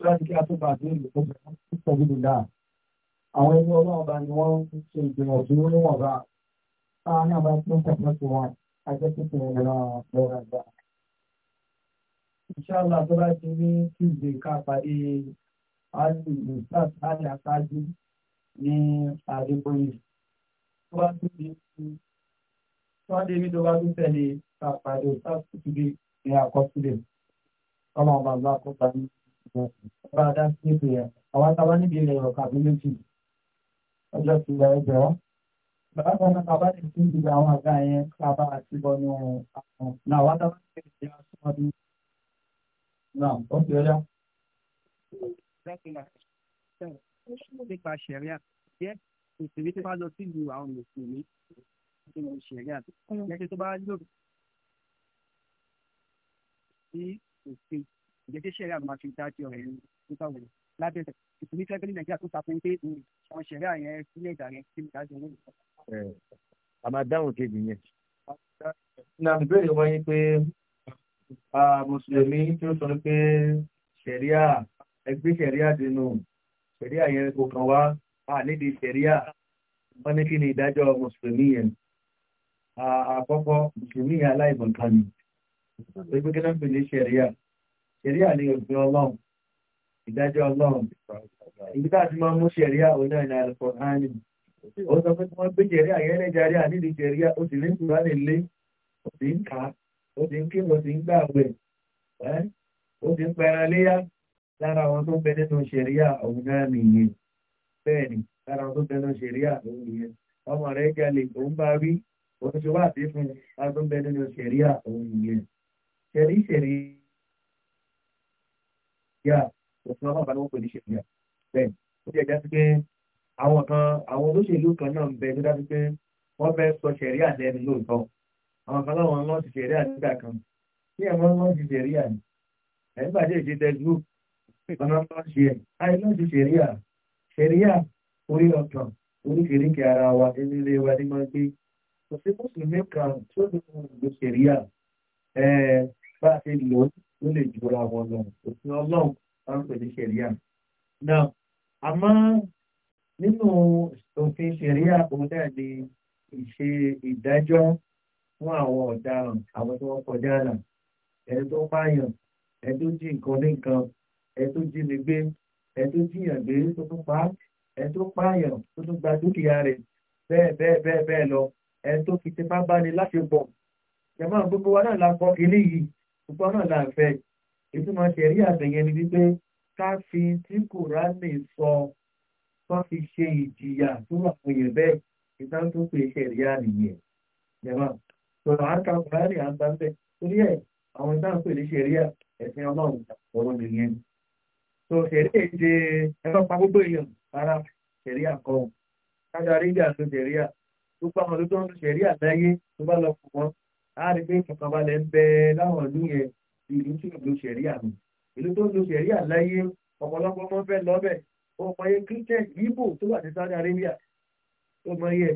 sọ́yìn kí a tó bá dé ìlú ọjà títọ́jú lè dáa. Àwọn ẹni ọlọ́run bá ni wọ́n ń ṣe ìgbìyànjú níwọ̀n bá. Táwọn náà bá tún tẹ̀sán sí wọn, ajẹ́ tó ti rìn lọ lọ́ra gbà. Ìṣáàlá tó bá ti ní Tuesday ká parí Ali Musaf Ali Akaju ní Adébóyè. Tó bá tún di Sọ́dé ní tó bá tún tẹ̀lé ká parí Musaf Tuesday ní àkọsílẹ̀. Ọlọ́run bàbá bá a dá sí ètò yẹn àwọn àtàwọn níbi ilẹ̀ ìrọ̀kà bí méjì ọjọ́ ti wà ẹgbẹ́ wọn. bàbá kan náà bàbá ti fi ń dìgbà àwọn àga yẹn bàbá àti bọnú àwọn náà àwọn àtàwọn níbi ilẹ̀ ìrọ̀kà bí náà ó fi ọjà. nípa ṣẹ̀ríà jẹ́ ìpèrí tó bá lọ sílùú àwọn mùsùlùmí tó lọ ṣẹ̀ríà jẹ́ tó bá lò sí òfin ìjẹ́ tí sẹ́ríà máa fi dájú ọ̀rẹ́ yẹn nípa wò lábẹ́ ìpínlẹ̀ fẹ́ẹ́lì nàìjíríà tó ta fún pé àwọn sẹ́ríà yẹn sílẹ̀ ìdá yẹn sí ìdájọ́ owó ìfọ̀. àmà dáhùn kejì yẹn. na ìbéèrè wọn yín pé mùsùlùmí tí ó sọ pé sẹ́ríà ẹgbẹ́ sẹ́ríà dínú sẹ́ríà yẹn kò kàn wá nídìí sẹ́ríà wọ́n ní kí ni ìdájọ́ mùsùlùmí yẹn àkọ́kọ́ mùsùlùmí yẹn aláìmọ̀kan ni ẹgbẹ́ kí ṣẹ̀ríà ni òfin ọlọ́run ìdájọ́ ọlọ́run ibi tá a ti máa mú ṣẹ̀ríà oná ìlà alukọ̀hánì ó sọ pé wọ́n gbé ṣẹ̀ríà yẹn lẹ́jà rí àníbi ṣẹ̀ríà ó sì lé ìtura lè lé ó sì ń kà ó sì ń kí ó sì ń gbà wẹ̀ ó sì ń pẹran léyà lára àwọn tó ń bẹ nínú ṣẹ̀ríà òun náà nìyẹn bẹ́ẹ̀ ni lára àwọn tó ń bẹ nínú ṣẹ̀ríà òun nìyẹn ọmọ jalè òun yà òfin ọlọ́pàá ni wọ́n pè ní ṣèlú bẹ́ẹ̀ ó jẹ́ jásí pé àwọn kan àwọn olóṣèlú kan náà ń bẹ tó dájú pé wọ́n fẹ́ sọ ṣẹ̀rí àtẹnu lóòótọ́ àwọn kan láwọn náà ti ṣẹ̀rí àtìgbà kan tí àwọn náà ti ṣẹ̀rí àní ẹ̀yìn bàjẹ́ ìṣe tẹ́jú ọ̀nà máa ń ṣe ẹ̀ àyè náà ti ṣẹ̀rí à ṣẹ̀rí à orí ọ̀tàn oríṣiríṣi ara wa nílé wa ní máa ń gbé kò sí mùsùlùmí kan tó ní ìlú ṣẹ̀rí à bá a ṣe lò ó ló lè jura wọn lọ òfin ọlọ́run bá ń pè ní ṣẹ̀ríà. náà àmọ́ nínú òfin ṣẹ̀ríà òun náà ni ìṣe ìdájọ́ fún àwọn ọ̀daràn àwọn tí wọ́n kọjá là ẹni tó pààyàn ẹni tó jí nǹkan ní nǹkan ẹni tó jí ni gbé ẹni tó jíyàn gbé tó tún pa ẹni tó pààyàn tó tún gba dúkìá rẹ̀ bẹ́ẹ̀ bẹ́ẹ̀ bẹ́ẹ̀ bẹ́ẹ̀ lọ ẹni tó fi tipá bá ní láṣepọ̀ jẹ̀mọ́ gbogbo wa náà la gbọ́ kínní yìí púpọ̀ náà là ń fẹ́ ìtumọ̀ ṣẹ̀rí àtẹ̀yẹ ni wípé ká fi tí kùránì sọ tó fi ṣe ìjìyà tó wà fún yẹn bẹ́ẹ̀ ìtàn tó pè ṣẹ̀rí ànìyẹn jẹ̀mọ́ sọ̀rọ̀ à ń ka kùránì à ń bá ń bẹ́ torí ẹ̀ àwọn ìtàn pè ní ṣẹ̀rí ẹ̀sìn ọlọ́run ọ̀rọ̀ nìyẹn so ṣẹ̀rí èdè ẹ̀rọ pa gbogbo èèyàn rárá ṣẹ̀rí àkọ́ kájọ àríjà tó ṣẹ̀rí à gbogbo àwọn olùdó ń ṣẹ̀rí àdáyé tó bá lọ fún a rí pé ìfọ̀kànbalẹ̀ ń bẹ láwọn ìlú yẹn ìlú tí ìlú sẹ̀ríà nù ìlú tó ń lo sẹ̀ríà láyé ọ̀pọ̀lọpọ̀ ọmọ fẹ́ lọ́bẹ̀ ọmọye christian ibo tó wà ní saudi arabia tó mọ iye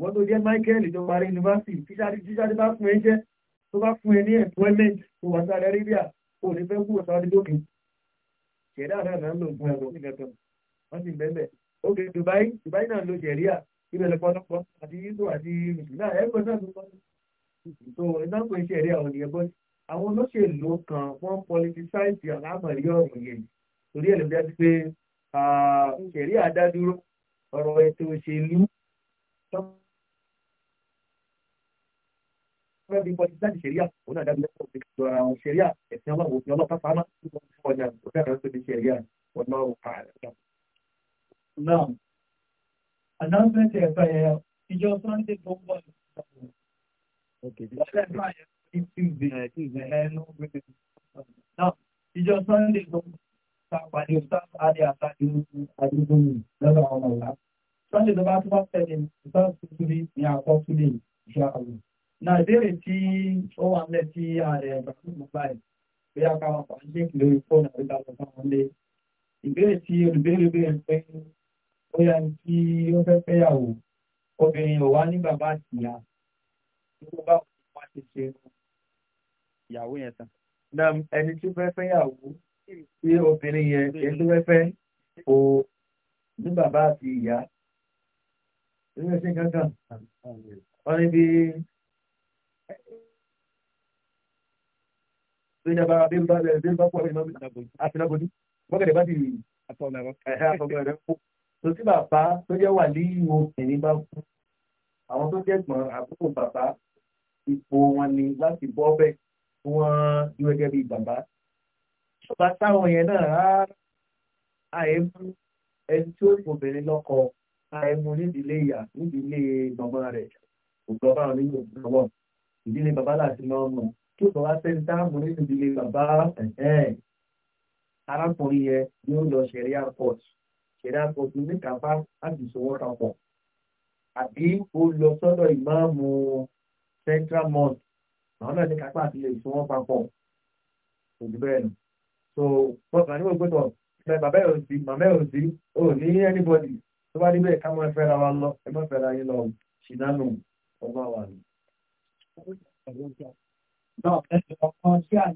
wọ́n tó jẹ́ michael tó parí yunifásitì tíṣàdé bá fún ẹ jẹ́ tó bá fún ẹ ní employment tó wà saudi arabia kò ní fẹ́ kú saudi lókè sẹ̀ríà náà náà ń lò fún ẹ̀rọ nígbà tó wọ́n sì bẹ́ẹ̀ bẹ́ẹ̀ dubai dubai náà ń lo sẹ̀ríà ibẹ̀ lọ́pọ̀lọpọ̀ àti yíṣọ́ àti mùsùlùmí so iná pé ṣe ẹ̀rí àwọn nìyẹn bọ́ àwọn olóṣèlú kan wọ́n politicize àlámọ̀rí ọ̀rọ̀ yẹn torí ẹ̀ ló dájú pé ṣẹ̀rí àdádúró ọ̀rọ̀ ètò òṣèlú fẹ́ bí bọ́ọ̀lì láti ṣẹ̀ríà òun náà dábìlẹ̀ fún òfin ìjọ ara wọn ṣẹ̀ríà ẹ̀sìn ọlọ́run òfin ọlọ́pàá pamọ́ fún ọjà òfin àrùn tó di ṣẹ̀ríà ọlọ́run ààrẹ. Now, announcement ẹ̀ka ẹ̀yà ìjọ Sunday gbogbo ọ̀sán ìjọ sunday ló ta pàdé ustaz adé àtàdé adébóyè lọ́dọ̀ àwọn ọ̀la sunday ló bá tún bá tẹ̀lé ustaz tuntun ní àkọ́ túlẹ̀ ìṣe àwọn. na ìbéèrè tí ó wà nílẹ̀ tí ààrẹ ibrahim mobile pé a káwọn kan ṣe kí lórí fóònù àti ìdájọ́ fáwọn lé ìbéèrè tí olùbéèrè béèrè pé ó yẹ kí ó fẹ́ fẹ́yàwó obìnrin ò wá ní bàbá àtìyá gbogbo bá wọn ti ṣe ìyàwó yẹn tán. na ẹni tí fẹ́ fẹ́ yàwó hmm. tí obìnrin yẹn ẹni tí fẹ́ fẹ́ o ní bàbá àti ìyá nínú ẹ̀sìn kankan wọ́n ní bí ìjọba bí bá bí bá pọ̀ nínú àfinàbọ̀dí bọ́kẹ̀dẹ̀ bá ti àfọ̀gbẹ̀rẹ̀ kú. tó tí bàbá tó jẹ́ wà ní ìwò ẹ̀ní bá kú àwọn tó jẹ́ gbọ̀n àkókò bàbá ipò wọn ni láti bọ́ bẹ́ẹ̀ kí wọ́n dúró gẹ́gẹ́ bí bàbá. ọba táwọn yẹn náà rárá àìmú ẹni tí ó fòbìnrin lọ́kọ àìmú nídìílé ìyá nídìílé bàbá rẹ̀ ògbọ́n bá wọn nínú ìgbàwọ̀ ìdílé bàbá láti máa mú kí ó bàbá sẹ́ni táàmù nínú ìdílé bàbá arákùnrin yẹn ni ó lọ ṣẹ̀rí airport ṣẹ̀rí airport ní kàfá láti ṣòwò àbí ó lọ sọ́dọ̀ ìmáàmù central mosque àwọn náà ní kápá àti lè sún papọ̀ òjú bẹ́ẹ̀ nù so bọ́sùn àníwò gbọ́dọ̀ ṣe bàbá yóò sí màmá yóò sí ò ní anybody tó bá níbẹ̀ ká mọ́ ẹ fẹ́ra wa lọ ẹ mọ́ fẹ́ra yín lọ ṣìdánù ọgbà wà ní. náà ẹsẹ̀ ọ̀kan